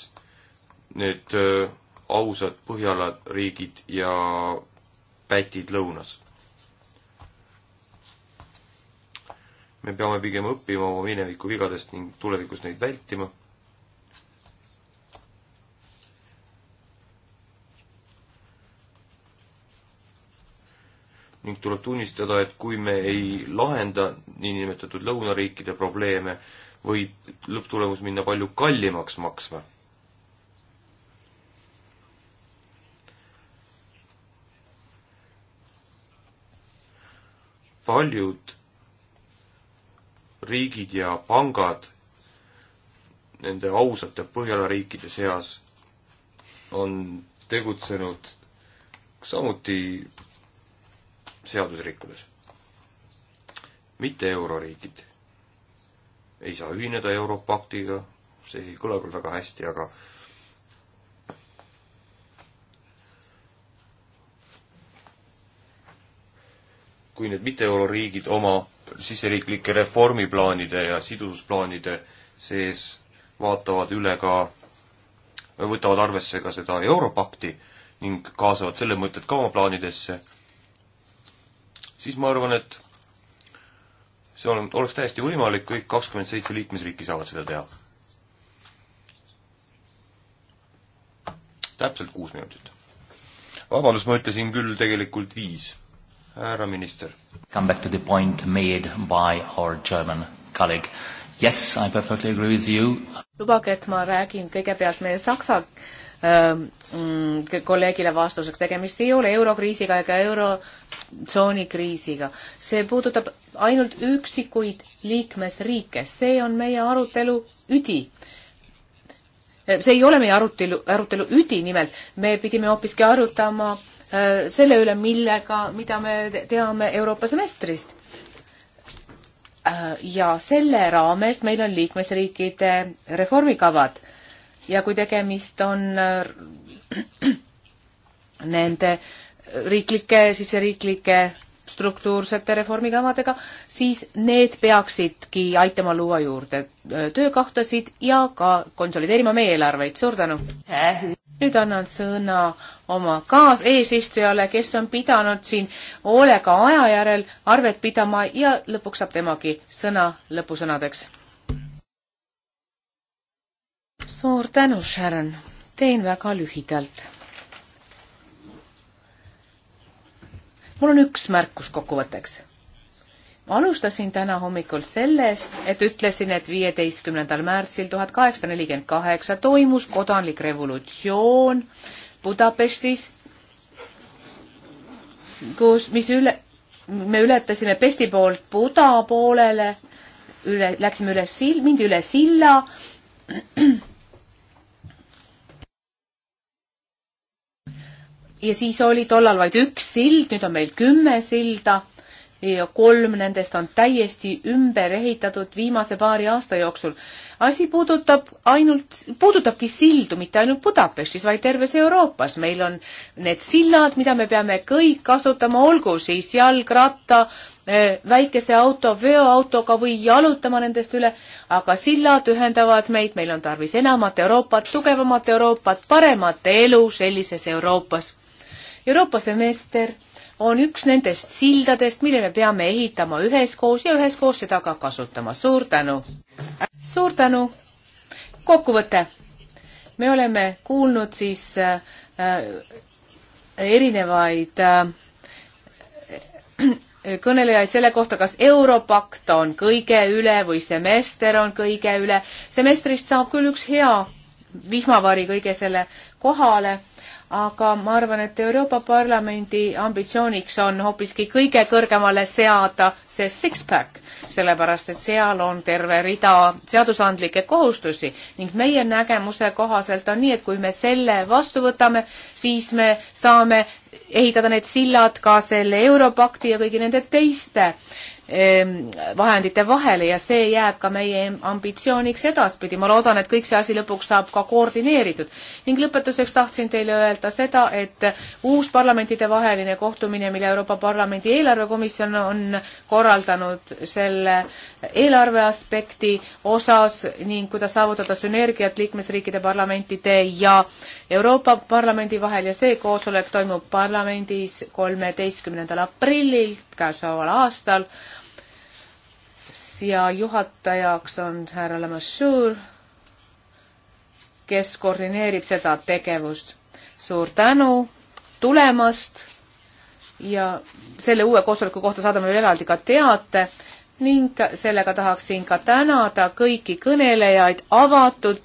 need ausad Põhjala riigid ja pätid lõunas. me peame pigem õppima oma mineviku vigadest ning tulevikus neid vältima ning tuleb tunnistada, et kui me ei lahenda niinimetatud lõunariikide probleeme, võib lõpptulemus minna palju kallimaks maksma. paljud riigid ja pangad nende ausate Põhjala riikide seas on tegutsenud samuti seadusi rikkudes. mitte euroriigid ei saa ühineda Europaktiga, see ei kõla küll väga hästi, aga kui need mitte-euroriigid oma siseriiklike reformiplaanide ja sidususplaanide sees vaatavad üle ka, võtavad arvesse ka seda Europakti ning kaasavad selle mõtted ka oma plaanidesse, siis ma arvan, et see ole, oleks täiesti võimalik, kõik kakskümmend seitse liikmesriiki saavad seda teha. täpselt kuus minutit. vabandust, ma ütlesin küll tegelikult viis. härra minister. Come back to the point made by our German colleague Yes, I perfectly agree with you. lubage, et ma räägin kõigepealt meie saksa ähm, mm, kolleegile vastuseks, tegemist ei ole eurokriisiga ega eurotsooni kriisiga. see puudutab ainult üksikuid liikmesriike, see on meie arutelu üdi äh, see ei ole meie arutelu, arutelu üdi, nimelt me pidime hoopiski arutama äh, selle üle, millega, mida me teame Euroopa semestrist. Äh, ja selle raames meil on liikmesriikide reformikavad ja kui tegemist on äh, nende riiklike, siseriiklike struktuursete reformikavadega, siis need peaksidki aitama luua juurde äh, töökohtasid ja ka konsolideerima meie eelarveid. suur tänu! nüüd annan sõna oma kaaseesistujale, kes on pidanud siin hoolega aja järel arvet pidama ja lõpuks saab temagi sõna lõpusõnadeks. suur tänu, Sharon. teen väga lühidalt. mul on üks märkus kokkuvõtteks ma alustasin täna hommikul sellest, et ütlesin, et viieteistkümnendal märtsil tuhat kaheksasada nelikümmend kaheksa toimus kodanlik revolutsioon äh, Budapestis, kus, mis üle, me ületasime Pesti poolt Buda poolele, üle, läksime üle sill, mindi üle silla. ja siis oli tollal vaid üks sild, nüüd on meil kümme silda ja kolm nendest on täiesti ümber ehitatud viimase paari aasta jooksul. asi puudutab ainult, puudutabki sildu, mitte ainult Budapestis, vaid terves Euroopas. meil on need sillad, mida me peame kõik kasutama, olgu siis jalgratta, eh, väikese auto, veoautoga või jalutama nendest üle, aga sillad ühendavad meid, meil on tarvis enamat Euroopat, tugevamat Euroopat, paremat elu sellises Euroopas. Euroopa semester on üks nendest sildadest, mille me peame ehitama üheskoos ja üheskoos seda ka kasutama. suur tänu! suur tänu! kokkuvõte. me oleme kuulnud siis äh, äh erinevaid äh, kõnelejaid selle kohta, kas Europakt on kõige üle või semester on kõige üle. semestrist saab küll üks hea vihmavari kõige selle kohale aga ma arvan, et Euroopa Parlamendi ambitsiooniks on hoopiski kõige kõrgemale seada see six-pack, sellepärast et seal on terve rida seadusandlikke kohustusi ning meie nägemuse kohaselt on nii, et kui me selle vastu võtame, siis me saame ehitada need sillad ka selle Europakti ja kõigi nende teiste Ehm, vahendite vahele ja see jääb ka meie ambitsiooniks edaspidi. ma loodan, et kõik see asi lõpuks saab ka koordineeritud. ning lõpetuseks tahtsin teile öelda seda, et uus parlamentidevaheline kohtumine, mille Euroopa Parlamendi eelarvekomisjon on korraldanud selle eelarve aspekti osas ning kuidas saavutada sünergiat liikmesriikide parlamentide ja Euroopa Parlamendi vahel ja see koosolek toimub parlamendis kolmeteistkümnendal aprillil käesoleval aastal ja juhatajaks on härra Lemassoor, kes koordineerib seda tegevust. suur tänu tulemast ja selle uue koosoleku kohta saadame veel eraldi ka teate ning sellega tahaksin ka tänada kõiki kõnelejaid avatud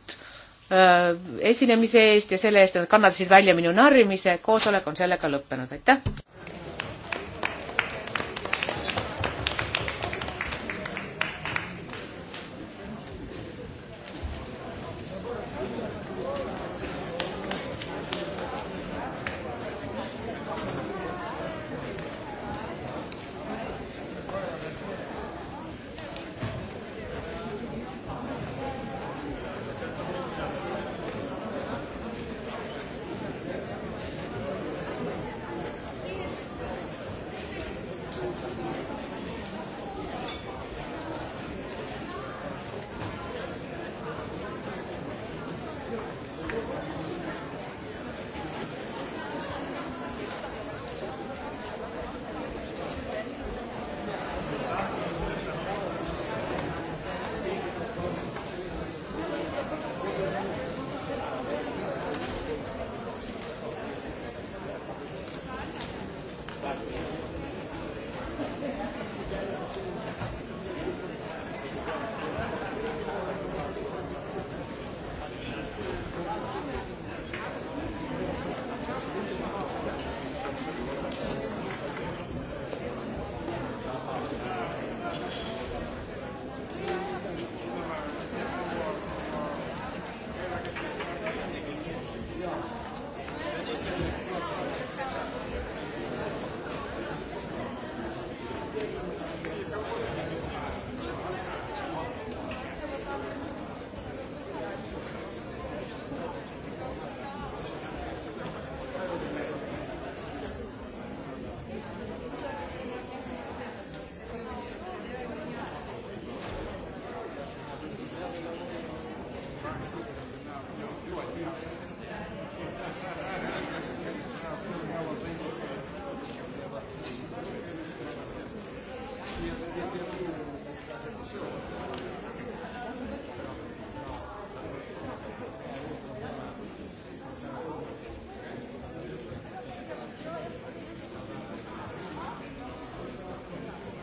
öö, esinemise eest ja selle eest, et nad kannatasid välja minu narrimise. koosolek on sellega lõppenud, aitäh!